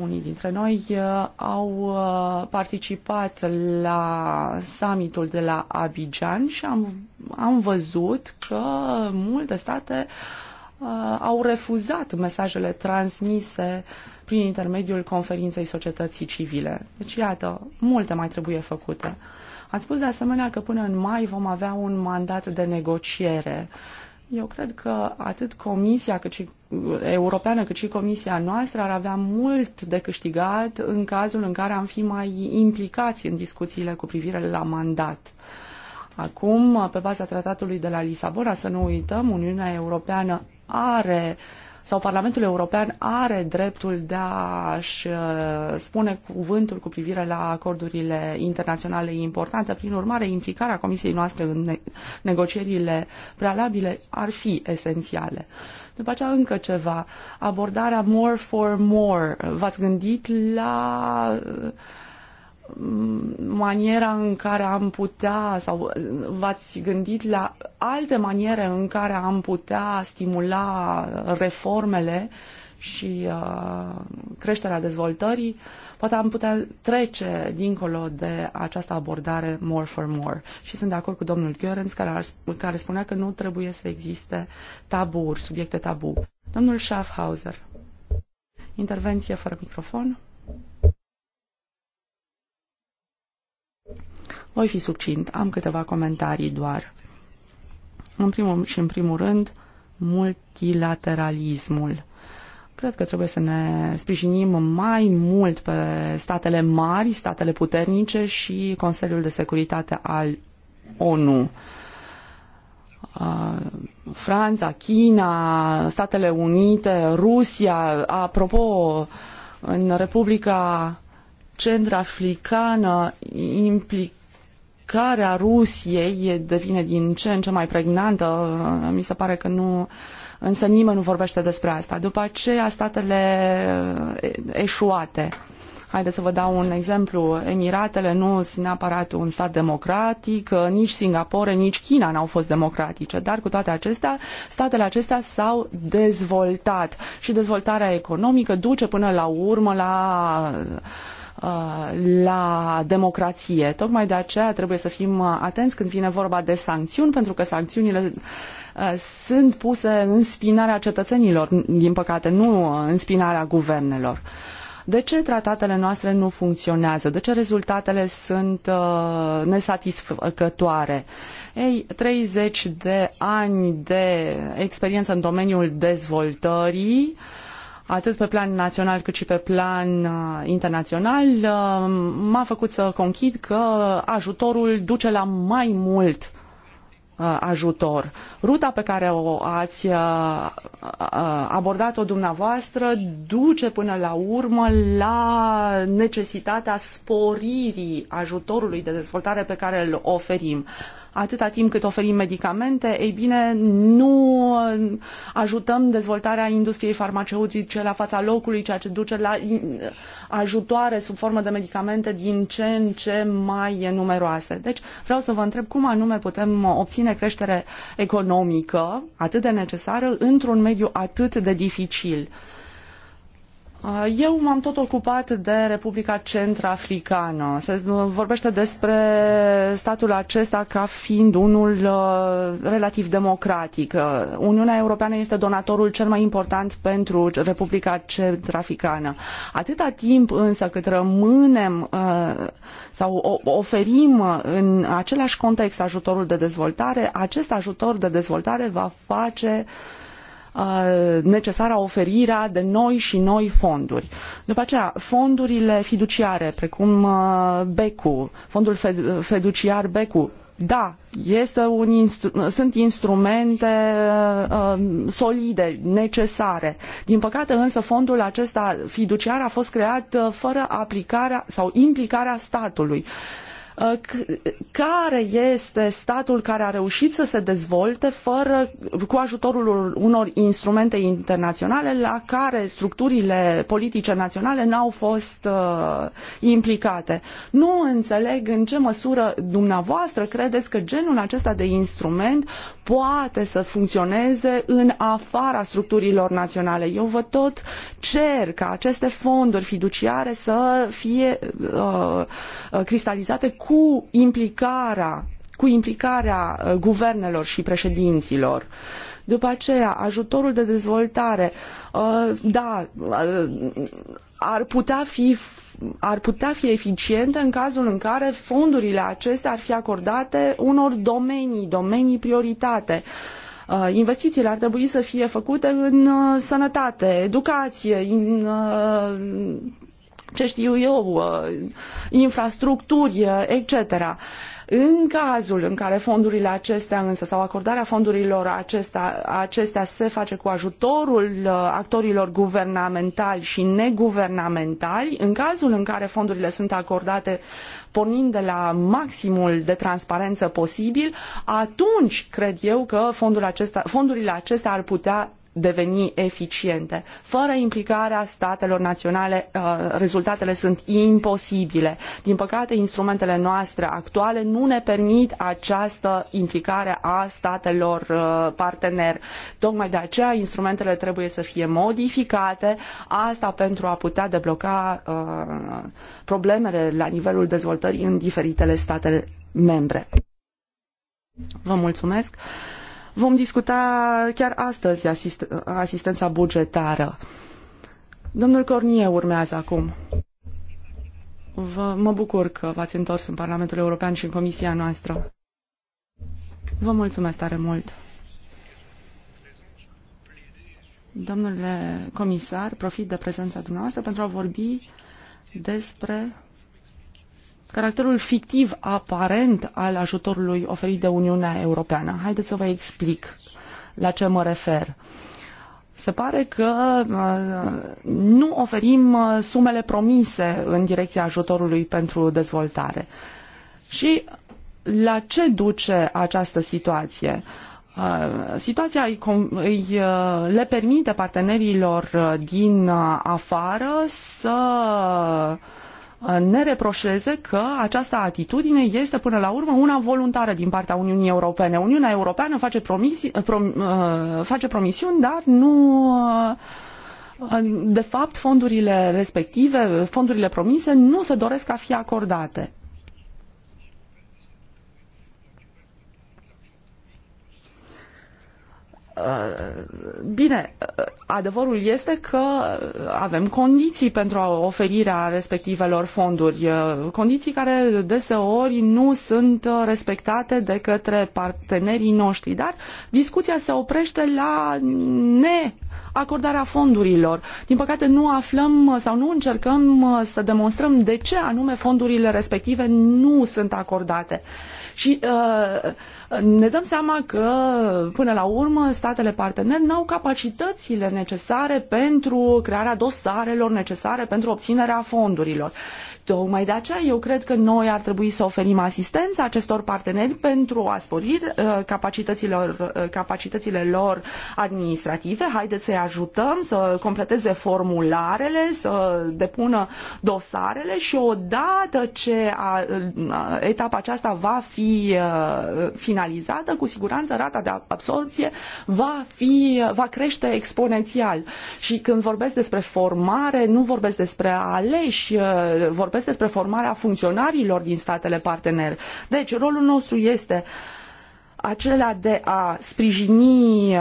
[SPEAKER 4] Unii dintre noi uh, au uh, participat la summitul de la Abidjan și am, am văzut că multe state au refuzat mesajele transmise prin intermediul conferinței societății civile. Deci, iată, multe mai trebuie făcute. Uh, Ați spus de asemenea că până în mai vom avea un mandat de negociere. Eu cred că atât Comisia cât și, uh, Europeană cât și Comisia noastră ar avea mult de câștigat în cazul în care am fi mai implicați în discuțiile cu privire la mandat. Acum, pe baza tratatului de la Lisabona, să nu uităm, Uniunea Europeană are uh, sau Parlamentul European are dreptul de a-și uh, spune cuvântul cu privire la acordurile internaționale importante. Prin urmare, implicarea Comisiei noastre în negocierile prealabile ar fi esențiale. După aceea încă ceva, abordarea more for more. V-ați gândit la uh, maniera în care am putea sau v-ați gândit la alte maniere în care am putea stimula reformele și uh, creșterea dezvoltării, poate am putea trece dincolo de această abordare more for more. Și sunt de acord cu domnul Görens, care, care spunea că nu trebuie să existe taburi, subiecte tabu. Domnul Schaffhauser. Intervenție fără microfon. Voi fi succint, am câteva comentarii doar. În primul și în primul rând, multilateralismul. Cred că trebuie să ne sprijinim mai mult pe statele mari, statele puternice și Consiliul de Securitate al ONU. Uh, Franța, China, Statele Unite, Rusia. Apropo, în Republica Centrafricană implic a Rusiei devine din ce în ce mai pregnantă. Mi se pare că nu, însă nimeni nu vorbește despre asta. După aceea, statele eh, eșuate. Haideți să vă dau un exemplu. Emiratele nu sunt neapărat un stat democratic, eh, nici Singapore, nici China n-au fost democratice, dar cu toate acestea, statele acestea s-au dezvoltat și dezvoltarea economică duce până la urmă la Uh, la democrație. Tocmai de aceea trebuie să fim uh, atenți când vine vorba de sancțiuni, pentru că sancțiunile uh, sunt puse în spinarea cetățenilor, din păcate, nu în spinarea guvernelor. De ce tratatele noastre nu funcționează? De ce rezultatele sunt uh, nesatisfăcătoare? Ei, 30 de ani de experiență în domeniul dezvoltării uh, atât pe plan național cât și pe plan uh, internațional, uh, m-a făcut să conchid că ajutorul duce la mai mult uh, ajutor. Ruta pe care o ați uh, uh abordat-o dumneavoastră duce până la urmă la necesitatea sporirii ajutorului de dezvoltare pe care îl oferim. Uh, atâta timp cât oferim medicamente, ei bine, nu ajutăm dezvoltarea industriei farmaceutice la fața locului, ceea ce duce la ajutoare sub formă de medicamente din ce în ce mai numeroase. Deci vreau să vă întreb cum anume putem obține creștere economică atât de necesară într-un mediu atât de dificil. Uh, eu m-am tot ocupat de Republica Centrafricană. Se uh, vorbește despre statul acesta ca fiind unul uh, relativ democratic. Uniunea Europeană este donatorul cel mai important pentru Republica Centrafricană. Atâta timp însă cât rămânem sau oferim în același context ajutorul de dezvoltare, acest ajutor de dezvoltare va face Uh, necesară oferirea de noi și noi fonduri. După aceea, fondurile fiduciare, precum uh, BECU, fondul fiduciar BECU, da, este un instru- sunt instrumente uh, um, solide, necesare. Din păcate însă fondul acesta fiduciar a fost creat uh, fără aplicarea sau implicarea statului. Uh, Uh, care este statul care a reușit să se dezvolte fără, cu ajutorul unor instrumente internaționale la care structurile politice naționale n-au fost uh, implicate. Nu înțeleg în ce măsură dumneavoastră credeți că genul acesta de instrument poate să funcționeze în afara structurilor naționale. Eu vă tot cer ca aceste fonduri fiduciare să fie uh, uh cristalizate cu implicarea cu implicarea uh, guvernelor și președinților. După aceea, ajutorul de dezvoltare, uh, da, uh, ar putea fi ar putea fi eficientă în cazul în care fondurile acestea ar fi acordate unor domenii, domenii prioritate. Investițiile ar trebui să fie făcute în sănătate, educație, în ce știu eu, uh, infrastructuri, uh, etc. În cazul în care fondurile acestea însă sau acordarea fondurilor acestea, acestea se face cu ajutorul uh, actorilor guvernamentali și neguvernamentali, în cazul în care fondurile sunt acordate pornind de la maximul de transparență posibil, atunci cred eu că fondul acesta, fondurile acestea ar putea deveni eficiente. Fără implicarea statelor naționale, uh, rezultatele sunt imposibile. Din păcate, instrumentele noastre actuale nu ne permit această implicare a statelor uh, partener. Tocmai de aceea, instrumentele trebuie să fie modificate, asta pentru a putea debloca uh, problemele la nivelul dezvoltării în diferitele state membre. Vă mulțumesc. Vom discuta chiar astăzi asist asistența bugetară. Domnul Cornie urmează acum. Vă, mă bucur că v-ați întors în Parlamentul European și în Comisia noastră. Vă mulțumesc tare mult. Domnule comisar, profit de prezența dumneavoastră pentru a vorbi despre caracterul fictiv aparent al ajutorului oferit de Uniunea Europeană. Haideți să vă explic la ce mă refer. Se pare că uh, nu oferim uh, sumele promise în direcția ajutorului pentru dezvoltare. Și la ce duce această situație? Uh, situația îi, le permite partenerilor din afară să Uh, ne reproșeze că această atitudine este până la urmă una voluntară din partea Uniunii Europene. Uniunea Europeană face, promisi, uh, prom, uh, face promisiuni, dar nu de fapt fondurile respective, fondurile promise nu se doresc a fi acordate. Uh, bine, uh, adevărul este că avem condiții pentru oferirea respectivelor fonduri, uh, condiții care deseori nu sunt respectate de către partenerii noștri, dar discuția se oprește la neacordarea fondurilor. Din păcate nu aflăm sau nu încercăm să demonstrăm de ce anume fondurile respective nu sunt acordate. Și uh, ne dăm seama că, până la urmă, statele parteneri n-au capacitățile necesare pentru crearea dosarelor necesare pentru obținerea fondurilor. Tocmai de aceea eu cred că noi ar trebui să oferim asistență acestor parteneri pentru a spori uh, capacităților, uh, capacitățile lor administrative. Haideți să-i ajutăm să completeze formularele, să depună dosarele și odată ce a, uh, etapa aceasta va fi finalizată, finalizată, cu siguranță rata de absorpție va, fi, va crește exponențial. Și când vorbesc despre formare, nu vorbesc despre aleși, uh, vorbesc despre formarea funcționarilor din statele partener. Deci, rolul nostru este acela de a sprijini uh,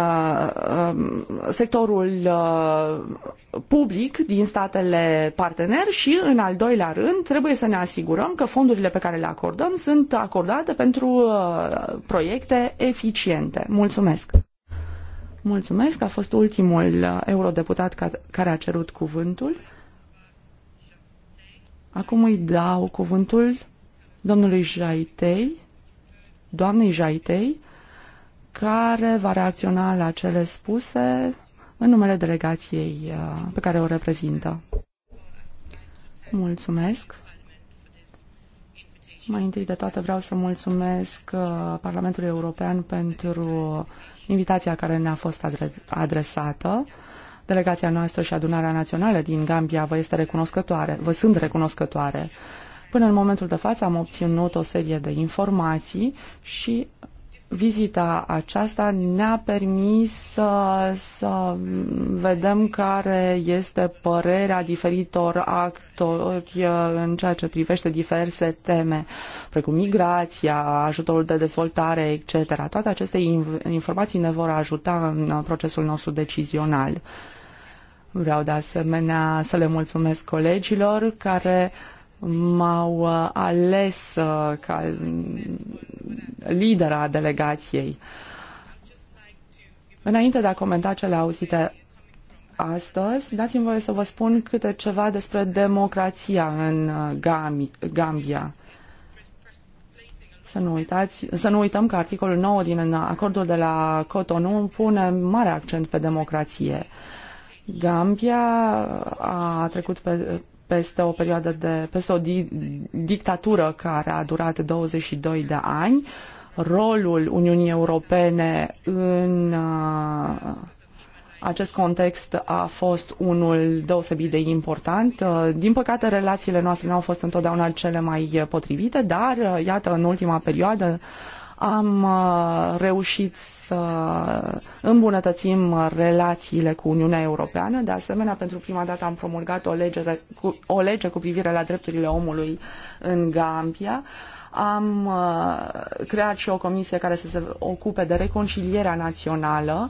[SPEAKER 4] um, sectorul uh, public din statele partener și, în al doilea rând, trebuie să ne asigurăm că fondurile pe care le acordăm sunt acordate pentru uh, proiecte eficiente. Mulțumesc! Mulțumesc, a fost ultimul eurodeputat care a cerut cuvântul. Acum îi dau cuvântul domnului Jaitei doamnei Jaitei, care va reacționa la cele spuse în numele delegației uh, pe care o reprezintă. Mulțumesc! Mai întâi de toate vreau să mulțumesc uh, Parlamentului European pentru invitația care ne-a fost adresată. Delegația noastră și adunarea națională din Gambia vă este recunoscătoare, vă sunt recunoscătoare. Până în momentul de față am obținut o serie de informații și vizita aceasta ne-a permis să, să vedem care este părerea diferitor actori în ceea ce privește diverse teme, precum migrația, ajutorul de dezvoltare, etc. Toate aceste informații ne vor ajuta în procesul nostru decizional. Vreau de asemenea să le mulțumesc colegilor care uh, m-au uh, ales uh, ca lidera delegației. Înainte de a comenta cele auzite astăzi, dați-mi voie să vă spun câte ceva despre democrația în uh, Gambia. Să nu, uitați, să nu uităm că articolul 9 din acordul de la Cotonou pune mare accent pe democrație. Gambia a trecut pe, peste o perioadă de, peste o di, dictatură care a durat 22 de ani, rolul Uniunii Europene în uh, acest context a fost unul deosebit de important. Uh, din păcate, relațiile noastre nu au fost întotdeauna cele mai potrivite, dar, uh, iată, în ultima perioadă am uh, reușit să îmbunătățim relațiile cu Uniunea Europeană. De asemenea, pentru prima dată am promulgat o lege cu, o lege cu privire la drepturile omului în Gambia. Am uh, creat și o comisie care să se ocupe de reconcilierea națională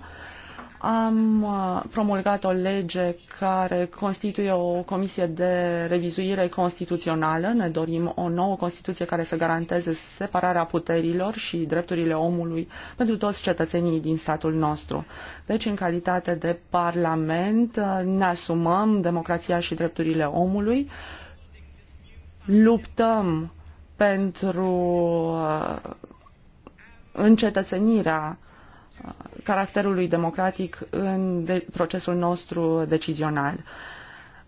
[SPEAKER 4] am uh, promulgat o lege care constituie o comisie de revizuire constituțională. Ne dorim o nouă Constituție care să garanteze separarea puterilor și drepturile omului pentru toți cetățenii din statul nostru. Deci, în calitate de Parlament, uh, ne asumăm democrația și drepturile omului, luptăm pentru uh, încetățenirea uh, caracterului democratic în de procesul nostru decizional.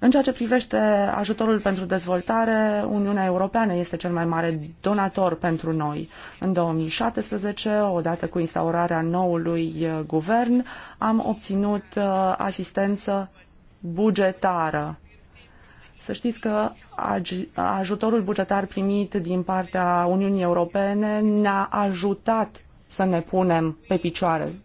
[SPEAKER 4] În ceea ce privește ajutorul pentru dezvoltare, Uniunea Europeană este cel mai mare donator pentru noi. În 2017, odată cu instaurarea noului uh, guvern, am obținut uh, asistență bugetară. Să știți că ajutorul bugetar primit din partea Uniunii Europene ne-a ajutat să ne punem pe picioare.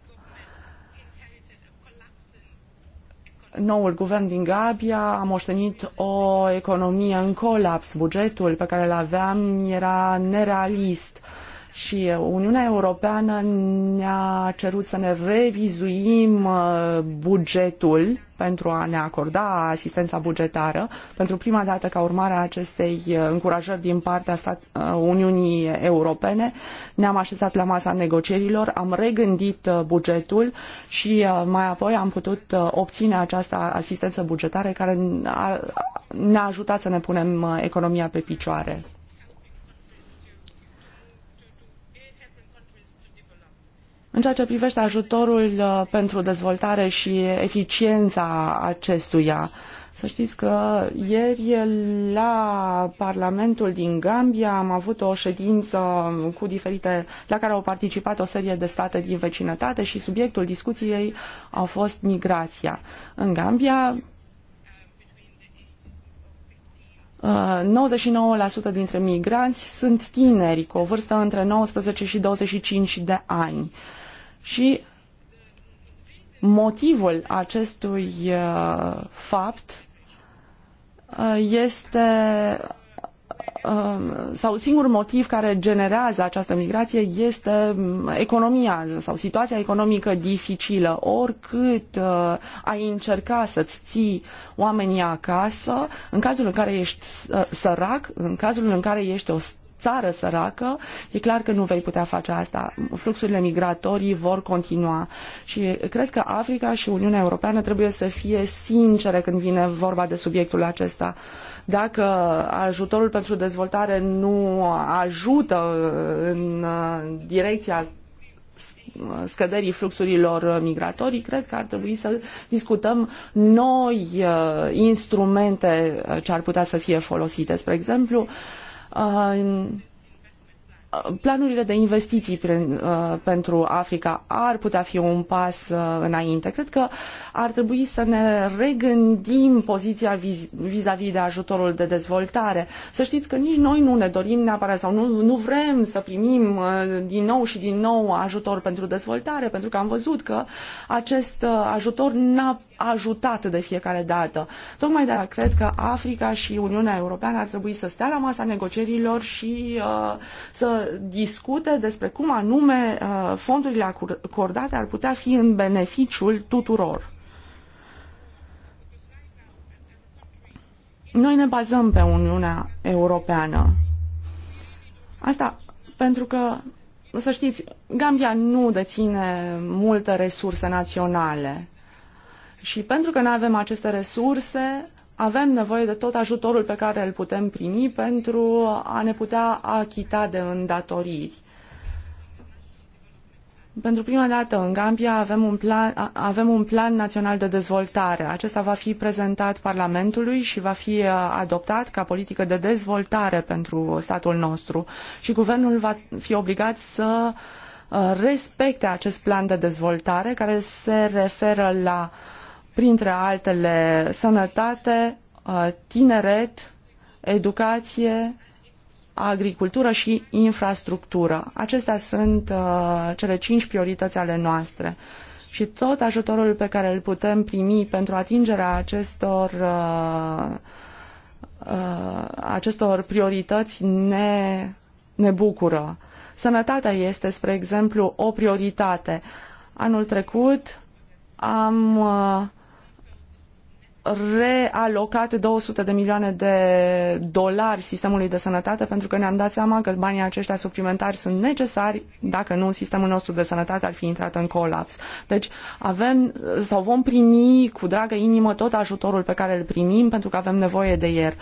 [SPEAKER 4] Noul guvern din Gabia a moștenit o economie în colaps. Bugetul pe care îl aveam era nerealist. Uh, și uh, Uniunea Europeană ne-a cerut să ne revizuim uh, bugetul pentru a ne acorda asistența bugetară pentru prima dată ca urmare a acestei uh, încurajări din partea stat, Uniunii Europene. Ne-am așezat la masa negocierilor, am regândit bugetul și mai apoi am putut obține această asistență bugetară care ne-a ajutat să ne punem economia pe picioare. În ceea ce privește ajutorul uh, pentru dezvoltare și eficiența acestuia, să știți că ieri la Parlamentul din Gambia am avut o ședință cu diferite, la care au participat o serie de state din vecinătate și subiectul discuției a fost migrația. În Gambia 99% uh, dintre migranți sunt tineri cu o vârstă între 19 și 25 de ani. Și motivul acestui uh, fapt uh, este uh, sau singurul motiv care generează această migrație este mm, economia sau situația economică dificilă. Oricât ai încerca să-ți ții oamenii acasă, în cazul în care ești sărac, în cazul în care ești o țară săracă, e clar că nu vei putea face asta. Fluxurile migratorii vor continua și cred că Africa și Uniunea Europeană trebuie să fie sincere când vine vorba de subiectul acesta. Dacă ajutorul pentru dezvoltare nu ajută în uh, direcția scăderii fluxurilor migratorii, cred că ar trebui să discutăm noi uh, instrumente ce ar putea să fie folosite. Spre exemplu, Uh, planurile de investiții prin, uh, pentru Africa ar putea fi un pas uh, înainte. Cred că ar trebui să ne regândim poziția vis-a-vis -vis de ajutorul de dezvoltare. Să știți că nici noi nu ne dorim neapărat sau nu, nu vrem să primim uh, din nou și din nou ajutor pentru dezvoltare, pentru că am văzut că acest uh, ajutor n-a ajutat de fiecare dată. Tocmai de aceea cred că Africa și Uniunea Europeană ar trebui să stea la masa negocierilor și uh, să discute despre cum anume uh, fondurile acordate ar putea fi în beneficiul tuturor. Noi ne bazăm pe Uniunea Europeană. Asta pentru că, să știți, Gambia nu deține multe resurse naționale. Și pentru că nu avem aceste resurse, avem nevoie de tot ajutorul pe care îl putem primi pentru a ne putea achita de îndatoriri. Pentru prima dată în Gambia avem un, plan, avem un plan național de dezvoltare. Acesta va fi prezentat Parlamentului și va fi uh, adoptat ca politică de dezvoltare pentru statul nostru. Și guvernul va fi obligat să uh, respecte acest plan de dezvoltare care se referă la uh, printre altele sănătate, uh, tineret, educație, agricultură și infrastructură. Acestea sunt uh, cele cinci priorități ale noastre și tot ajutorul pe care îl putem primi pentru atingerea acestor, uh, acestor priorități ne, ne bucură. Sănătatea este, spre exemplu, o prioritate. Anul trecut am uh, realocat 200 de milioane de dolari sistemului de sănătate pentru că ne-am dat seama că banii aceștia suplimentari sunt necesari, dacă nu, sistemul nostru de sănătate ar fi intrat în colaps. Deci avem sau vom primi cu dragă inimă tot ajutorul pe care îl primim pentru că avem nevoie de el.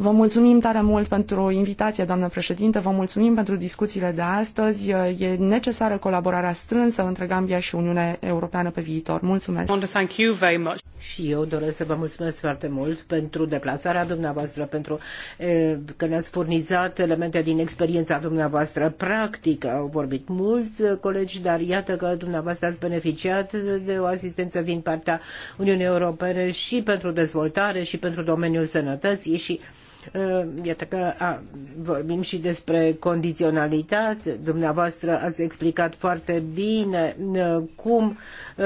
[SPEAKER 4] Vă mulțumim tare mult pentru invitație, doamnă președinte, vă mulțumim pentru discuțiile de astăzi. E necesară colaborarea strânsă între Gambia și Uniunea Europeană pe viitor. Mulțumesc!
[SPEAKER 3] Și eu doresc să vă mulțumesc foarte mult pentru deplasarea dumneavoastră, pentru că ne-ați furnizat elemente din experiența dumneavoastră practică. Au vorbit mulți colegi, dar iată că dumneavoastră ați beneficiat de o asistență din partea Uniunii Europene și pentru dezvoltare și pentru domeniul sănătății și Eh, iată că a, vorbim și despre condiționalitate. Dumneavoastră ați explicat foarte bine eh, cum eh,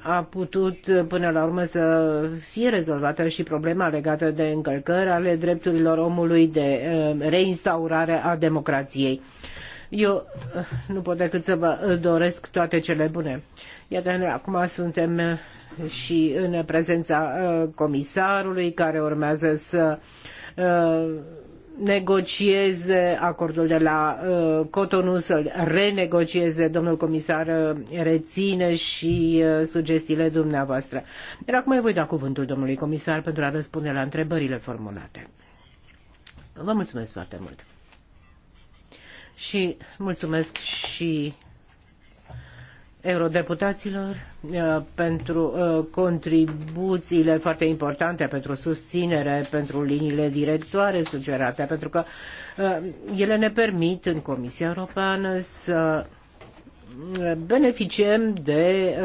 [SPEAKER 3] a putut până la urmă să fie rezolvată și problema legată de încălcări ale drepturilor omului, de reinstaurare a democrației. Eu nu pot decât să vă doresc toate cele bune. Iată, acum suntem și în prezența comisarului care urmează să uh, Uh, negocieze acordul de la uh, Cotonou, să-l renegocieze. Domnul comisar uh, reține și sugestiile dumneavoastră. Dar acum îi voi da cuvântul domnului comisar pentru a răspunde la întrebările formulate. Vă mulțumesc foarte mult. Și mulțumesc și eurodeputaților uh, pentru uh, contribuțiile foarte importante, pentru susținere, pentru liniile directoare sugerate, pentru că uh, ele ne permit în Comisia Europeană să beneficiem de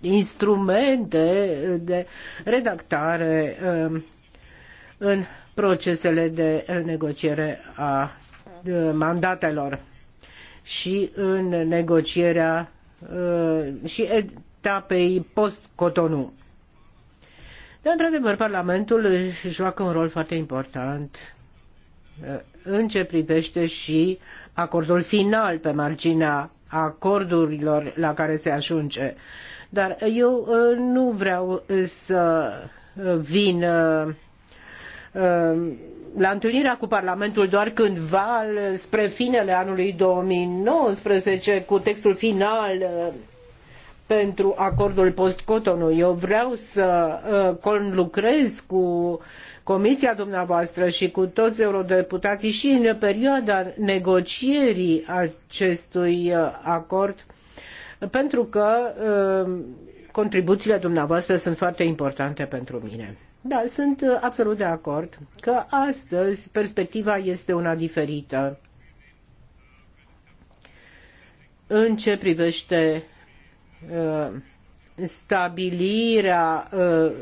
[SPEAKER 3] instrumente de redactare în procesele de negociere a mandatelor și în negocierea uh, și etapei post-Cotonou. Dar, într-adevăr, Parlamentul joacă un rol foarte important uh, în ce privește și acordul final pe marginea acordurilor la care se ajunge. Dar eu uh, nu vreau să vin la întâlnirea cu Parlamentul doar cândva spre finele anului 2019 cu textul final uh, pentru acordul post-Cotonou. Eu vreau să uh, conlucrez cu comisia dumneavoastră și cu toți eurodeputații și în perioada negocierii acestui uh, acord, pentru că contribuțiile dumneavoastră sunt foarte importante pentru mine. Da, sunt uh, absolut de acord că astăzi perspectiva este una diferită. În ce privește uh, stabilirea uh,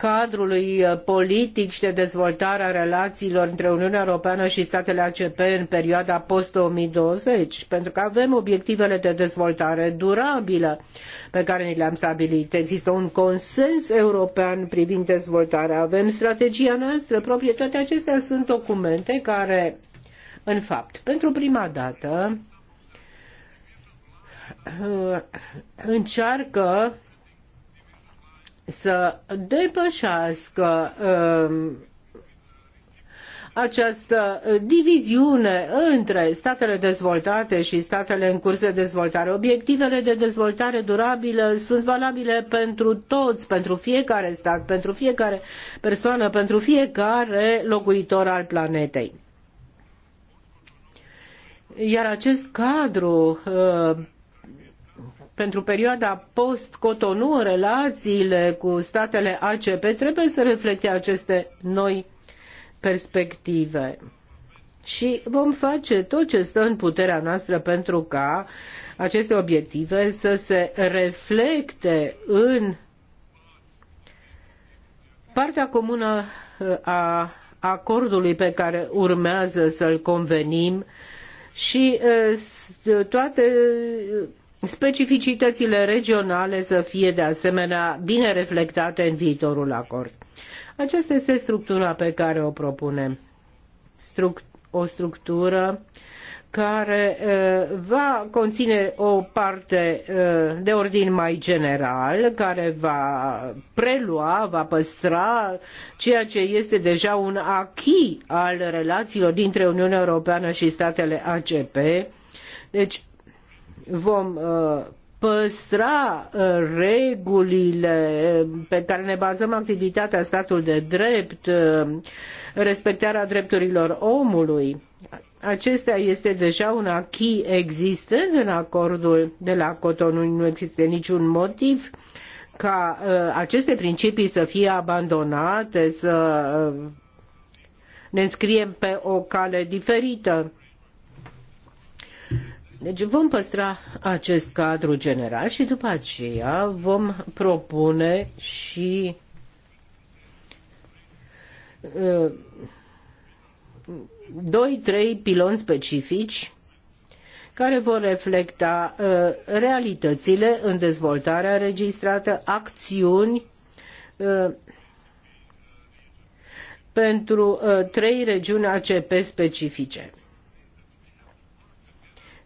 [SPEAKER 3] cadrului uh, politic și de dezvoltare a relațiilor între Uniunea Europeană și statele ACP în perioada post-2020, pentru că avem obiectivele de dezvoltare durabilă pe care ni le-am stabilit. Există un consens european privind dezvoltarea, avem strategia noastră proprie, toate acestea sunt documente care, în fapt, pentru prima dată, uh, încearcă să depășească um, această diviziune între statele dezvoltate și statele în curs de dezvoltare. Obiectivele de dezvoltare durabilă sunt valabile pentru toți, pentru fiecare stat, pentru fiecare persoană, pentru fiecare locuitor al planetei. Iar acest cadru uh, pentru perioada post-Cotonou în relațiile cu statele ACP trebuie să reflecte aceste noi perspective. Și vom face tot ce stă în puterea noastră pentru ca aceste obiective să se reflecte în partea comună a acordului pe care urmează să-l convenim și eh, toate specificitățile regionale să fie de asemenea bine reflectate în viitorul acord. Aceasta este structura pe care o propunem. o structură care uh, va conține o parte uh, de ordin mai general, care va prelua, va păstra ceea ce este deja un achi al relațiilor dintre Uniunea Europeană și statele ACP. Deci vom uh, păstra uh, regulile pe care ne bazăm activitatea statul de drept, uh, respectarea drepturilor omului. Acesta este deja un acquis existent în acordul de la Cotonou. Nu există niciun motiv ca aceste principii să fie abandonate, să ne înscriem pe o cale diferită deci vom păstra acest cadru general și după aceea vom propune și uh, doi, trei piloni specifici care vor reflecta uh, realitățile în dezvoltarea registrată, acțiuni uh, pentru trei regiuni ACP specifice.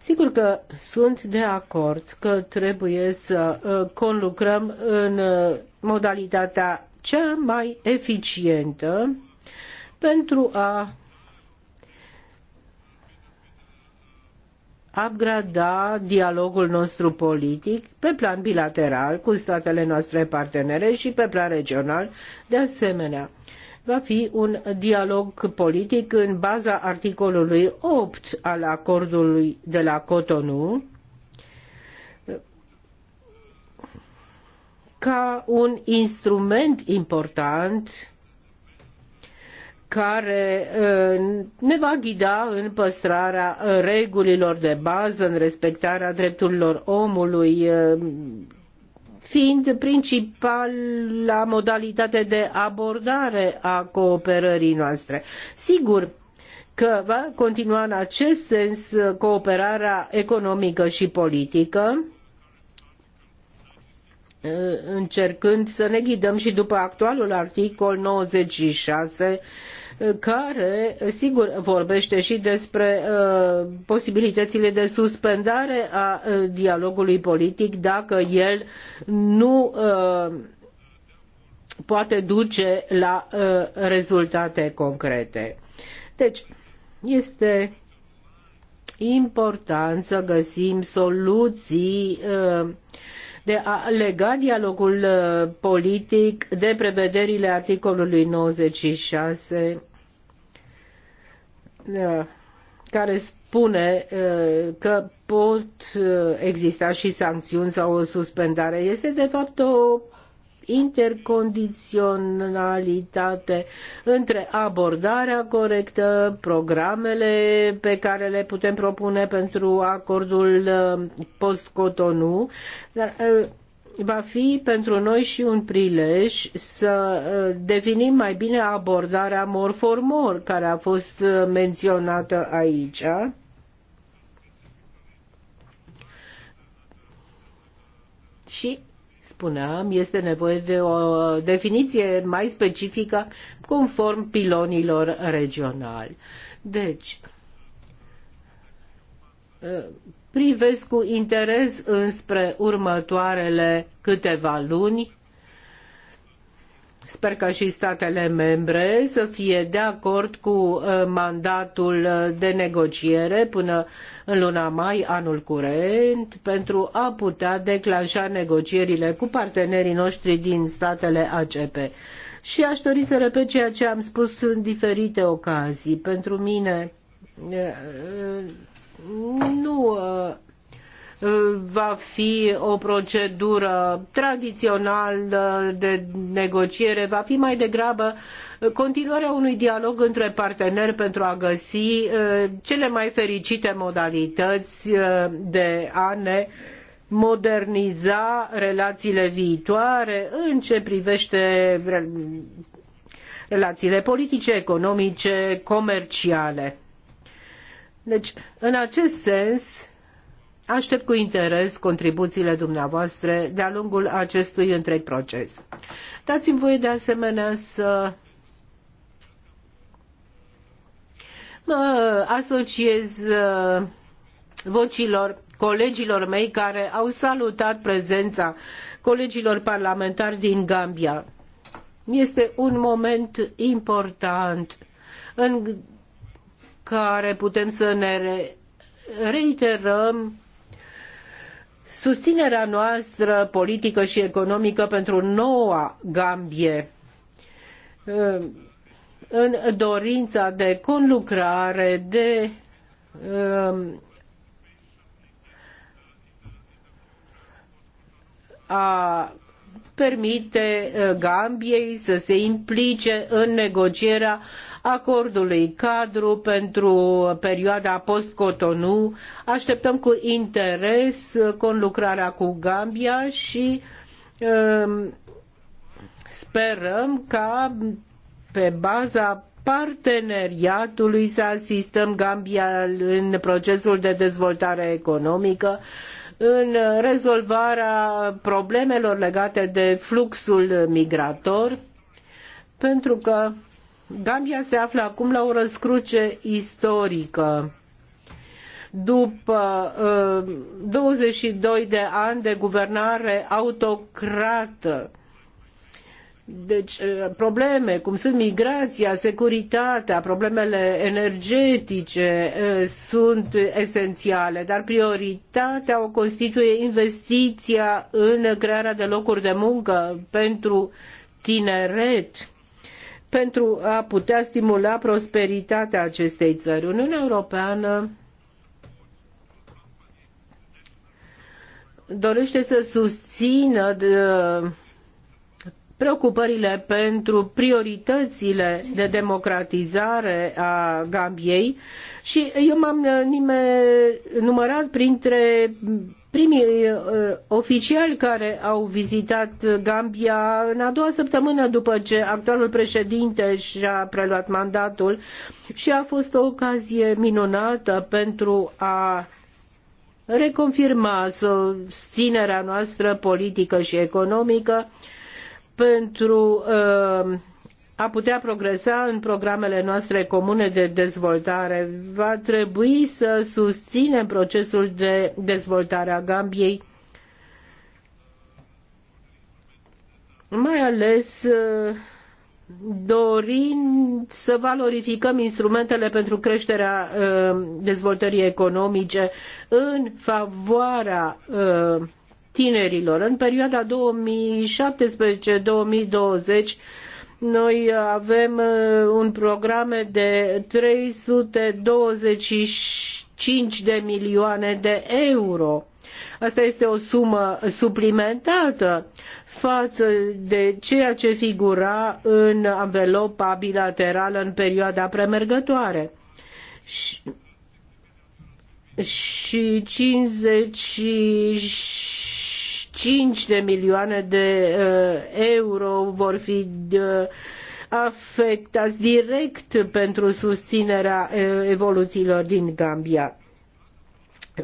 [SPEAKER 3] Sigur că sunt de acord că trebuie să uh, conlucrăm în uh, modalitatea cea mai eficientă pentru a upgrada dialogul nostru politic pe plan bilateral cu statele noastre partenere și pe plan regional de asemenea va fi un dialog politic în baza articolului 8 al acordului de la Cotonou, ca un instrument important care uh, ne va ghida în păstrarea regulilor de bază, în respectarea drepturilor omului, uh, fiind principala modalitate de abordare a cooperării noastre. Sigur, că va continua în acest sens cooperarea economică și politică, încercând să ne ghidăm și după actualul articol 96 care, sigur, vorbește și despre uh, posibilitățile de suspendare a uh, dialogului politic dacă el nu uh, poate duce la uh, rezultate concrete. Deci, este important să găsim soluții uh, de a lega dialogul uh, politic de prevederile articolului 96 uh, care spune uh, că pot exista și sancțiuni sau o suspendare. Este de fapt o intercondiționalitate între abordarea corectă, programele pe care le putem propune pentru acordul uh, post-Cotonou, dar uh, va fi pentru noi și un prilej să uh, definim mai bine abordarea mor for more care a fost menționată aici. Și spuneam, este nevoie de o definiție mai specifică conform pilonilor regionali. Deci, privesc cu interes înspre următoarele câteva luni Sper ca și statele membre să fie de acord cu uh, mandatul uh, de negociere până în luna mai anul curent pentru a putea declanșa negocierile cu partenerii noștri din statele ACP. Și aș dori să repet ceea ce am spus în diferite ocazii. Pentru mine uh, va fi o procedură tradițională de negociere, va fi mai degrabă continuarea unui dialog între parteneri pentru a găsi uh, cele mai fericite modalități uh, de a ne moderniza relațiile viitoare în ce privește relațiile politice, economice, comerciale. Deci, în acest sens, Aștept cu interes contribuțiile dumneavoastră de-a lungul acestui întreg proces. Dați-mi voie de asemenea să mă asociez uh, vocilor colegilor mei care au salutat prezența colegilor parlamentari din Gambia. Este un moment important în care putem să ne reiterăm susținerea noastră politică și economică pentru noua Gambie în dorința de conlucrare, de um, a permite uh, Gambiei să se implice în negocierea acordului cadru pentru perioada post-Cotonou. Așteptăm cu interes uh, conlucrarea cu Gambia și um, sperăm ca pe baza parteneriatului să asistăm Gambia în procesul de dezvoltare economică în rezolvarea problemelor legate de fluxul migrator, pentru că Gambia se află acum la o răscruce istorică. După uh, 22 de ani de guvernare autocrată, uh, deci eh, probleme cum sunt migrația, securitatea, problemele energetice eh, sunt esențiale, dar prioritatea o constituie investiția în crearea de locuri de muncă pentru tineret pentru a putea stimula prosperitatea acestei țări. Uniunea Europeană dorește să susțină de preocupările pentru prioritățile de democratizare a Gambiei și eu m-am uh, numărat printre primii uh, oficiali care au vizitat Gambia în a doua săptămână după ce actualul președinte și-a preluat mandatul și a fost o ocazie minunată pentru a reconfirma susținerea noastră politică și economică pentru uh, a putea progresa în programele noastre comune de dezvoltare. Va trebui să susținem procesul de dezvoltare a Gambiei, mai ales uh, dorind să valorificăm instrumentele pentru creșterea uh, dezvoltării economice în favoarea tinerilor. În perioada 2017-2020 noi avem uh, un program de 325 de milioane de euro. Asta este o sumă suplimentată față de ceea ce figura în anvelopa bilaterală în perioada premergătoare. Și, și 50 5 de milioane de uh, euro vor fi uh, afectați direct pentru susținerea uh, evoluțiilor din Gambia.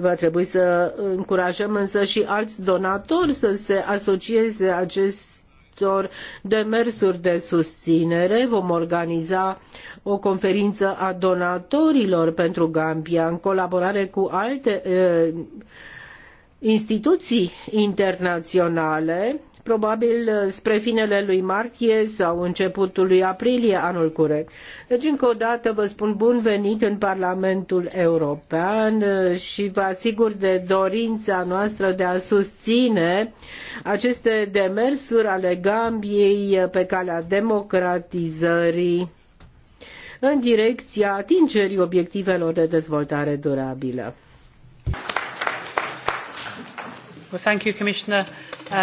[SPEAKER 3] Va trebui să încurajăm însă și alți donatori să se asocieze acestor demersuri de susținere. Vom organiza o conferință a donatorilor pentru Gambia în colaborare cu alte instituții internaționale, probabil spre finele lui martie sau începutul lui aprilie anul curent. Deci, încă o dată, vă spun bun venit în Parlamentul European și vă asigur de dorința noastră de a susține aceste demersuri ale Gambiei pe calea democratizării în direcția atingerii obiectivelor de dezvoltare durabilă. Well, thank you, Commissioner.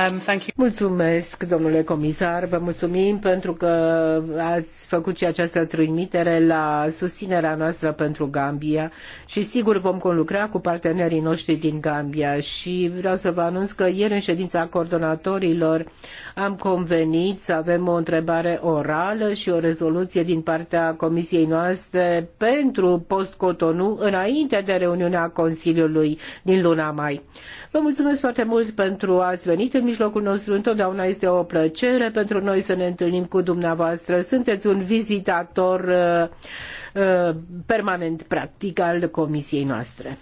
[SPEAKER 3] Um, mulțumesc, domnule comisar, vă mulțumim pentru că ați făcut și această trimitere la susținerea noastră pentru Gambia și sigur vom conlucra cu partenerii noștri din Gambia și vreau să vă anunț că ieri în ședința coordonatorilor am convenit să avem o întrebare orală și o rezoluție din partea comisiei noastre pentru post-Cotonou înainte de reuniunea Consiliului din luna mai. Vă mulțumesc foarte mult pentru ați venit în mijlocul nostru. Întotdeauna este o plăcere pentru noi să ne întâlnim cu dumneavoastră. Sunteți un vizitator uh, uh, permanent, practic, al comisiei noastre.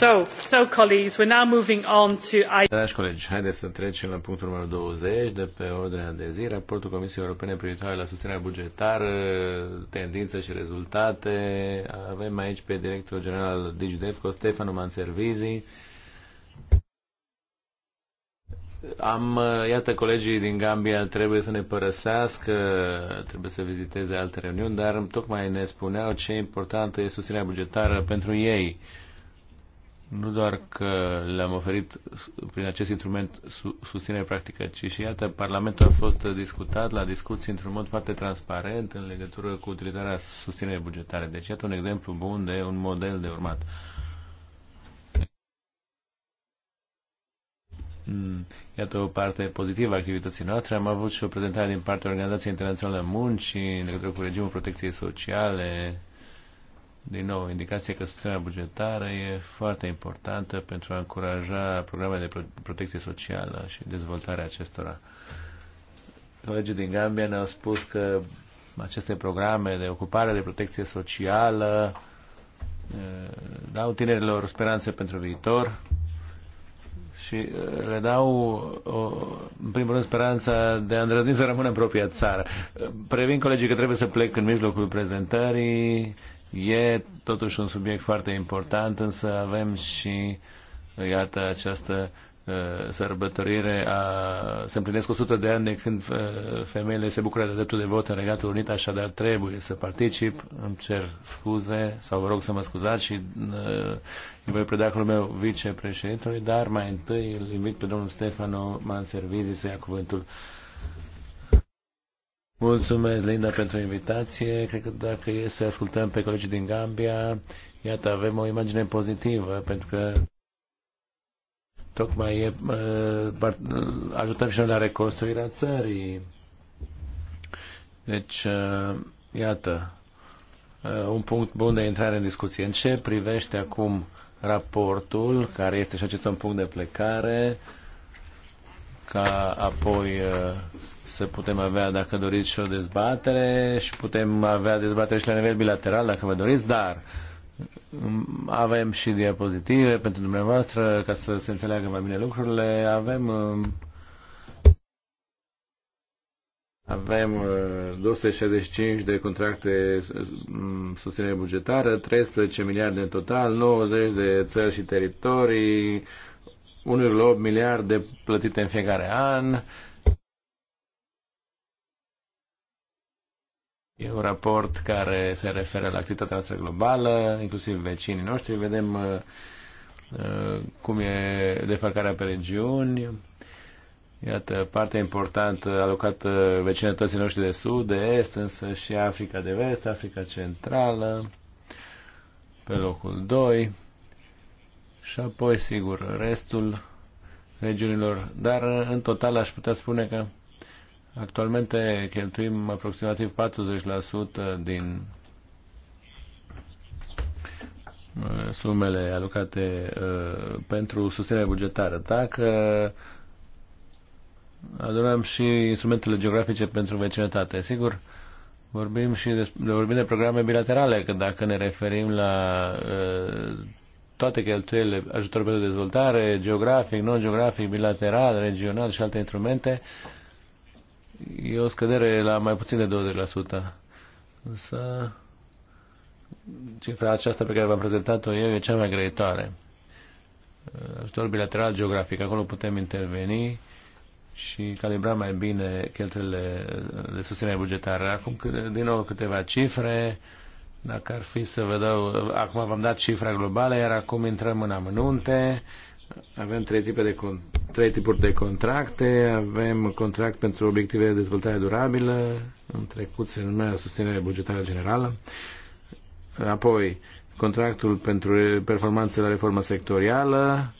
[SPEAKER 1] So, so colleagues, we're now moving on to...
[SPEAKER 2] Dragi colegi, haideți să trecem la punctul numărul 20 de pe ordinea de zi, raportul Comisiei Europene privitoare la susținerea bugetară, tendință și rezultate. Avem aici pe directorul general al DigiDefco, Stefano Manservizi. Am, iată, colegii din Gambia trebuie să ne părăsească, trebuie să viziteze alte reuniuni, dar tocmai ne spuneau ce importantă e susținerea bugetară pentru ei nu doar că le-am oferit prin acest instrument susținere practică, ci și iată, Parlamentul a fost discutat la discuții într-un mod foarte transparent în legătură cu utilizarea susținerii bugetare. Deci iată un exemplu bun de un model de urmat. Hmm. Iată o parte pozitivă a activității noastre. Am avut și o prezentare din partea Organizației Internaționale a Muncii în legătură cu regimul protecției sociale din nou, indicația că sistemul bugetară e foarte importantă pentru a încuraja programele de protecție socială și dezvoltarea acestora. Colegii din Gambia ne-au spus că aceste programe de ocupare, de protecție socială, eh, dau tinerilor speranțe pentru viitor și eh, le dau, o, în primul rând, speranța de a îndrăzni să rămână în propria țară. Previn colegii că trebuie să plec în mijlocul prezentării. E totuși un subiect foarte important, însă avem și, iată, această uh, sărbătorire a, se împlinesc 100 de ani de când uh, femeile se bucură de dreptul de vot în Regatul Unit, așadar trebuie să particip, îmi cer scuze sau vă rog să mă scuzați și îi uh, voi preda acolo meu vicepreședintelui, dar mai întâi îl invit pe domnul Stefano Manservizi să ia cuvântul. Mulțumesc, Linda, pentru invitație. Cred că dacă e să ascultăm pe colegii din Gambia, iată, avem o imagine pozitivă, pentru că tocmai e, uh, uh, ajutăm și noi la reconstruirea țării. Deci, uh, iată, un punct bun de intrare în discuție. În ce privește acum raportul, care este și acesta un punct de plecare, ca apoi să putem avea, dacă doriți, și o dezbatere și putem avea dezbatere și la nivel bilateral, dacă vă doriți, dar mm, avem și diapozitive pentru dumneavoastră ca să se înțeleagă mai bine lucrurile. Avem mm, avem 265 mm, de contracte susținere bugetară, 13 miliarde în total, 90 de țări și teritorii, 1,8 miliarde plătite în fiecare an, E un raport care se referă la activitatea noastră globală, inclusiv vecinii noștri. Vedem uh, uh, cum e defalcarea pe regiuni. Iată, partea importantă alocată vecinătății noștri de sud, de est, însă și Africa de vest, Africa centrală, pe locul 2 și apoi, sigur, restul regiunilor. Dar, în total, aș putea spune că Actualmente cheltuim aproximativ 40% din uh, sumele alocate uh, pentru susținerea bugetară. Dacă adunăm și instrumentele geografice pentru vecinătate, sigur, vorbim și de, vorbim de programe bilaterale, că dacă ne referim la uh, toate cheltuielile, ajutor pentru dezvoltare, geografic, non-geografic, bilateral, regional și alte instrumente, uh, E o scădere la mai puțin de 20%. Însă cifra aceasta pe care v-am prezentat-o eu e cea mai greitoare. Ajutor bilateral geografic, acolo putem interveni și calibra mai bine cheltuielile de susținere bugetară. Acum, din nou, câteva cifre. Dacă ar fi să vă dau... Acum v-am dat cifra globală, iar acum intrăm în amănunte. Avem trei, tipe de con- trei tipuri de contracte. Avem contract pentru obiective de dezvoltare durabilă, în trecut se numea susținere bugetară generală. Apoi, contractul pentru performanță la reformă sectorială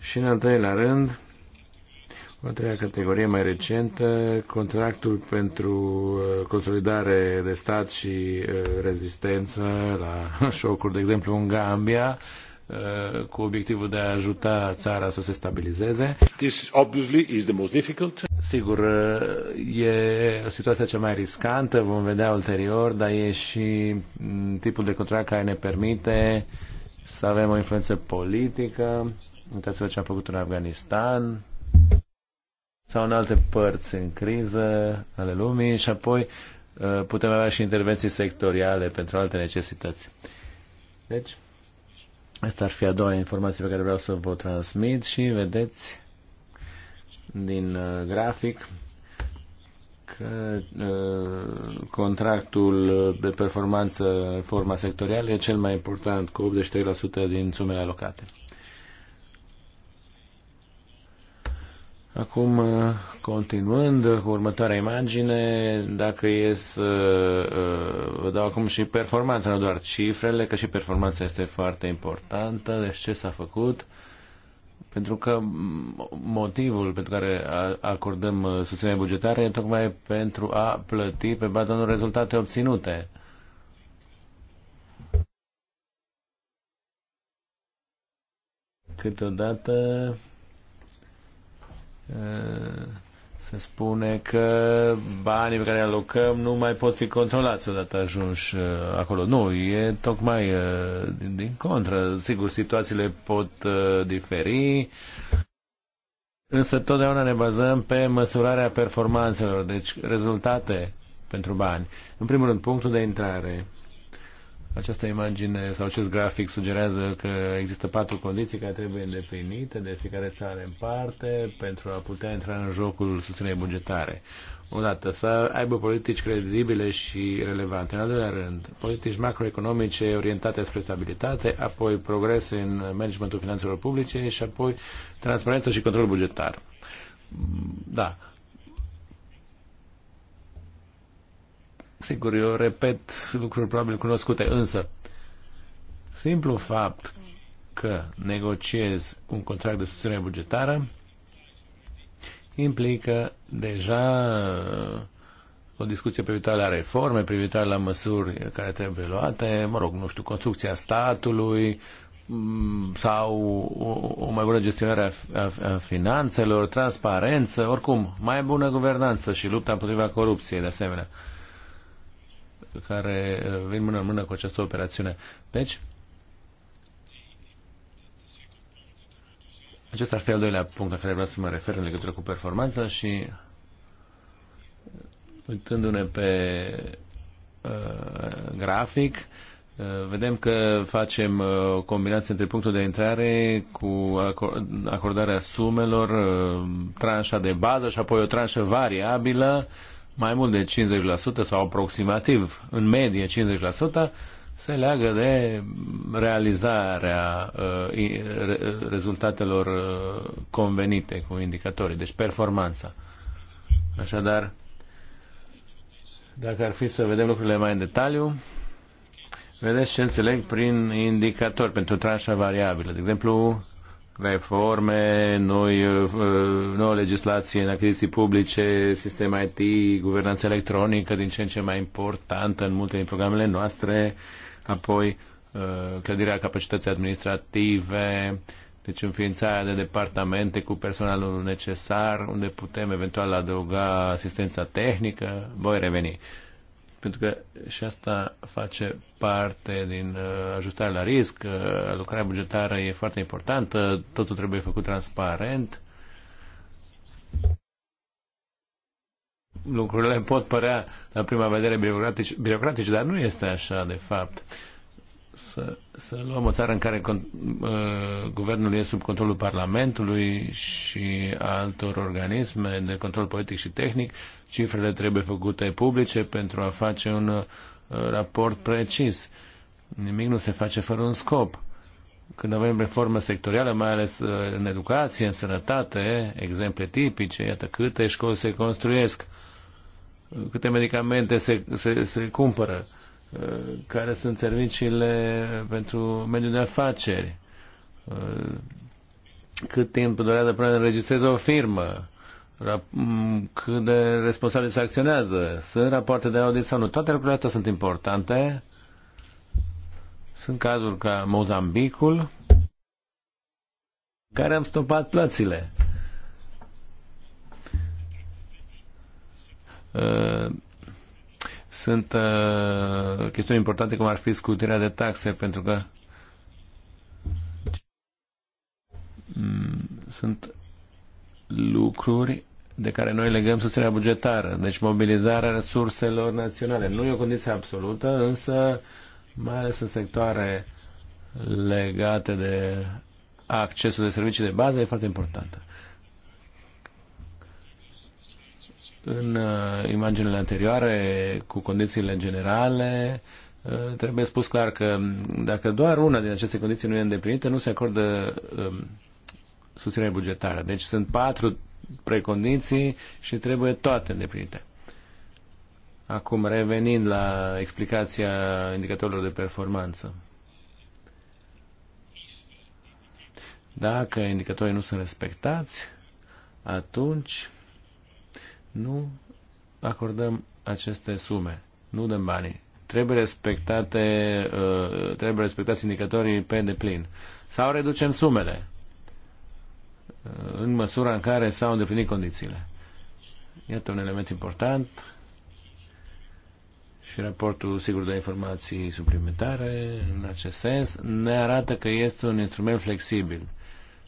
[SPEAKER 2] și, în al treilea rând, o treia categorie mai recentă, contractul pentru uh, consolidare de stat și uh, rezistență la șocuri, de exemplu, în Gambia, Uh, cu obiectivul de a ajuta țara să se stabilizeze. This obviously is the most difficult. Sigur, uh, e situația cea mai riscantă, vom vedea ulterior, dar e și mm, tipul de contract care ne permite să avem o influență politică. Uitați-vă ce am făcut în Afganistan sau în alte părți în criză ale lumii și apoi uh, putem avea și intervenții sectoriale pentru alte necesități. Deci, Asta ar fi a doua informație pe care vreau să vă transmit și vedeți din uh, grafic că uh, contractul de performanță forma sectorială e cel mai important cu 83% din sumele alocate. Acum, uh, continuând cu următoarea imagine, dacă e să uh, vă dau acum și performanța, nu doar cifrele, că și performanța este foarte importantă, deci ce s-a făcut, pentru că motivul pentru care acordăm uh, susținere bugetară e tocmai pentru a plăti pe baza unor rezultate obținute. Câteodată Eh, se spune că banii pe care îi alocăm nu mai pot fi controlați odată ajunși eh, acolo. Nu, e tocmai eh, din, din contră. Sigur, situațiile pot diferi, însă totdeauna ne bazăm pe măsurarea performanțelor, deci rezultate pentru bani. În primul rând, punctul de intrare această imagine sau acest grafic sugerează că există patru condiții care trebuie îndeplinite de fiecare țară în parte pentru a putea intra în jocul susținerii bugetare. Odată, să aibă politici credibile și relevante. În al doilea rând, politici macroeconomice orientate spre stabilitate, apoi progres în managementul finanțelor publice și apoi transparență și control bugetar. Da, Sigur, eu repet lucruri probabil cunoscute, însă simplu fapt că negociez un contract de susținere bugetară implică deja o discuție privitoare la reforme, privitoare la măsuri care trebuie luate, mă rog, nu știu, construcția statului mm, sau o, o mai bună gestionare a, a, a finanțelor, transparență, oricum, mai bună guvernanță și lupta împotriva corupției, de asemenea. Uh, care uh, vin mână în mână cu această operațiune. Deci, acesta ar fi al doilea punct la care vreau să mă refer în legătură cu performanța și uh, uitându-ne pe uh, grafic, uh, vedem că facem o combinație între punctul de intrare cu acordarea sumelor, tranșa de bază și apoi o tranșă variabilă mai mult de 50% sau aproximativ, în medie 50%, se leagă de realizarea uh, rezultatelor uh, convenite cu indicatorii, deci performanța. Așadar, dacă ar fi să vedem lucrurile mai în detaliu, vedeți ce înțeleg prin indicator pentru tranșa variabilă. De exemplu, reforme, noi, uh, nouă legislație în achiziții publice, sistem IT, guvernanță electronică din ce în ce mai importantă în multe din programele noastre, apoi uh, clădirea capacității administrative, deci înființarea de departamente cu personalul necesar, unde putem eventual adăuga asistența tehnică, voi reveni pentru că și asta face parte din uh, ajustarea la risc, uh, lucrarea bugetară e foarte importantă, totul trebuie făcut transparent. Lucrurile pot părea la prima vedere birocratice, birocratice dar nu este așa de fapt să, să luăm o țară în care con, uh, guvernul e sub controlul Parlamentului și altor organisme de control politic și tehnic, cifrele trebuie făcute publice pentru a face un uh, raport precis. Nimic nu se face fără un scop. Când avem reformă sectorială, mai ales uh, în educație, în sănătate, exemple tipice, iată câte școli se construiesc, câte medicamente se, se, se cumpără Uh, care sunt serviciile pentru mediul de afaceri, uh, cât timp durează până înregistrezi o firmă, cât de responsabil se acționează, sunt rapoarte de audit sau nu. Toate lucrurile astea sunt importante. Sunt cazuri ca Mozambicul, care am stopat plățile. Uh, sunt uh, chestiuni importante cum ar fi scutirea de taxe, pentru că mm, sunt lucruri de care noi legăm susținerea bugetară, deci mobilizarea resurselor naționale. Nu e o condiție absolută, însă mai ales în sectoare legate de accesul de servicii de bază, e foarte importantă. În uh, imaginele anterioare, cu condițiile generale, uh, trebuie spus clar că dacă doar una din aceste condiții nu e îndeplinită, nu se acordă um, susținere bugetară. Deci sunt patru precondiții și trebuie toate îndeplinite. Acum, revenind la explicația indicatorilor de performanță. Dacă indicatorii nu sunt respectați, atunci nu acordăm aceste sume, nu dăm banii. Trebuie, respectate, uh, trebuie respectați indicatorii pe deplin. Sau reducem sumele uh, în măsura în care s-au îndeplinit condițiile. Iată un element important și raportul, sigur, de informații suplimentare în acest sens ne arată că este un instrument flexibil.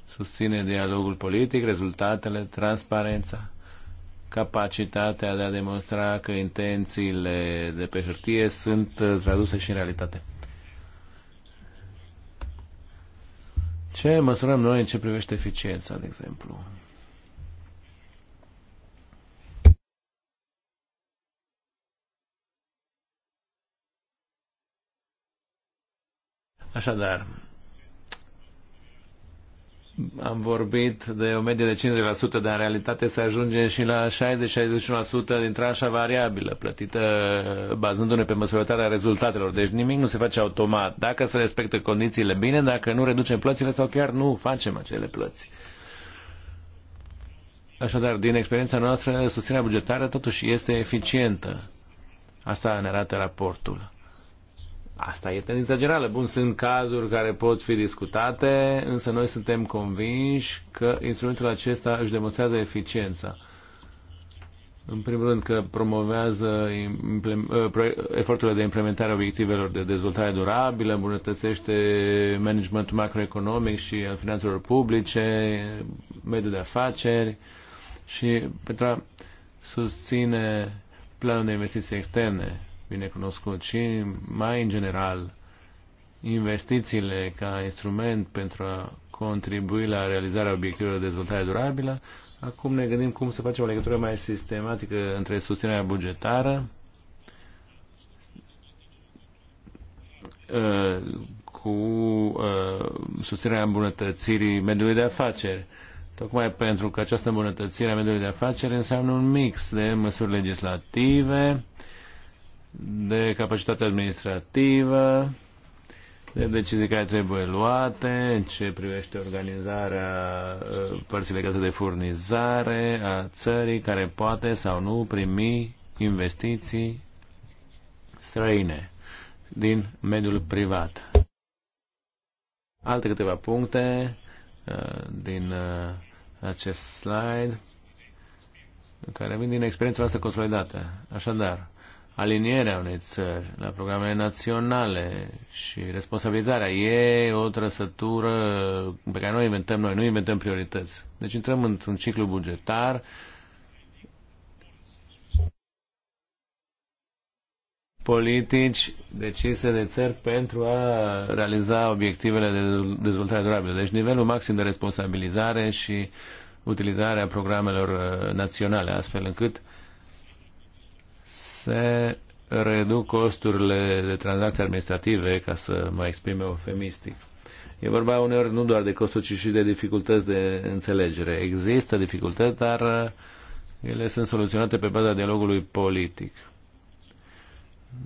[SPEAKER 2] Susține dialogul politic, rezultatele, transparența capacitatea de a demonstra că intențiile de pe hârtie sunt traduse și în realitate. Ce măsurăm noi în ce privește eficiența,
[SPEAKER 1] de exemplu?
[SPEAKER 2] Așadar, am vorbit de o medie de 50%, dar în realitate se ajunge și la 60-61% din tranșa variabilă, plătită bazându-ne pe măsurătarea rezultatelor. Deci nimic nu se face automat. Dacă se respectă condițiile bine, dacă nu reducem plățile sau chiar nu facem acele plăți. Așadar, din experiența noastră, susținerea bugetară totuși este eficientă. Asta ne arată raportul. Asta e tendința generală. Bun, sunt cazuri care pot fi discutate, însă noi suntem convinși că instrumentul acesta își demonstrează eficiența. În primul rând că promovează ă, eforturile de implementare a obiectivelor de dezvoltare durabilă, îmbunătățește managementul macroeconomic și al finanțelor publice, mediul de afaceri și pentru a susține planul de investiții externe binecunoscut, și mai în general investițiile ca instrument pentru a contribui la realizarea obiectivelor de dezvoltare durabilă. Acum ne gândim cum să facem o legătură mai sistematică între susținerea bugetară uh, cu uh, susținerea îmbunătățirii mediului de afaceri. Tocmai pentru că această îmbunătățire a mediului de afaceri înseamnă un mix de măsuri legislative, uh, de capacitate administrativă, de decizii care trebuie luate în ce privește organizarea uh, părții legate de furnizare a țării care poate sau nu primi investiții străine din mediul privat. Alte câteva puncte uh, din uh, acest slide care vin din experiența noastră consolidată. Așadar, alinierea unei țări la programele naționale și responsabilizarea e o trăsătură pe care noi inventăm noi, nu inventăm priorități. Deci intrăm într-un ciclu bugetar politici decise de țări pentru a realiza obiectivele de dezvoltare durabilă. Deci nivelul maxim de responsabilizare și utilizarea programelor uh, naționale, astfel încât uh, se reduc costurile de tranzacții administrative, ca să mă exprime eufemistic. E vorba uneori nu doar de costuri, ci și de dificultăți de înțelegere. Există dificultăți, dar uh, ele sunt soluționate pe baza dialogului politic.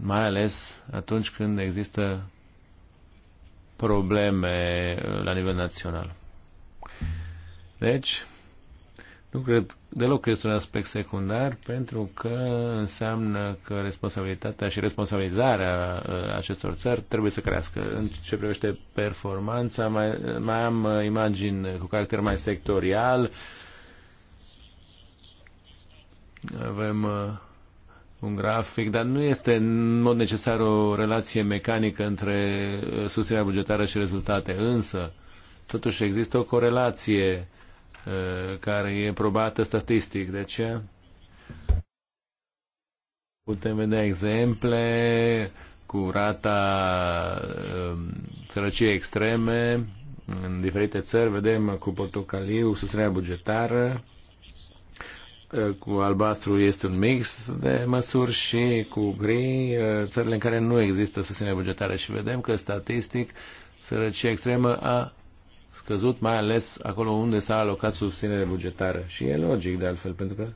[SPEAKER 2] Mai ales atunci când există probleme uh, la nivel național. Deci, nu cred deloc că este un aspect secundar, pentru că înseamnă că responsabilitatea și responsabilizarea uh, acestor țări trebuie să crească. În ce privește performanța, mai, mai am uh, imagini cu caracter mai sectorial. Avem uh, un grafic, dar nu este în mod necesar o relație mecanică între susținerea bugetară și rezultate, însă totuși există o corelație Uh, care e probată statistic. De ce? putem vedea exemple cu rata um, sărăciei extreme în diferite țări. Vedem cu portocaliu susținerea bugetară, uh, cu albastru este un mix de măsuri și cu gri uh, țările în care nu există susținere bugetară și vedem că statistic sărăcia extremă a scăzut, mai ales acolo unde s-a alocat susținere bugetară. Și e logic, de altfel, pentru că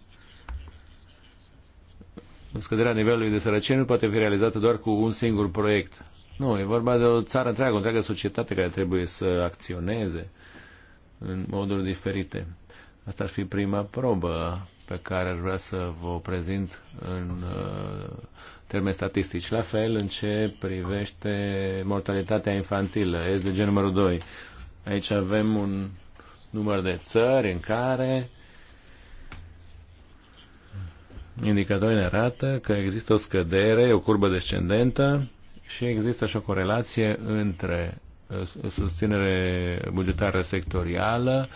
[SPEAKER 2] scăderea nivelului de sărăcie nu poate fi realizată doar cu un singur proiect. Nu, e vorba de o țară întreagă, o întreagă societate care trebuie să acționeze în moduri diferite. Asta ar fi prima probă pe care aș vrea să vă prezint în uh, termeni statistici. La fel, în ce privește mortalitatea infantilă, este de gen numărul 2. Aici avem un număr de țări în care indicatorii ne arată că există o scădere, o curbă descendentă și există și o corelație între uh, susținere bugetară sectorială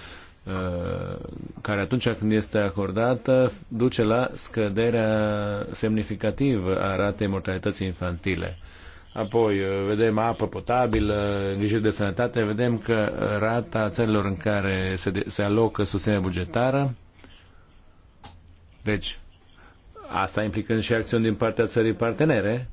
[SPEAKER 2] uh, care atunci când este acordată duce la scăderea semnificativă a ratei mortalității infantile. Apoi uh, vedem apă potabilă, îngrijiri de sănătate, vedem că rata țărilor în care se, de, se alocă susținere bugetară, deci asta implicând și acțiuni din partea țării partenere,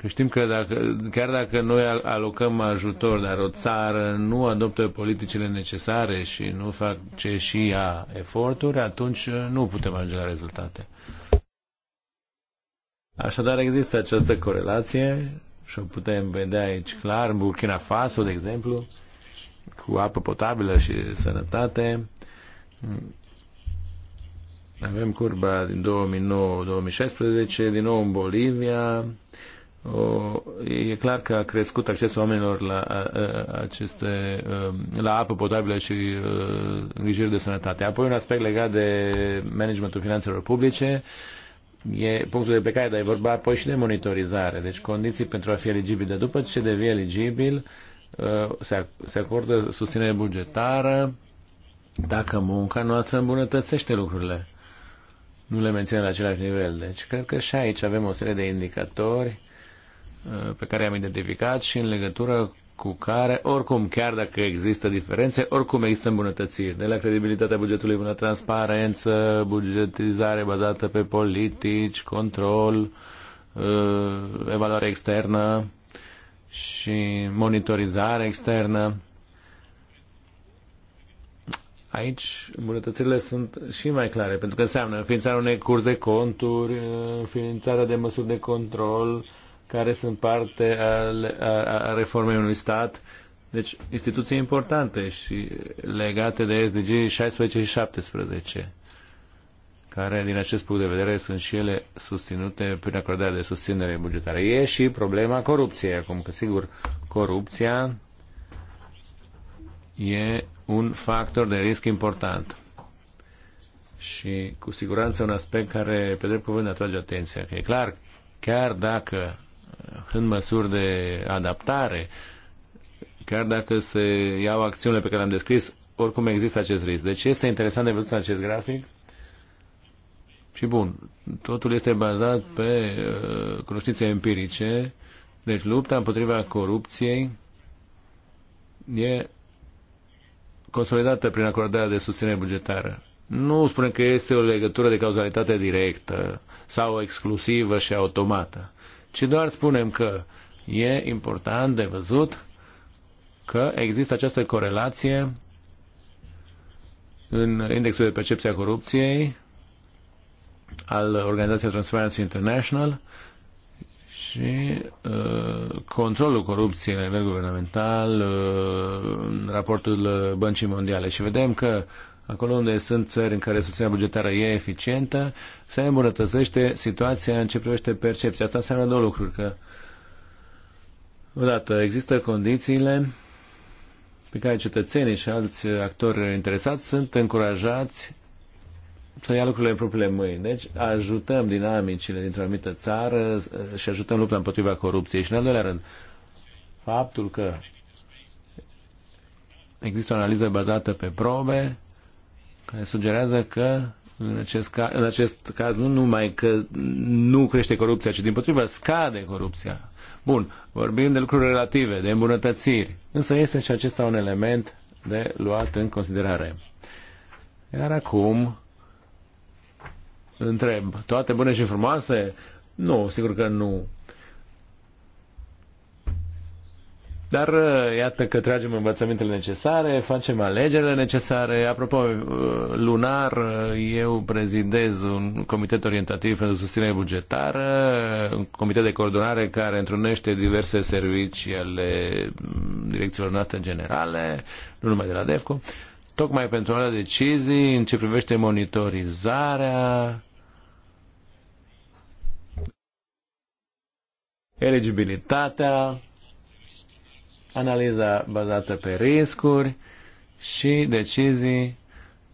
[SPEAKER 2] Că știm că dacă, chiar dacă noi alocăm ajutor, dar o țară nu adoptă politicile necesare și nu face și ea eforturi, atunci uh, nu putem ajunge la rezultate. Așadar există această corelație și o putem vedea aici clar în Burkina Faso, de exemplu, cu apă potabilă și sănătate. Avem curba din 2009-2016, din nou în Bolivia. O, e clar că a crescut accesul oamenilor la, a, a, aceste, a, um, la apă potabilă și uh, îngrijiri de sănătate. Apoi un aspect legat de managementul finanțelor publice e punctul de plecare, dar e vorba apoi și de monitorizare. Deci condiții pentru a fi eligibil. Dar după ce devii eligibil, uh, se acordă susținere bugetară dacă munca noastră îmbunătățește lucrurile. Nu le menține la același nivel. Deci cred că și aici avem o serie de indicatori uh, pe care am identificat și în legătură cu care, oricum, chiar dacă există diferențe, oricum există îmbunătățiri. De la credibilitatea bugetului până transparență, bugetizare bazată pe politici, control, uh, evaluare externă și monitorizare externă. Aici îmbunătățirile sunt și mai clare, pentru că înseamnă înființarea unei curs de conturi, uh, înființarea de măsuri de control, care sunt parte a, a, a reformei unui stat. Deci, instituții importante și legate de SDG 16 și 17, care, din acest punct de vedere, sunt și ele susținute prin acordarea de susținere bugetară. E și problema corupției acum, că, sigur, corupția e un factor de risc important. Și, cu siguranță, un aspect care, pe drept cuvânt, atrage atenția. Că e clar, chiar dacă în măsuri de adaptare, chiar dacă se iau acțiunile pe care le-am descris, oricum există acest risc. Deci este interesant de văzut în acest grafic. Și bun, totul este bazat pe uh, cunoștințe empirice, deci lupta împotriva corupției e consolidată prin acordarea de susținere bugetară. Nu spunem că este o legătură de cauzalitate directă sau exclusivă și automată. Uh, ci doar spunem că e important de văzut că există această corelație în indexul de percepție a corupției al organizației Transparency International și uh, controlul corupției la nivel guvernamental, uh, raportul Băncii Mondiale. Și vedem că acolo unde sunt țări în care susținerea bugetară e eficientă, se îmbunătățește situația în ce privește percepția. Asta înseamnă două lucruri, că odată există condițiile pe care cetățenii și alți actori interesați sunt încurajați să ia lucrurile în propriile mâini. Deci ajutăm dinamicile dintr-o anumită țară uh, și ajutăm lupta împotriva corupției. Și în al doilea rând, faptul că există o analiză bazată pe probe, care sugerează că în acest, ca, în acest caz nu numai că nu crește corupția, ci din potrivă scade corupția. Bun, vorbim de lucruri relative, de îmbunătățiri, însă este și acesta un element de luat în considerare. Iar acum întreb, toate bune și frumoase? Nu, sigur că nu. Dar uh, iată că tragem învățămintele necesare, facem alegerile necesare. Apropo, uh, lunar, uh, eu prezidez un comitet orientativ pentru susținere bugetară, un comitet de coordonare care întrunește diverse servicii ale mm, direcțiilor noastre generale, nu numai de la DEFCO, tocmai pentru a lua decizii în ce privește monitorizarea, eligibilitatea, analiza bazată pe riscuri și decizii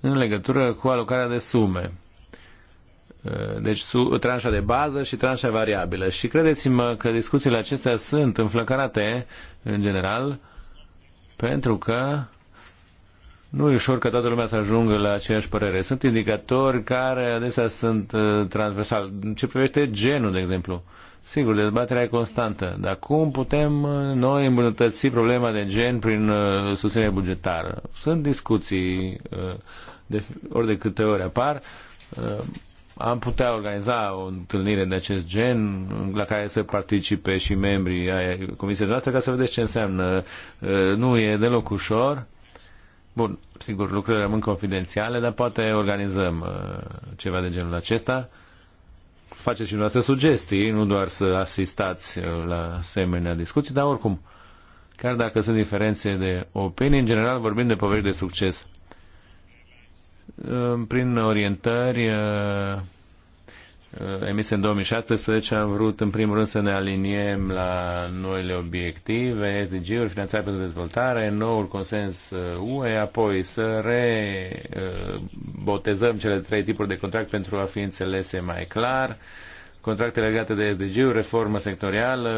[SPEAKER 2] în legătură cu alocarea de sume. Uh, deci tranșa de bază și tranșa variabilă. Și credeți-mă că discuțiile acestea sunt înflăcărate în general pentru că nu e ușor ca toată lumea să ajungă la aceeași părere. Sunt indicatori care adesea sunt uh, transversali. Ce privește genul, de exemplu. Uh, Sigur, dezbaterea e constantă, dar cum putem uh, noi îmbunătăți problema de gen prin uh, susținere bugetară? Sunt discuții uh, de, ori de câte ori apar. Uh, am putea organiza o întâlnire de acest gen la care să participe și membrii ai comisiei noastre ca să vedeți ce înseamnă. Uh, nu e deloc ușor. Bun, sigur, lucrurile rămân confidențiale, dar poate organizăm uh, ceva de genul acesta faceți și dumneavoastră sugestii, nu doar să asistați uh, la asemenea discuții, dar oricum, chiar dacă sunt diferențe de opinii, în general vorbim de povești de succes. Uh, prin orientări uh, Uh, emise în 2017, am vrut în primul rând să ne aliniem la noile obiective, SDG-uri, finanțare pentru dezvoltare, noul consens UE, uh, apoi să rebotezăm uh, cele trei tipuri de contract pentru a fi înțelese mai clar, contracte legate de SDG-uri, reformă sectorială,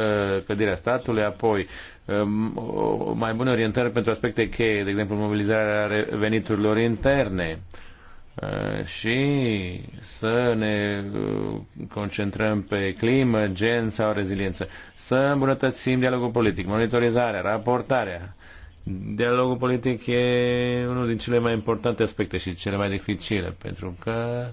[SPEAKER 2] căderea statului, apoi um, o mai bună orientare pentru aspecte cheie, de exemplu mobilizarea veniturilor interne, Eh, și să ne eh, concentrăm pe climă, gen sau reziliență, să îmbunătățim dialogul politic, monitorizarea, raportarea. Dialogul politic e unul din cele mai importante aspecte și cele mai dificile, pentru că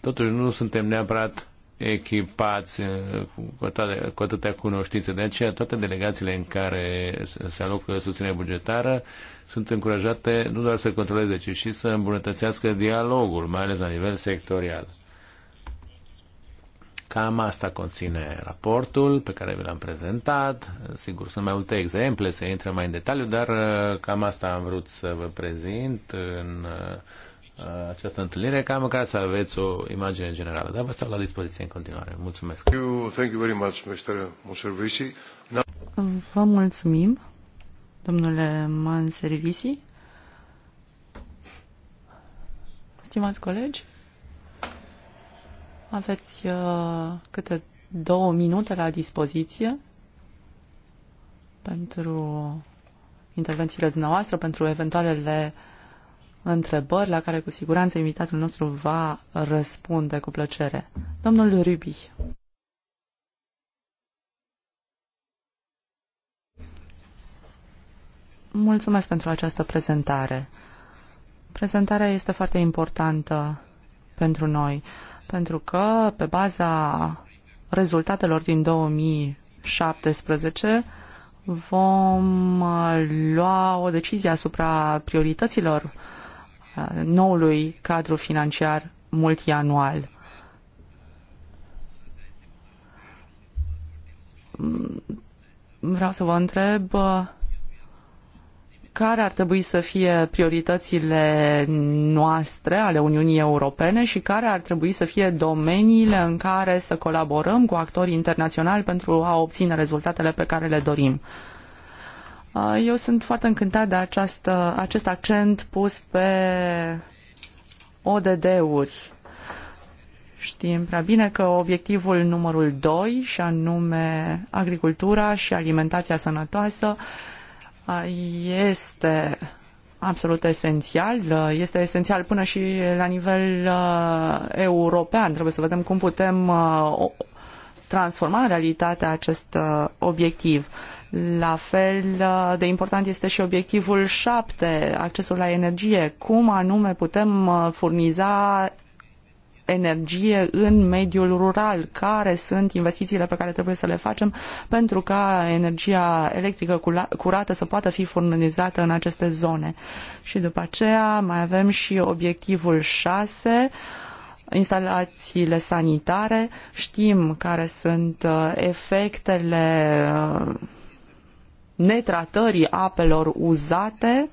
[SPEAKER 2] totuși nu suntem neapărat echipați uh, cu toate cu atâtea cunoștințe. De aceea toate delegațiile în care se alocă susținerea bugetară sunt încurajate nu doar să controleze, ci și să îmbunătățească dialogul, mai ales la nivel sectorial. Cam asta conține raportul pe care vi l-am prezentat. Sigur, sunt mai multe exemple, se intră mai în detaliu, dar uh, cam asta am vrut să vă prezint în uh, Uh, această întâlnire, ca măcar să aveți o imagine generală. Dar vă stau la dispoziție în continuare. Mulțumesc.
[SPEAKER 1] Thank you, thank you very much, Mr. Monservisi.
[SPEAKER 4] Vă mulțumim, domnule Manservisi. Stimați colegi, aveți uh, câte două minute la dispoziție pentru intervențiile dumneavoastră, pentru eventualele uh, întrebări la care cu siguranță invitatul nostru va răspunde cu plăcere. Domnul Rubi. Mulțumesc pentru această prezentare. Prezentarea este foarte importantă pentru noi, pentru că pe baza rezultatelor din 2017 vom uh, lua o decizie asupra priorităților Uh, noului cadru financiar multianual. Mm, vreau să vă întreb uh, care ar trebui să fie prioritățile noastre ale Uniunii Europene și care ar trebui să fie domeniile în care să colaborăm cu actorii internaționali pentru a obține rezultatele pe care le dorim. Uh, eu sunt foarte încântat de această, acest accent pus pe ODD-uri. Știm prea bine că obiectivul numărul 2, și anume agricultura și alimentația sănătoasă, uh, este absolut esențial. Uh, este esențial până și la nivel european. Trebuie să vedem cum putem transforma în realitate acest obiectiv. La fel uh, de important este și obiectivul 7, accesul la energie. Cum anume putem uh, furniza energie în mediul rural, care sunt investițiile pe care trebuie să le facem pentru ca energia electrică curată să poată fi furnizată în aceste zone. Și după aceea mai avem și obiectivul 6, instalațiile sanitare. Știm care sunt uh, efectele netratării apelor uzate.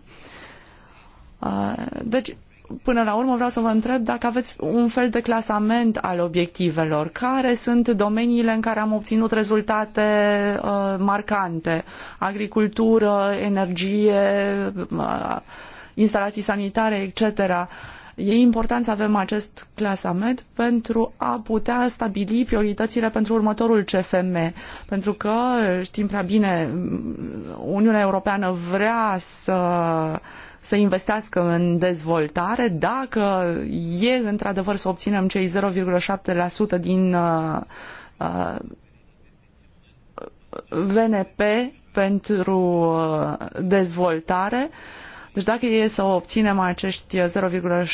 [SPEAKER 4] Deci, până la urmă vreau să vă întreb dacă aveți un fel de clasament al obiectivelor. Care sunt domeniile în care am obținut rezultate uh, marcante? Agricultură, energie, uh, instalații sanitare, etc. E important să avem acest clasament pentru a putea stabili prioritățile pentru următorul CFM, pentru că știm prea bine, Uniunea Europeană vrea să să investească în dezvoltare, dacă e într-adevăr să obținem cei 0,7% din uh, uh, VNP pentru uh, dezvoltare, uh, deci dacă e să obținem acești 0,7%,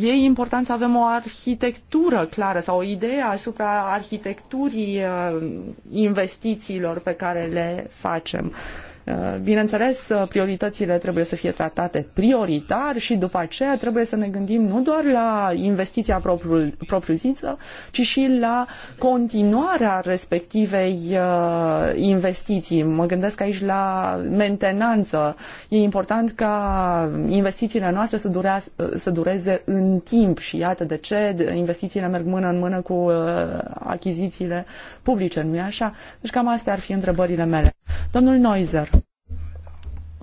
[SPEAKER 4] e important să avem o arhitectură clară sau o idee asupra arhitecturii uh, investițiilor pe care le facem. Uh, bineînțeles, uh, prioritățile trebuie să fie tratate prioritar și după aceea trebuie să ne gândim nu doar la investiția propriu, propriu-zisă, ci și la continuarea respectivei uh, investiții. Mă gândesc aici la mentenanță. E important ca investițiile noastre să, durea, să dureze în timp și iată de ce investițiile merg mână în mână cu achizițiile publice, nu-i așa? Deci cam astea ar fi întrebările mele. Domnul Noizer.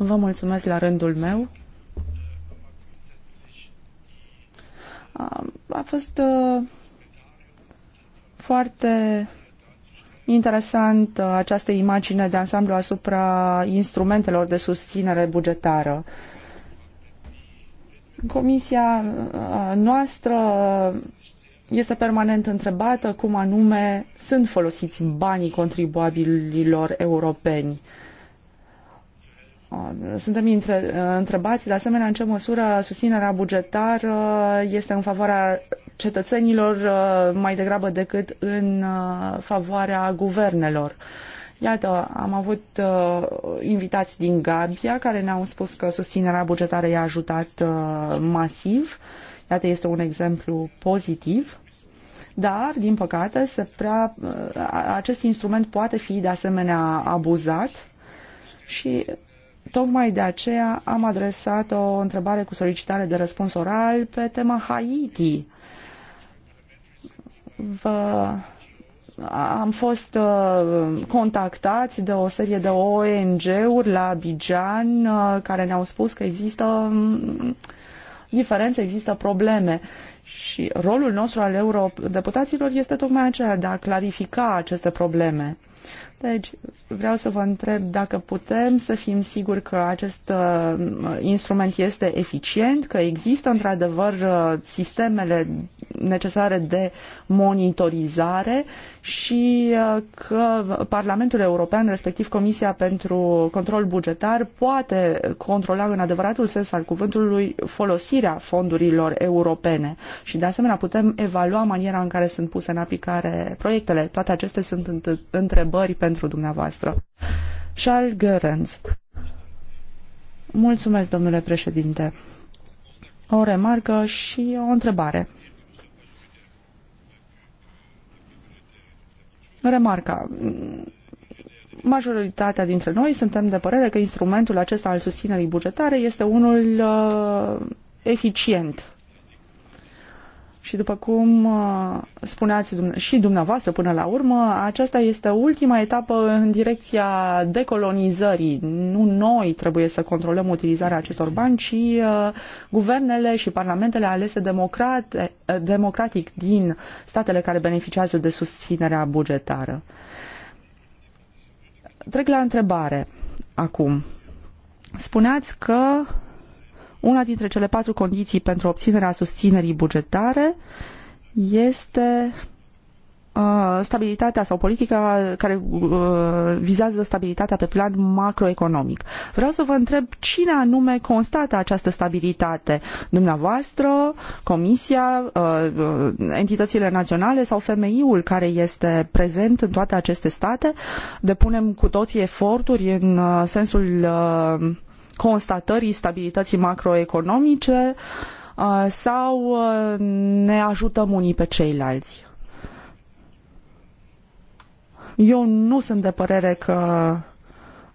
[SPEAKER 4] Vă mulțumesc la rândul meu. A fost uh, foarte interesant uh, această imagine de ansamblu asupra instrumentelor de susținere bugetară. Comisia uh, noastră este permanent întrebată cum anume sunt folosiți banii contribuabililor europeni. Uh, Uh, suntem între, uh, întrebați, de asemenea, în ce măsură susținerea bugetară este în favoarea cetățenilor uh, mai degrabă decât în favoarea guvernelor. Iată, am avut uh, invitați din Gabia care ne-au spus că susținerea bugetară i-a ajutat uh, masiv. Iată, este un exemplu pozitiv. Dar, din păcate, se prea, uh, acest instrument poate fi de asemenea abuzat și Tocmai de aceea am adresat o întrebare cu solicitare de răspuns oral pe tema Haiti. Vă am fost uh, contactați de o serie de ONG-uri la Abidjan uh, care ne-au spus că există um, diferențe, există probleme. Și rolul nostru al eurodeputaților este tocmai acela de a clarifica aceste probleme. Deci, vreau să vă întreb dacă putem să fim siguri că acest uh, instrument este eficient, că există într-adevăr uh, sistemele necesare de monitorizare și uh, că Parlamentul European, respectiv Comisia pentru Control Bugetar, poate controla în adevăratul sens al cuvântului folosirea fondurilor europene. Și de asemenea putem evalua maniera în care sunt puse în aplicare proiectele. Toate acestea sunt întrebări pentru dumneavoastră. Charles Gerenz. Mulțumesc, domnule președinte. O remarcă și o întrebare. remarca majoritatea dintre noi suntem de părere că instrumentul acesta al susținerii bugetare este unul uh, eficient și după cum uh, spuneați și dumneavoastră până la urmă, aceasta este ultima etapă în direcția decolonizării. Nu noi trebuie să controlăm utilizarea acestor bani, ci uh, guvernele și parlamentele alese eh, democratic din statele care beneficiază de susținerea bugetară. Trec la întrebare acum. Spuneați că una dintre cele patru condiții pentru obținerea susținerii bugetare este uh, stabilitatea sau politica care uh, vizează stabilitatea pe plan macroeconomic. Vreau să vă întreb cine anume constată această stabilitate? Dumneavoastră, Comisia, uh, entitățile naționale sau FMI-ul care este prezent în toate aceste state? Depunem cu toții eforturi în sensul constatării stabilității macroeconomice uh, sau uh, ne ajutăm unii pe ceilalți? Eu nu sunt de părere că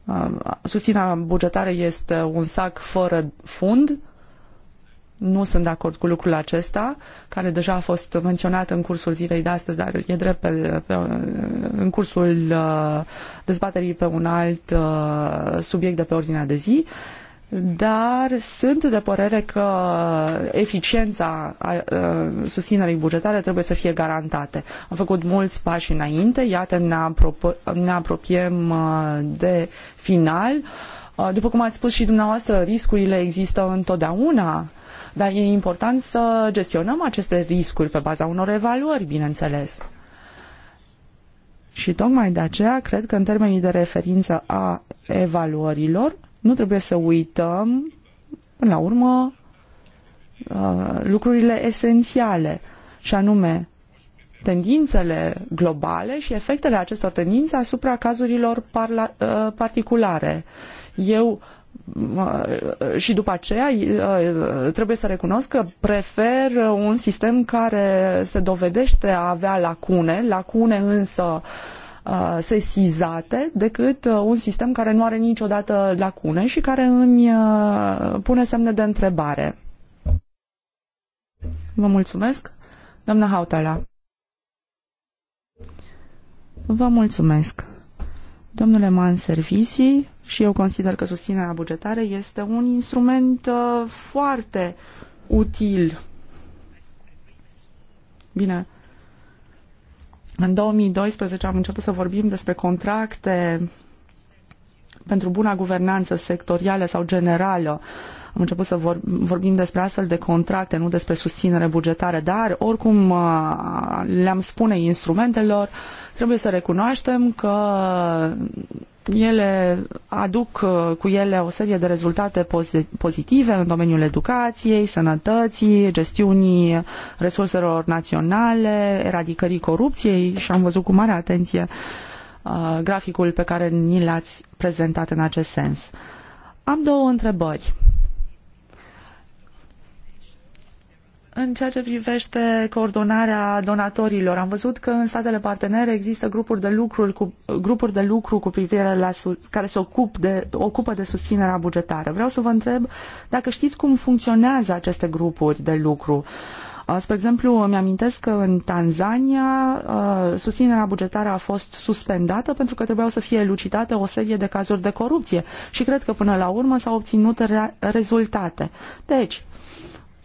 [SPEAKER 4] uh, susținerea bugetară este un sac fără fund, nu sunt de acord cu lucrul acesta, care deja a fost menționat în cursul zilei de astăzi, dar e drept pe, pe, în cursul uh, dezbaterii pe un alt uh, subiect de pe ordinea de zi. Dar sunt de părere că eficiența uh, susținerii bugetare trebuie să fie garantate. Am făcut mulți pași înainte, iată ne, apropo- ne apropiem uh, de final. Uh, după cum ați spus și dumneavoastră, riscurile există întotdeauna. Uh, dar e important să gestionăm aceste riscuri pe baza unor evaluări, bineînțeles. Și tocmai de aceea cred că în termenii de referință a evaluărilor nu trebuie să uităm, până la urmă, uh, lucrurile esențiale, și anume tendințele globale și efectele acestor tendințe asupra cazurilor uh, particulare. Eu și după aceea ă, trebuie să recunosc că prefer un sistem care se dovedește a avea lacune, lacune însă ă, sesizate decât ă, un sistem care nu are niciodată lacune și care îmi pune semne de întrebare. Vă mulțumesc, doamna Hautala. Vă mulțumesc. Domnule Man Servicii, și eu consider că susținerea bugetară este un instrument uh, foarte util. Bine, în 2012 am început să vorbim despre contracte pentru buna guvernanță sectorială sau generală. Am început să vorbim despre astfel de contracte, nu despre susținere bugetară, dar oricum uh, le-am spune instrumentelor, trebuie să recunoaștem că ele aduc uh, cu ele o serie de rezultate pozitive în domeniul educației, sănătății, gestiunii resurselor naționale, eradicării corupției și am văzut cu mare atenție uh, graficul pe care ni l-ați prezentat în acest sens. Am două întrebări. În ceea ce privește coordonarea donatorilor, am văzut că în statele partenere există grupuri de lucru cu, grupuri de lucru cu privire la care se ocup de, ocupă de susținerea bugetară. Vreau să vă întreb dacă știți cum funcționează aceste grupuri de lucru. Uh, spre exemplu, îmi amintesc că în Tanzania uh, susținerea bugetară a fost suspendată pentru că trebuiau să fie elucidate o serie de cazuri de corupție și cred că până la urmă s-au obținut re rezultate. Deci,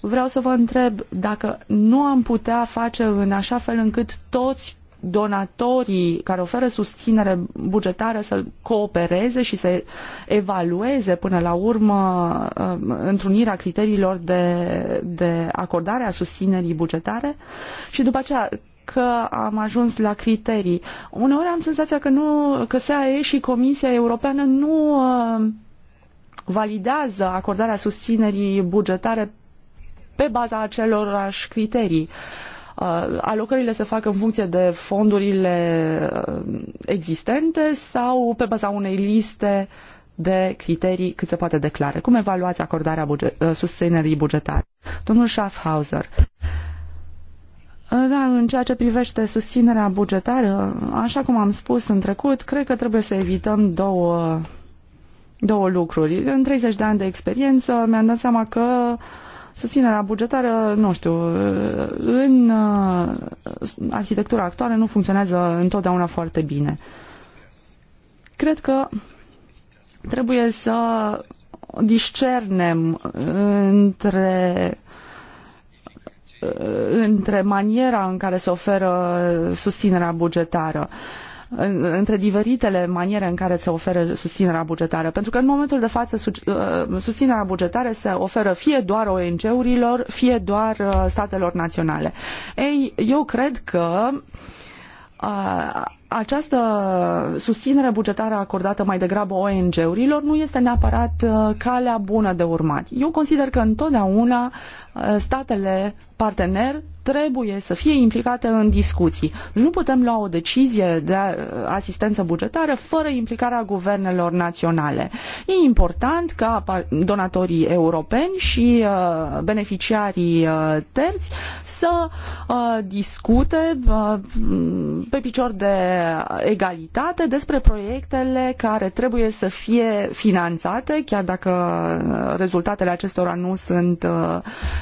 [SPEAKER 4] Vreau să vă întreb dacă nu am putea face în așa fel încât toți donatorii care oferă susținere bugetară să coopereze și să evalueze până la urmă um, întrunirea criteriilor de, de acordare a susținerii bugetare și după aceea că am ajuns la criterii. Uneori am senzația că, nu, că SAE și Comisia Europeană nu um, validează acordarea susținerii bugetare pe baza acelorași criterii. Uh, alocările se fac în funcție de fondurile uh, existente sau pe baza unei liste de criterii cât se poate declare. Cum evaluați acordarea buget, uh, susținerii bugetare? Domnul Schaffhauser, da, în ceea ce privește susținerea bugetară, așa cum am spus în trecut, cred că trebuie să evităm două, două lucruri. În 30 de ani de experiență mi-am dat seama că uh, Susținerea bugetară, nu știu, în uh, arhitectura actuală nu funcționează întotdeauna foarte bine. Cred că trebuie să discernem între între maniera în care se oferă susținerea bugetară. Uh, între diferitele maniere în care se oferă susținerea bugetară. Pentru că în momentul de față uh, susținerea bugetară se oferă fie doar ONG-urilor, fie doar uh, statelor naționale. Ei, eu cred că uh, această susținere bugetară acordată mai degrabă ONG-urilor nu este neapărat calea bună de urmat. Eu consider că întotdeauna statele partener trebuie să fie implicate în discuții. Nu putem lua o decizie de asistență bugetară fără implicarea guvernelor naționale. E important ca donatorii europeni și uh, beneficiarii uh, terți să uh, discute pe picior de egalitate despre proiectele care trebuie să fie finanțate, chiar dacă rezultatele acestora nu sunt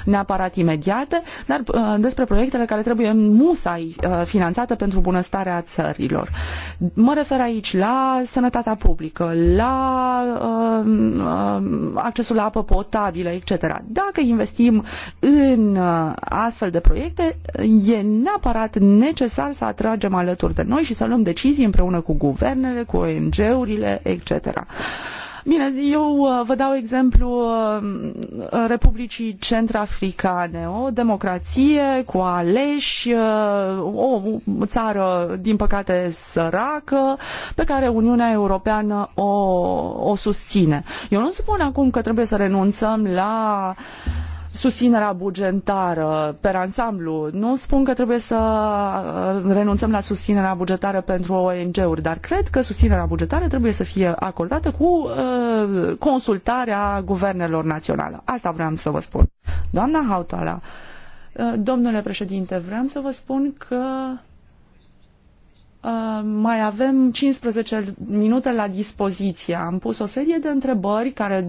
[SPEAKER 4] neapărat imediate, dar despre despre proiectele care trebuie musai uh, finanțate pentru bunăstarea țărilor. Mă refer aici la sănătatea publică, la uh, uh, accesul la apă potabilă, etc. Dacă investim în astfel de proiecte, e neapărat necesar să atragem alături de noi și să luăm decizii împreună cu guvernele, cu ONG-urile, etc. Bine, eu uh, vă dau exemplu uh, Republicii Centrafricane, o democrație cu aleși, uh, o țară din păcate săracă, pe care Uniunea Europeană o, o susține. Eu nu spun acum că trebuie să renunțăm la uh, susținerea bugetară per ansamblu. Nu spun că trebuie să uh, renunțăm la susținerea bugetară pentru ONG-uri, dar cred că susținerea bugetară trebuie să fie acordată cu uh, consultarea guvernelor naționale. Asta vreau să vă spun. Doamna Hautala, uh, domnule președinte, vreau să vă spun că Uh, mai avem 15 minute la dispoziție. Am pus o serie de întrebări care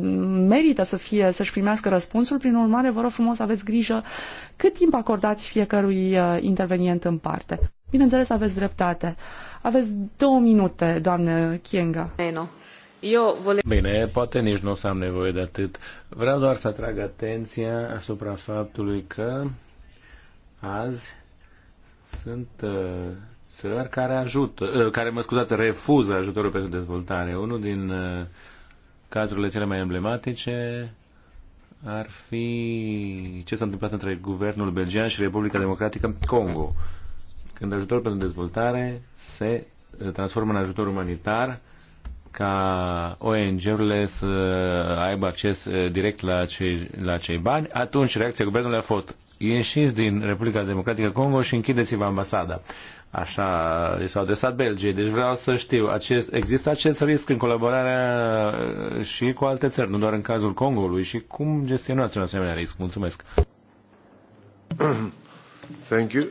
[SPEAKER 4] merită să fie, să-și primească răspunsul. Prin urmare, vă rog frumos, aveți grijă cât timp acordați fiecărui uh, intervenient în parte. Bineînțeles, aveți dreptate. Aveți două minute, doamne Chienga. Eno.
[SPEAKER 2] Eu vole... Bine, poate nici nu o să am nevoie de atât. Vreau doar să atrag atenția asupra faptului că azi sunt uh, țări care ajută, uh, care, mă scuzați, refuză ajutorul pentru dezvoltare. Unul din uh, cadrurile cele mai emblematice ar fi ce s-a întâmplat între guvernul belgian și Republica Democratică Congo. Când ajutorul pentru dezvoltare se uh, transformă în ajutor umanitar ca ONG-urile să aibă acces eh, direct la cei, la cei bani, atunci reacția guvernului a fost ieșiți din Republica Democratică Congo și închideți-vă ambasada. Așa i s-au adresat Belgiei. Deci vreau să știu, acest, există acest risc în colaborarea eh, și cu alte țări, nu doar în cazul Congolului. Și cum gestionați un asemenea risc? Mulțumesc! Thank
[SPEAKER 1] you.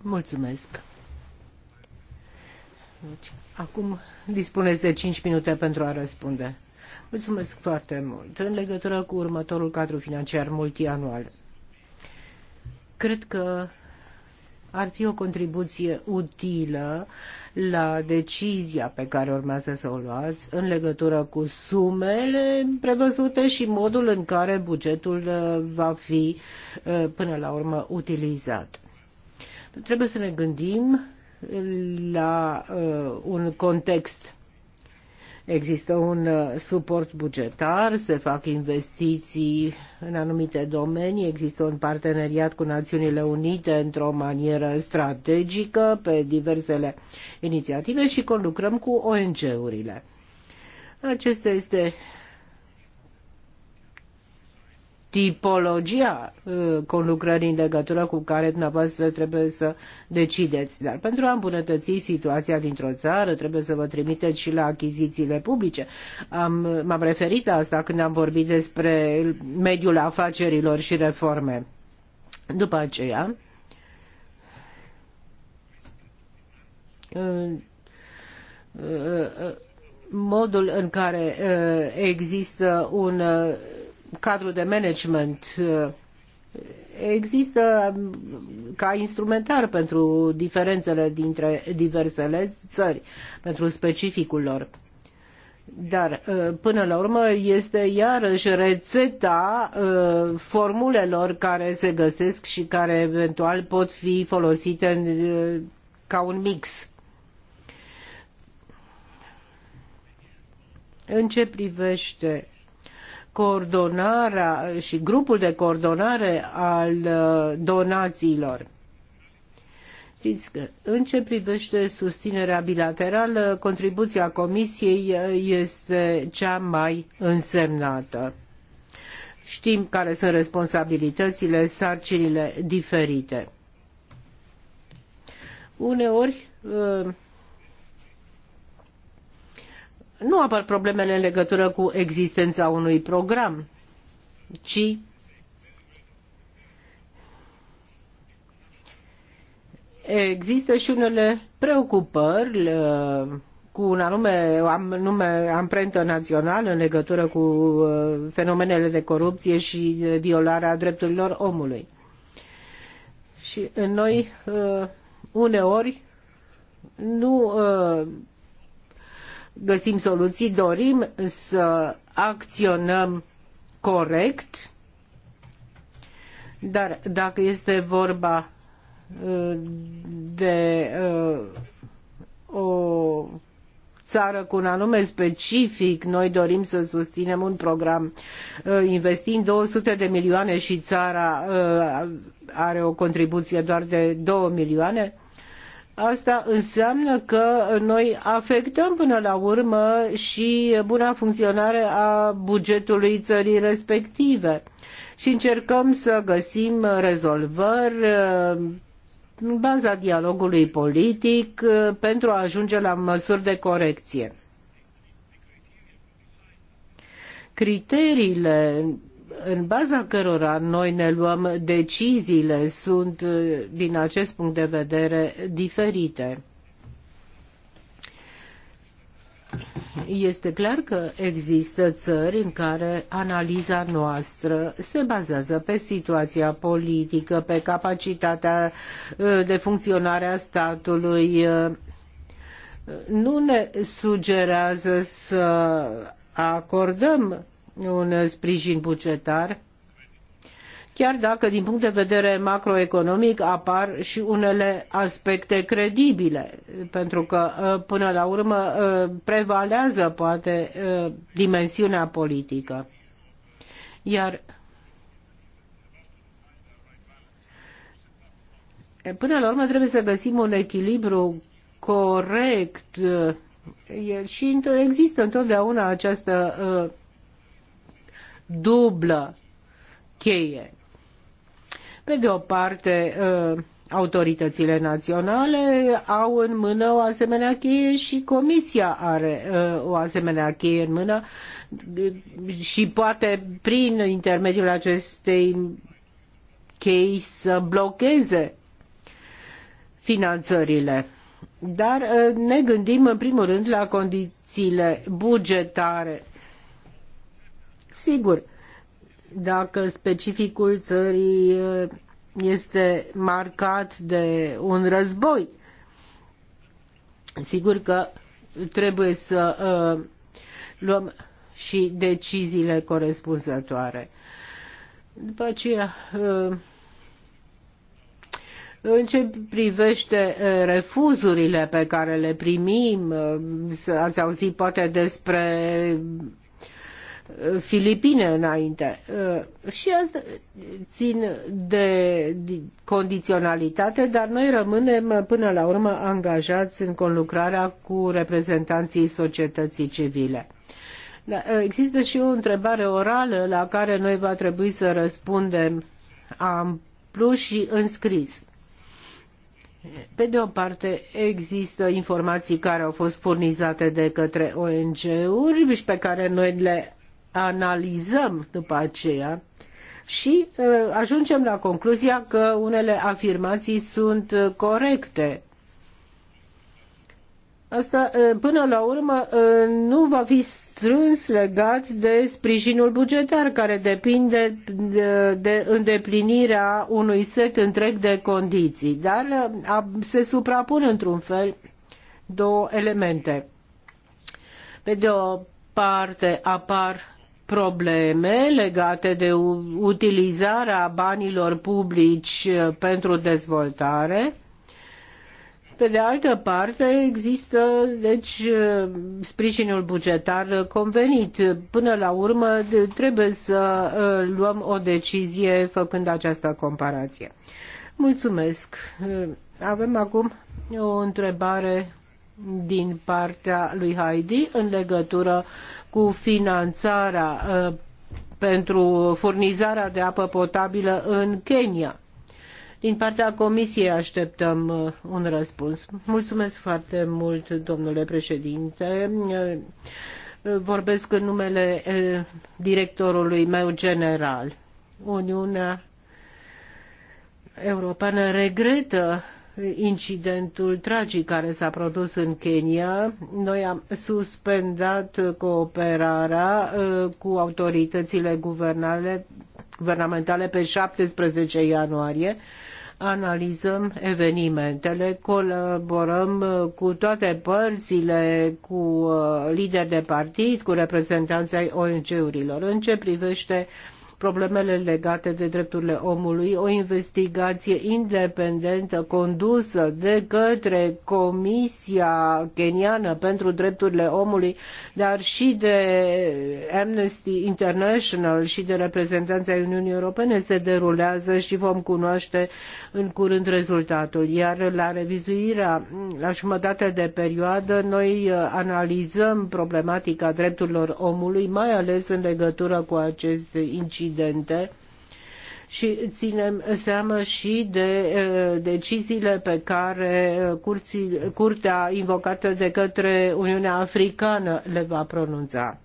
[SPEAKER 3] Mulțumesc! Deci, Acum dispuneți de 5 minute pentru a răspunde. Mulțumesc foarte mult. În legătură cu următorul cadru financiar multianual, cred că ar fi o contribuție utilă la decizia pe care urmează să o luați în legătură cu sumele prevăzute și modul în care bugetul uh, va fi uh, până la urmă utilizat. Trebuie să ne gândim la uh, un context. Există un uh, suport bugetar, se fac investiții în anumite domenii, există un parteneriat cu Națiunile Unite într-o manieră strategică pe diversele inițiative și conlucrăm cu ONG-urile. Acesta este tipologia uh, conlucrării în legătură cu care dumneavoastră trebuie să decideți. Dar pentru a îmbunătăți situația dintr-o țară, trebuie să vă trimiteți și la achizițiile publice. Am, m-am referit la asta când am vorbit despre mediul afacerilor și reforme. După aceea, uh, uh, modul în care există un cadru de management eh, există ca instrumentar pentru diferențele dintre diversele țări, pentru specificul lor. Dar, eh, până la urmă, este iarăși rețeta eh, formulelor care se găsesc și care eventual pot fi folosite ca un mix. În ce privește coordonarea și grupul de coordonare al uh, donațiilor. Știți că în ce privește susținerea bilaterală, contribuția Comisiei uh, este cea mai însemnată. Știm care sunt responsabilitățile, sarcinile diferite. Uneori uh, nu apar problemele în legătură cu existența unui program, ci există și unele preocupări cu un anume, nume, amprentă națională în legătură cu uh, fenomenele de corupție și de violarea drepturilor omului. Și noi uh, uneori nu uh, găsim soluții, dorim să acționăm corect, dar dacă este vorba uh, de uh, o țară cu un anume specific, noi dorim să susținem un program uh, investind 200 de milioane și țara are o contribuție doar de 2 milioane, Asta înseamnă că noi afectăm până la urmă și buna funcționare a bugetului țării respective și încercăm să găsim rezolvări uh, în baza dialogului politic uh, pentru a ajunge la măsuri de corecție. Criteriile în baza cărora noi ne luăm deciziile sunt, uh, din acest punct de vedere, diferite. Este clar că există țări în care analiza noastră se bazează pe situația politică, pe capacitatea uh, de funcționare a statului. Uh, nu ne sugerează să acordăm un uh, sprijin bugetar, chiar dacă din punct de vedere macroeconomic apar și unele aspecte credibile, pentru că uh, până la urmă uh, prevalează poate dimensiunea politică. Iar Până la urmă trebuie să găsim un echilibru corect și există întotdeauna această dublă cheie. Pe de o parte, uh, autoritățile naționale au în mână o asemenea cheie și Comisia are uh, o asemenea cheie în mână și poate prin intermediul acestei chei să blocheze finanțările. Dar uh, ne gândim în primul rând la condițiile bugetare Sigur, dacă specificul țării eh, este marcat de un război, sigur că trebuie să uh, luăm și deciziile corespunzătoare. După aceea, eh, în ce privește refuzurile pe care le primim, ați auzit poate despre Filipine înainte. Uh, și asta țin de condiționalitate, dar noi rămânem uh, până la urmă angajați în conlucrarea cu reprezentanții societății civile. Da, uh, există și o întrebare orală la care noi va trebui să răspundem amplu și înscris. Pe de o parte, există informații care au fost furnizate de către ONG-uri și pe care noi le analizăm după aceea și uh, ajungem la concluzia că unele afirmații sunt uh, corecte. Asta, uh, până la urmă, nu va fi strâns legat de sprijinul bugetar, care depinde de îndeplinirea unui set întreg de condiții. Dar se suprapun, într-un fel, două elemente. Pe de o parte apar probleme legate de utilizarea banilor publici uh, pentru dezvoltare. Pe de altă parte, există deci uh, sprijinul bugetar convenit. Până la urmă, trebuie să uh, luăm o decizie făcând această comparație. Mulțumesc. Avem acum o întrebare din partea lui Heidi în legătură cu finanțarea ă, pentru furnizarea de apă potabilă în Kenya. Din partea Comisiei așteptăm ă, un răspuns. Mulțumesc foarte mult, domnule președinte. Vorbesc în numele ă, directorului meu general. Uniunea Europeană regretă incidentul tragic care s-a produs în Kenya. Noi am suspendat cooperarea uh, cu autoritățile guvernale, guvernamentale pe 17 ianuarie. Analizăm evenimentele, colaborăm uh, cu toate părțile, cu uh, lideri de partid, cu reprezentanții ONG-urilor. În ce privește uh, problemele legate de drepturile omului, o investigație independentă condusă de către Comisia Keniană pentru Drepturile Omului, dar și de Amnesty International și de reprezentanța Uniunii Europene se derulează și vom cunoaște în curând rezultatul. Iar la revizuirea la jumătate de perioadă noi uh, analizăm problematica drepturilor omului, mai ales în legătură cu acest incident accidente și ținem seamă și de uh, deciziile pe care uh, curții, curtea invocată de către Uniunea Africană le va pronunța.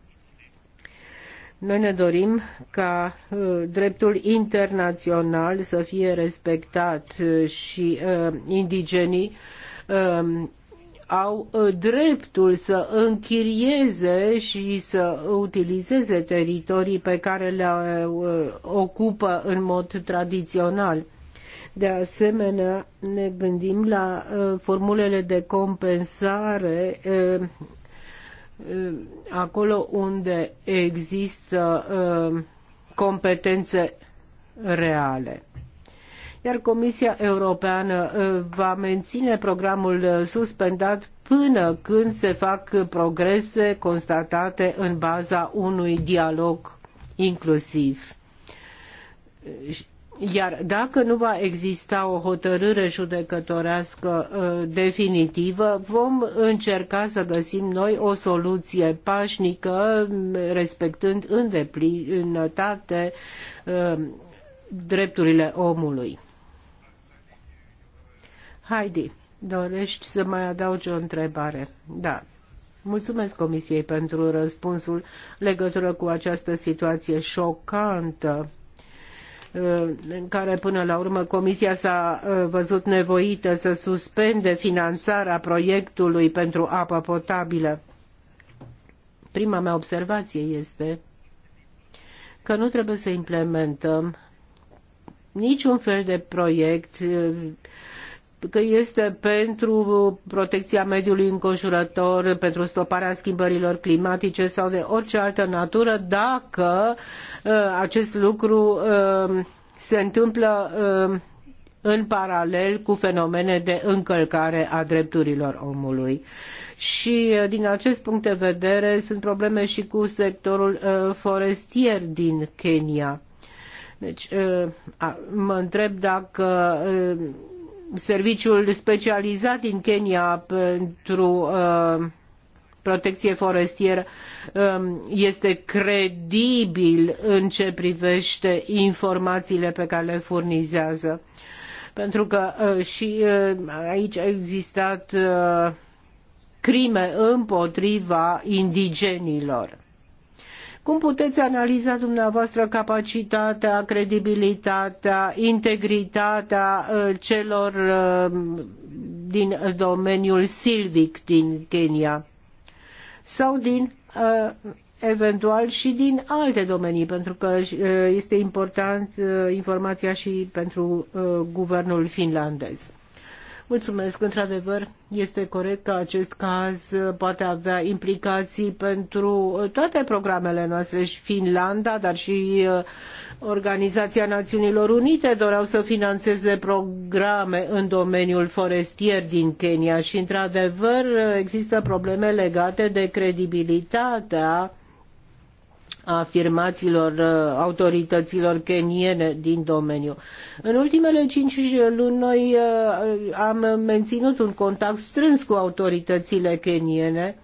[SPEAKER 3] Noi ne dorim ca uh, dreptul internațional să fie respectat și indigenii um, au ă, dreptul să închirieze și să utilizeze teritorii pe care le ă, ă, ocupă în mod tradițional. De asemenea, ne gândim la formulele de compensare acolo unde există competențe reale iar Comisia Europeană uh, va menține programul uh, suspendat până când se fac progrese constatate în baza unui dialog inclusiv. Iar dacă nu va exista o hotărâre judecătorească uh, definitivă, vom încerca să găsim noi o soluție pașnică, respectând îndeplinătate drepturile omului. Heidi, dorești să mai adaugi o întrebare? Da. Mulțumesc Comisiei pentru răspunsul legătură cu această situație șocantă uh, în care până la urmă Comisia s-a uh, văzut nevoită să suspende finanțarea proiectului pentru apă potabilă. Prima mea observație este că nu trebuie să implementăm niciun fel de proiect uh, că este pentru protecția mediului înconjurător, pentru stoparea schimbărilor climatice sau de orice altă natură, dacă uh, acest lucru uh, se întâmplă uh, în paralel cu fenomene de încălcare a drepturilor omului. Și din acest punct de vedere sunt probleme și cu sectorul forestier din Kenya. Deci mă întreb dacă serviciul specializat din Kenya pentru uh, protecție forestieră um, este credibil în ce privește informațiile pe care le furnizează. Pentru că uh, și uh, aici a existat crime împotriva indigenilor. Cum puteți analiza dumneavoastră capacitatea, credibilitatea, integritatea uh, celor uh, din domeniul silvic din Kenya sau din uh, eventual și din alte domenii, pentru că este important informația și pentru guvernul finlandez. Mulțumesc, într-adevăr, este corect că acest caz poate avea implicații pentru uh, toate programele noastre și Finlanda, dar și uh, Organizația Națiunilor Unite doreau să financeze programe în domeniul forestier din Kenya și, într-adevăr, există probleme legate de credibilitatea afirmațiilor uh, autorităților keniene din domeniu. În ultimele cinci luni noi uh, am menținut un contact strâns cu autoritățile keniene.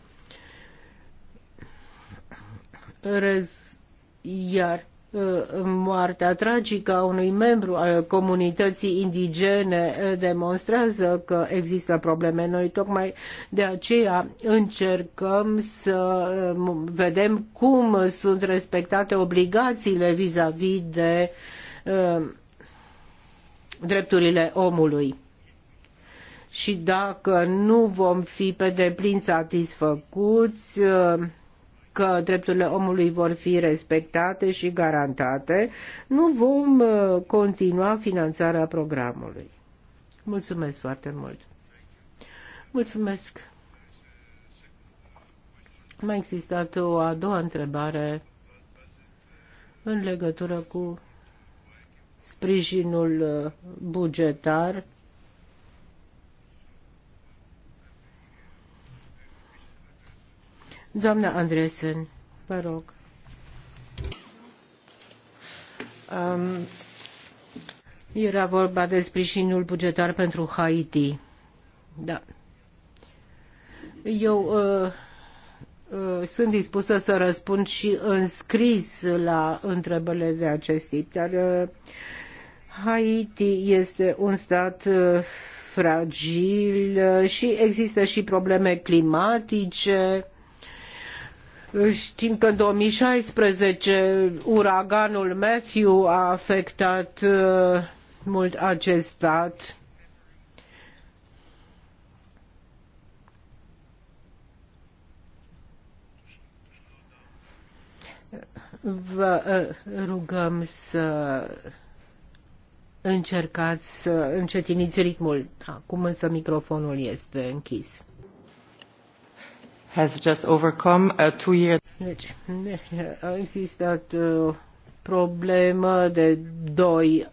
[SPEAKER 3] Rez, iar Uh, moartea tragică a unui membru al comunității indigene uh, demonstrează că există probleme. Noi tocmai de aceea încercăm să uh, vedem cum sunt respectate obligațiile vis-a-vis -vis de uh, drepturile omului și dacă nu vom fi pe deplin satisfăcuți uh, că drepturile omului vor fi respectate și garantate, nu vom uh, continua finanțarea programului. Mulțumesc foarte mult. Mulțumesc. Mai existat o a doua întrebare în legătură cu sprijinul uh, bugetar Doamna Andresen, vă rog. Um, era vorba de sprijinul bugetar pentru Haiti. Da. Eu uh, uh, sunt dispusă să răspund și în scris la întrebările de acest tip, dar uh, Haiti este un stat uh, fragil uh, și există și probleme climatice Știm că în 2016 uraganul Matthew a afectat uh, mult acest stat. Vă uh, rugăm să încercați să încetiniți ritmul. Acum însă microfonul este închis has just overcome a two-year... Deci, a existat uh, problemă de doi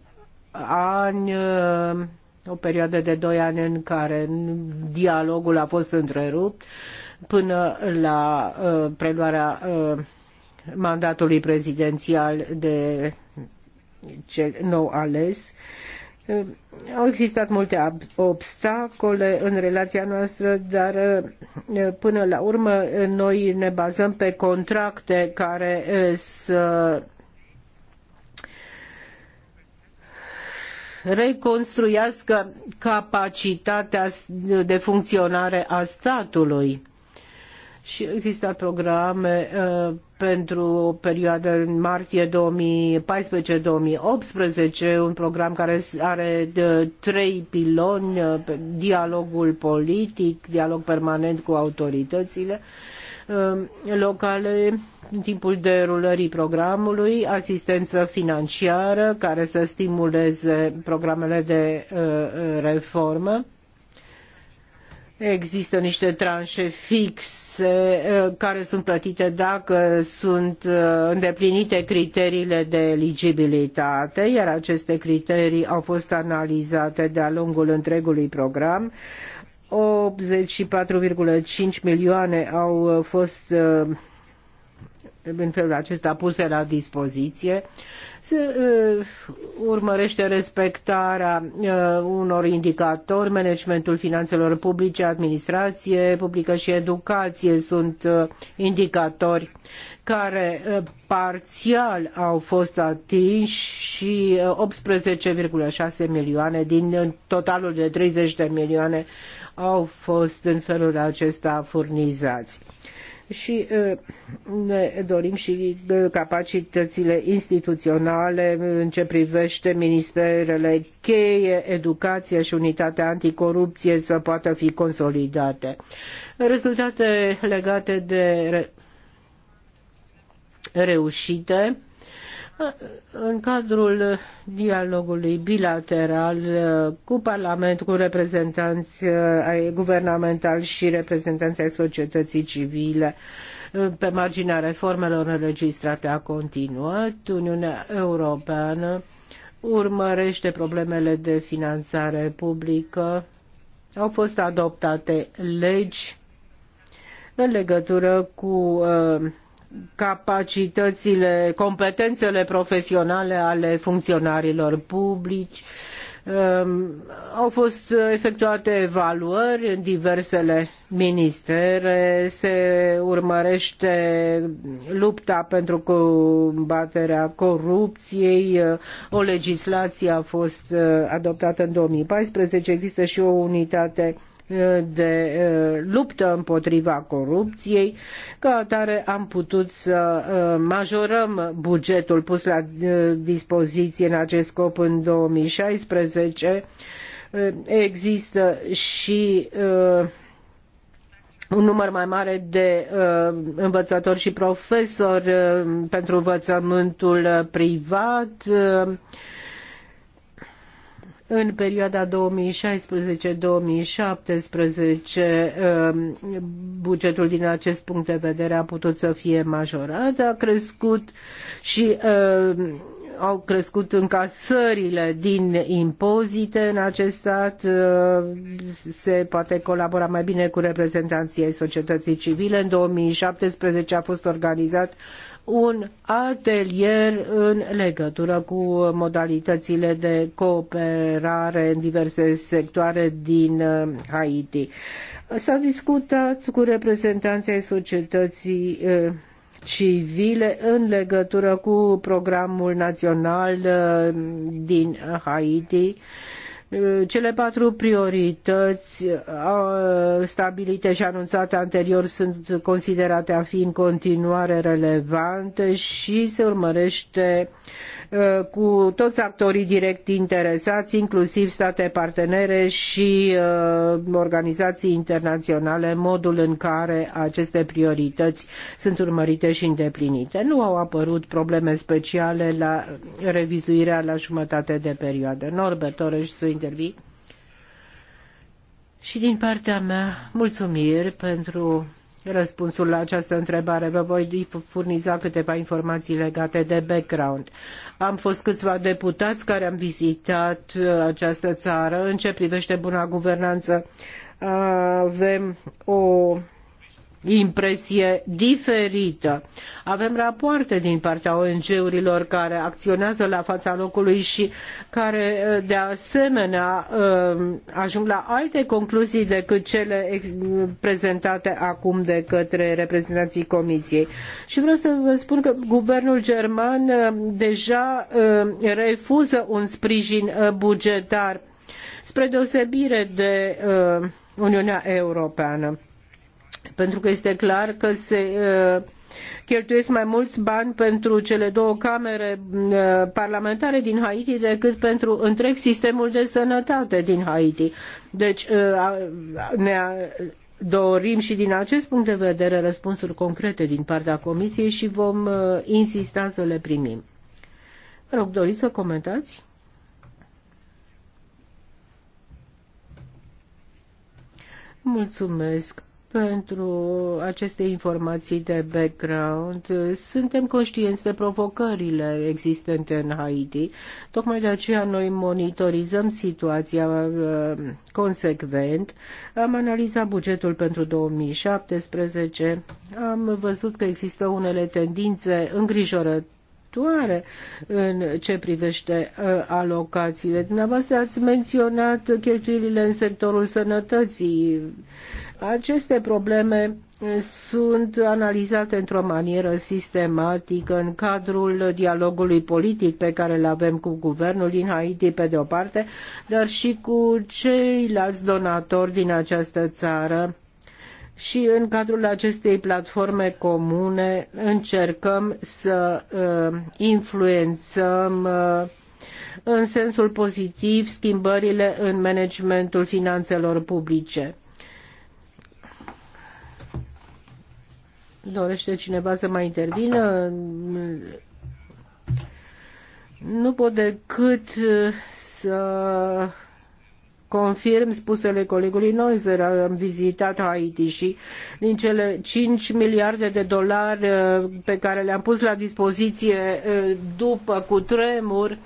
[SPEAKER 3] ani, uh, o perioadă de doi ani în care dialogul a fost întrerupt până la uh, preluarea mandatului prezidențial de cel nou ales. Au existat multe obstacole în relația noastră, dar eh, până la urmă eh, noi ne bazăm pe contracte care eh, să reconstruiască capacitatea de funcționare a statului. Și există programe pentru perioada în martie 2014-2018, un program care are trei piloni, uh, dialogul politic, dialog permanent cu autoritățile uh, locale în timpul derulării programului, asistență financiară care să stimuleze programele de uh, reformă. Există niște tranșe fixe taxe eh, care sunt plătite dacă sunt eh, îndeplinite criteriile de eligibilitate, iar aceste criterii au fost analizate de-a lungul întregului program. 84,5 milioane au eh, fost în felul acesta puse la dispoziție. Se uh, urmărește respectarea uh, unor indicatori, managementul finanțelor publice, administrație publică și educație sunt uh, indicatori care uh, parțial au fost atinși și uh, 18,6 milioane din totalul de 30 de milioane au fost în felul acesta furnizați. Uh, și ne dorim și capacitățile instituționale în ce privește ministerele cheie, educație și unitatea anticorupție să poată fi consolidate. Rezultate legate de reușite în cadrul dialogului bilateral uh, cu Parlamentul, cu reprezentanți uh, ai guvernamentali și reprezentanți ai societății civile, uh, pe marginea reformelor înregistrate a continuat, Uniunea Europeană urmărește problemele de finanțare publică. Au fost adoptate legi în legătură cu uh, capacitățile, competențele profesionale ale funcionarilor publici. Ehm, au fost efectuate evaluări în diversele ministere, se urmărește lupta pentru combaterea corupției, o legislație a fost eh, adoptată în 2014, există și o unitate de luptă împotriva corupției. Ca atare am putut să majorăm bugetul pus la dispoziție în acest scop în 2016. Există și un număr mai mare de uh, învățători și profesori uh, pentru învățământul privat. Uh, în perioada 2016-2017 um, bugetul din acest punct de vedere a putut să fie majorat, a crescut și um, au crescut încasările din impozite în acest stat, uh, se poate colabora mai bine cu reprezentanții ai societății civile. În 2017 a fost organizat un atelier în legătură cu modalitățile de cooperare în diverse sectoare din uh, Haiti. S-a discutat cu reprezentanții societății uh, civile în legătură cu programul național uh, din Haiti. Uh, cele patru priorități uh, stabilite și anunțate anterior sunt considerate a fi în continuare relevante și se urmărește Uh, cu toți actorii direct interesați, inclusiv state partenere și uh, organizații internaționale, modul în care aceste priorități sunt urmărite și îndeplinite. Nu au apărut probleme speciale la revizuirea la jumătate de perioadă. Norbert, dorești să intervii? Și din partea mea, mulțumiri pentru răspunsul la această întrebare. Vă voi furniza câteva informații legate de background. Am fost câțiva deputați care am vizitat uh, această țară. În ce privește buna guvernanță, uh, avem o impresie diferită. Avem rapoarte din partea ONG-urilor care acționează la fața locului și care eh, de asemenea eh, ajung la alte concluzii decât cele prezentate acum de către reprezentanții Comisiei. Și vreau să vă spun că guvernul german eh, deja refuză un sprijin bugetar spre deosebire de Uniunea Europeană pentru că este clar că se uh, cheltuiesc mai mulți bani pentru cele două camere uh, parlamentare din Haiti decât pentru întreg sistemul de sănătate din Haiti. Deci uh, ne dorim și din acest punct de vedere răspunsuri concrete din partea Comisiei și vom insista să le primim. Vă rog, doriți să comentați? Mulțumesc pentru aceste informații de background. Suntem conștienți de provocările existente în Haiti. Tocmai de aceea noi monitorizăm situația uh, consecvent. Am analizat bugetul pentru 2017. Am văzut că există unele tendințe îngrijorătoare în ce privește uh, alocațiile. Dumneavoastră ați menționat cheltuielile în sectorul sănătății. Aceste probleme eh, sunt analizate într-o manieră sistematică în cadrul dialogului politic pe care îl avem cu guvernul din Haiti pe de o parte, dar și cu ceilalți donatori din această țară. Și în cadrul acestei platforme comune încercăm să uh, influențăm uh, în sensul pozitiv schimbările în managementul finanțelor publice Dorește cineva să mai intervină? Nu pot decât uh, să confirm spusele colegului Noizer, am vizitat Haiti și din cele 5 miliarde de dolari uh, pe care le-am pus la dispoziție uh, după cutremur,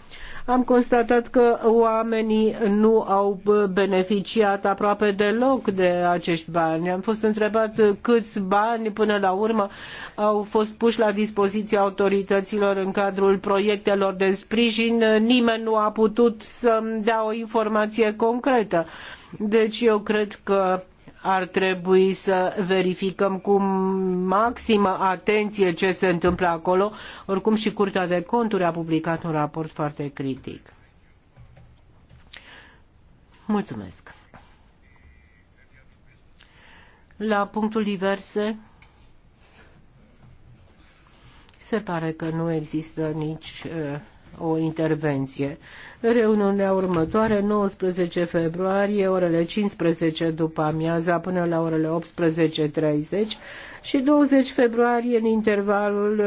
[SPEAKER 3] am constatat că oamenii nu au beneficiat aproape deloc de acești bani. Am fost întrebat câți bani până la urmă au fost puși la dispoziția autorităților în cadrul proiectelor de sprijin. Nimeni nu a putut să-mi dea o informație concretă. Deci eu cred că ar trebui să verificăm cu maximă atenție ce se întâmplă acolo. Oricum și Curtea de Conturi a publicat un raport foarte critic. Mulțumesc. La punctul diverse se pare că nu există nici uh, o intervenție. Reuniunea următoare, 19 februarie, orele 15 după amiaza până la orele 18.30 și 20 februarie în intervalul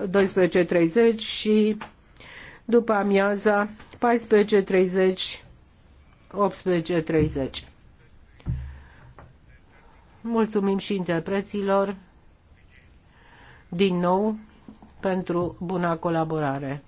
[SPEAKER 3] 9-12.30 uh, și după amiaza 14.30 18.30. Mulțumim și interpreților din nou pentru buna colaborare.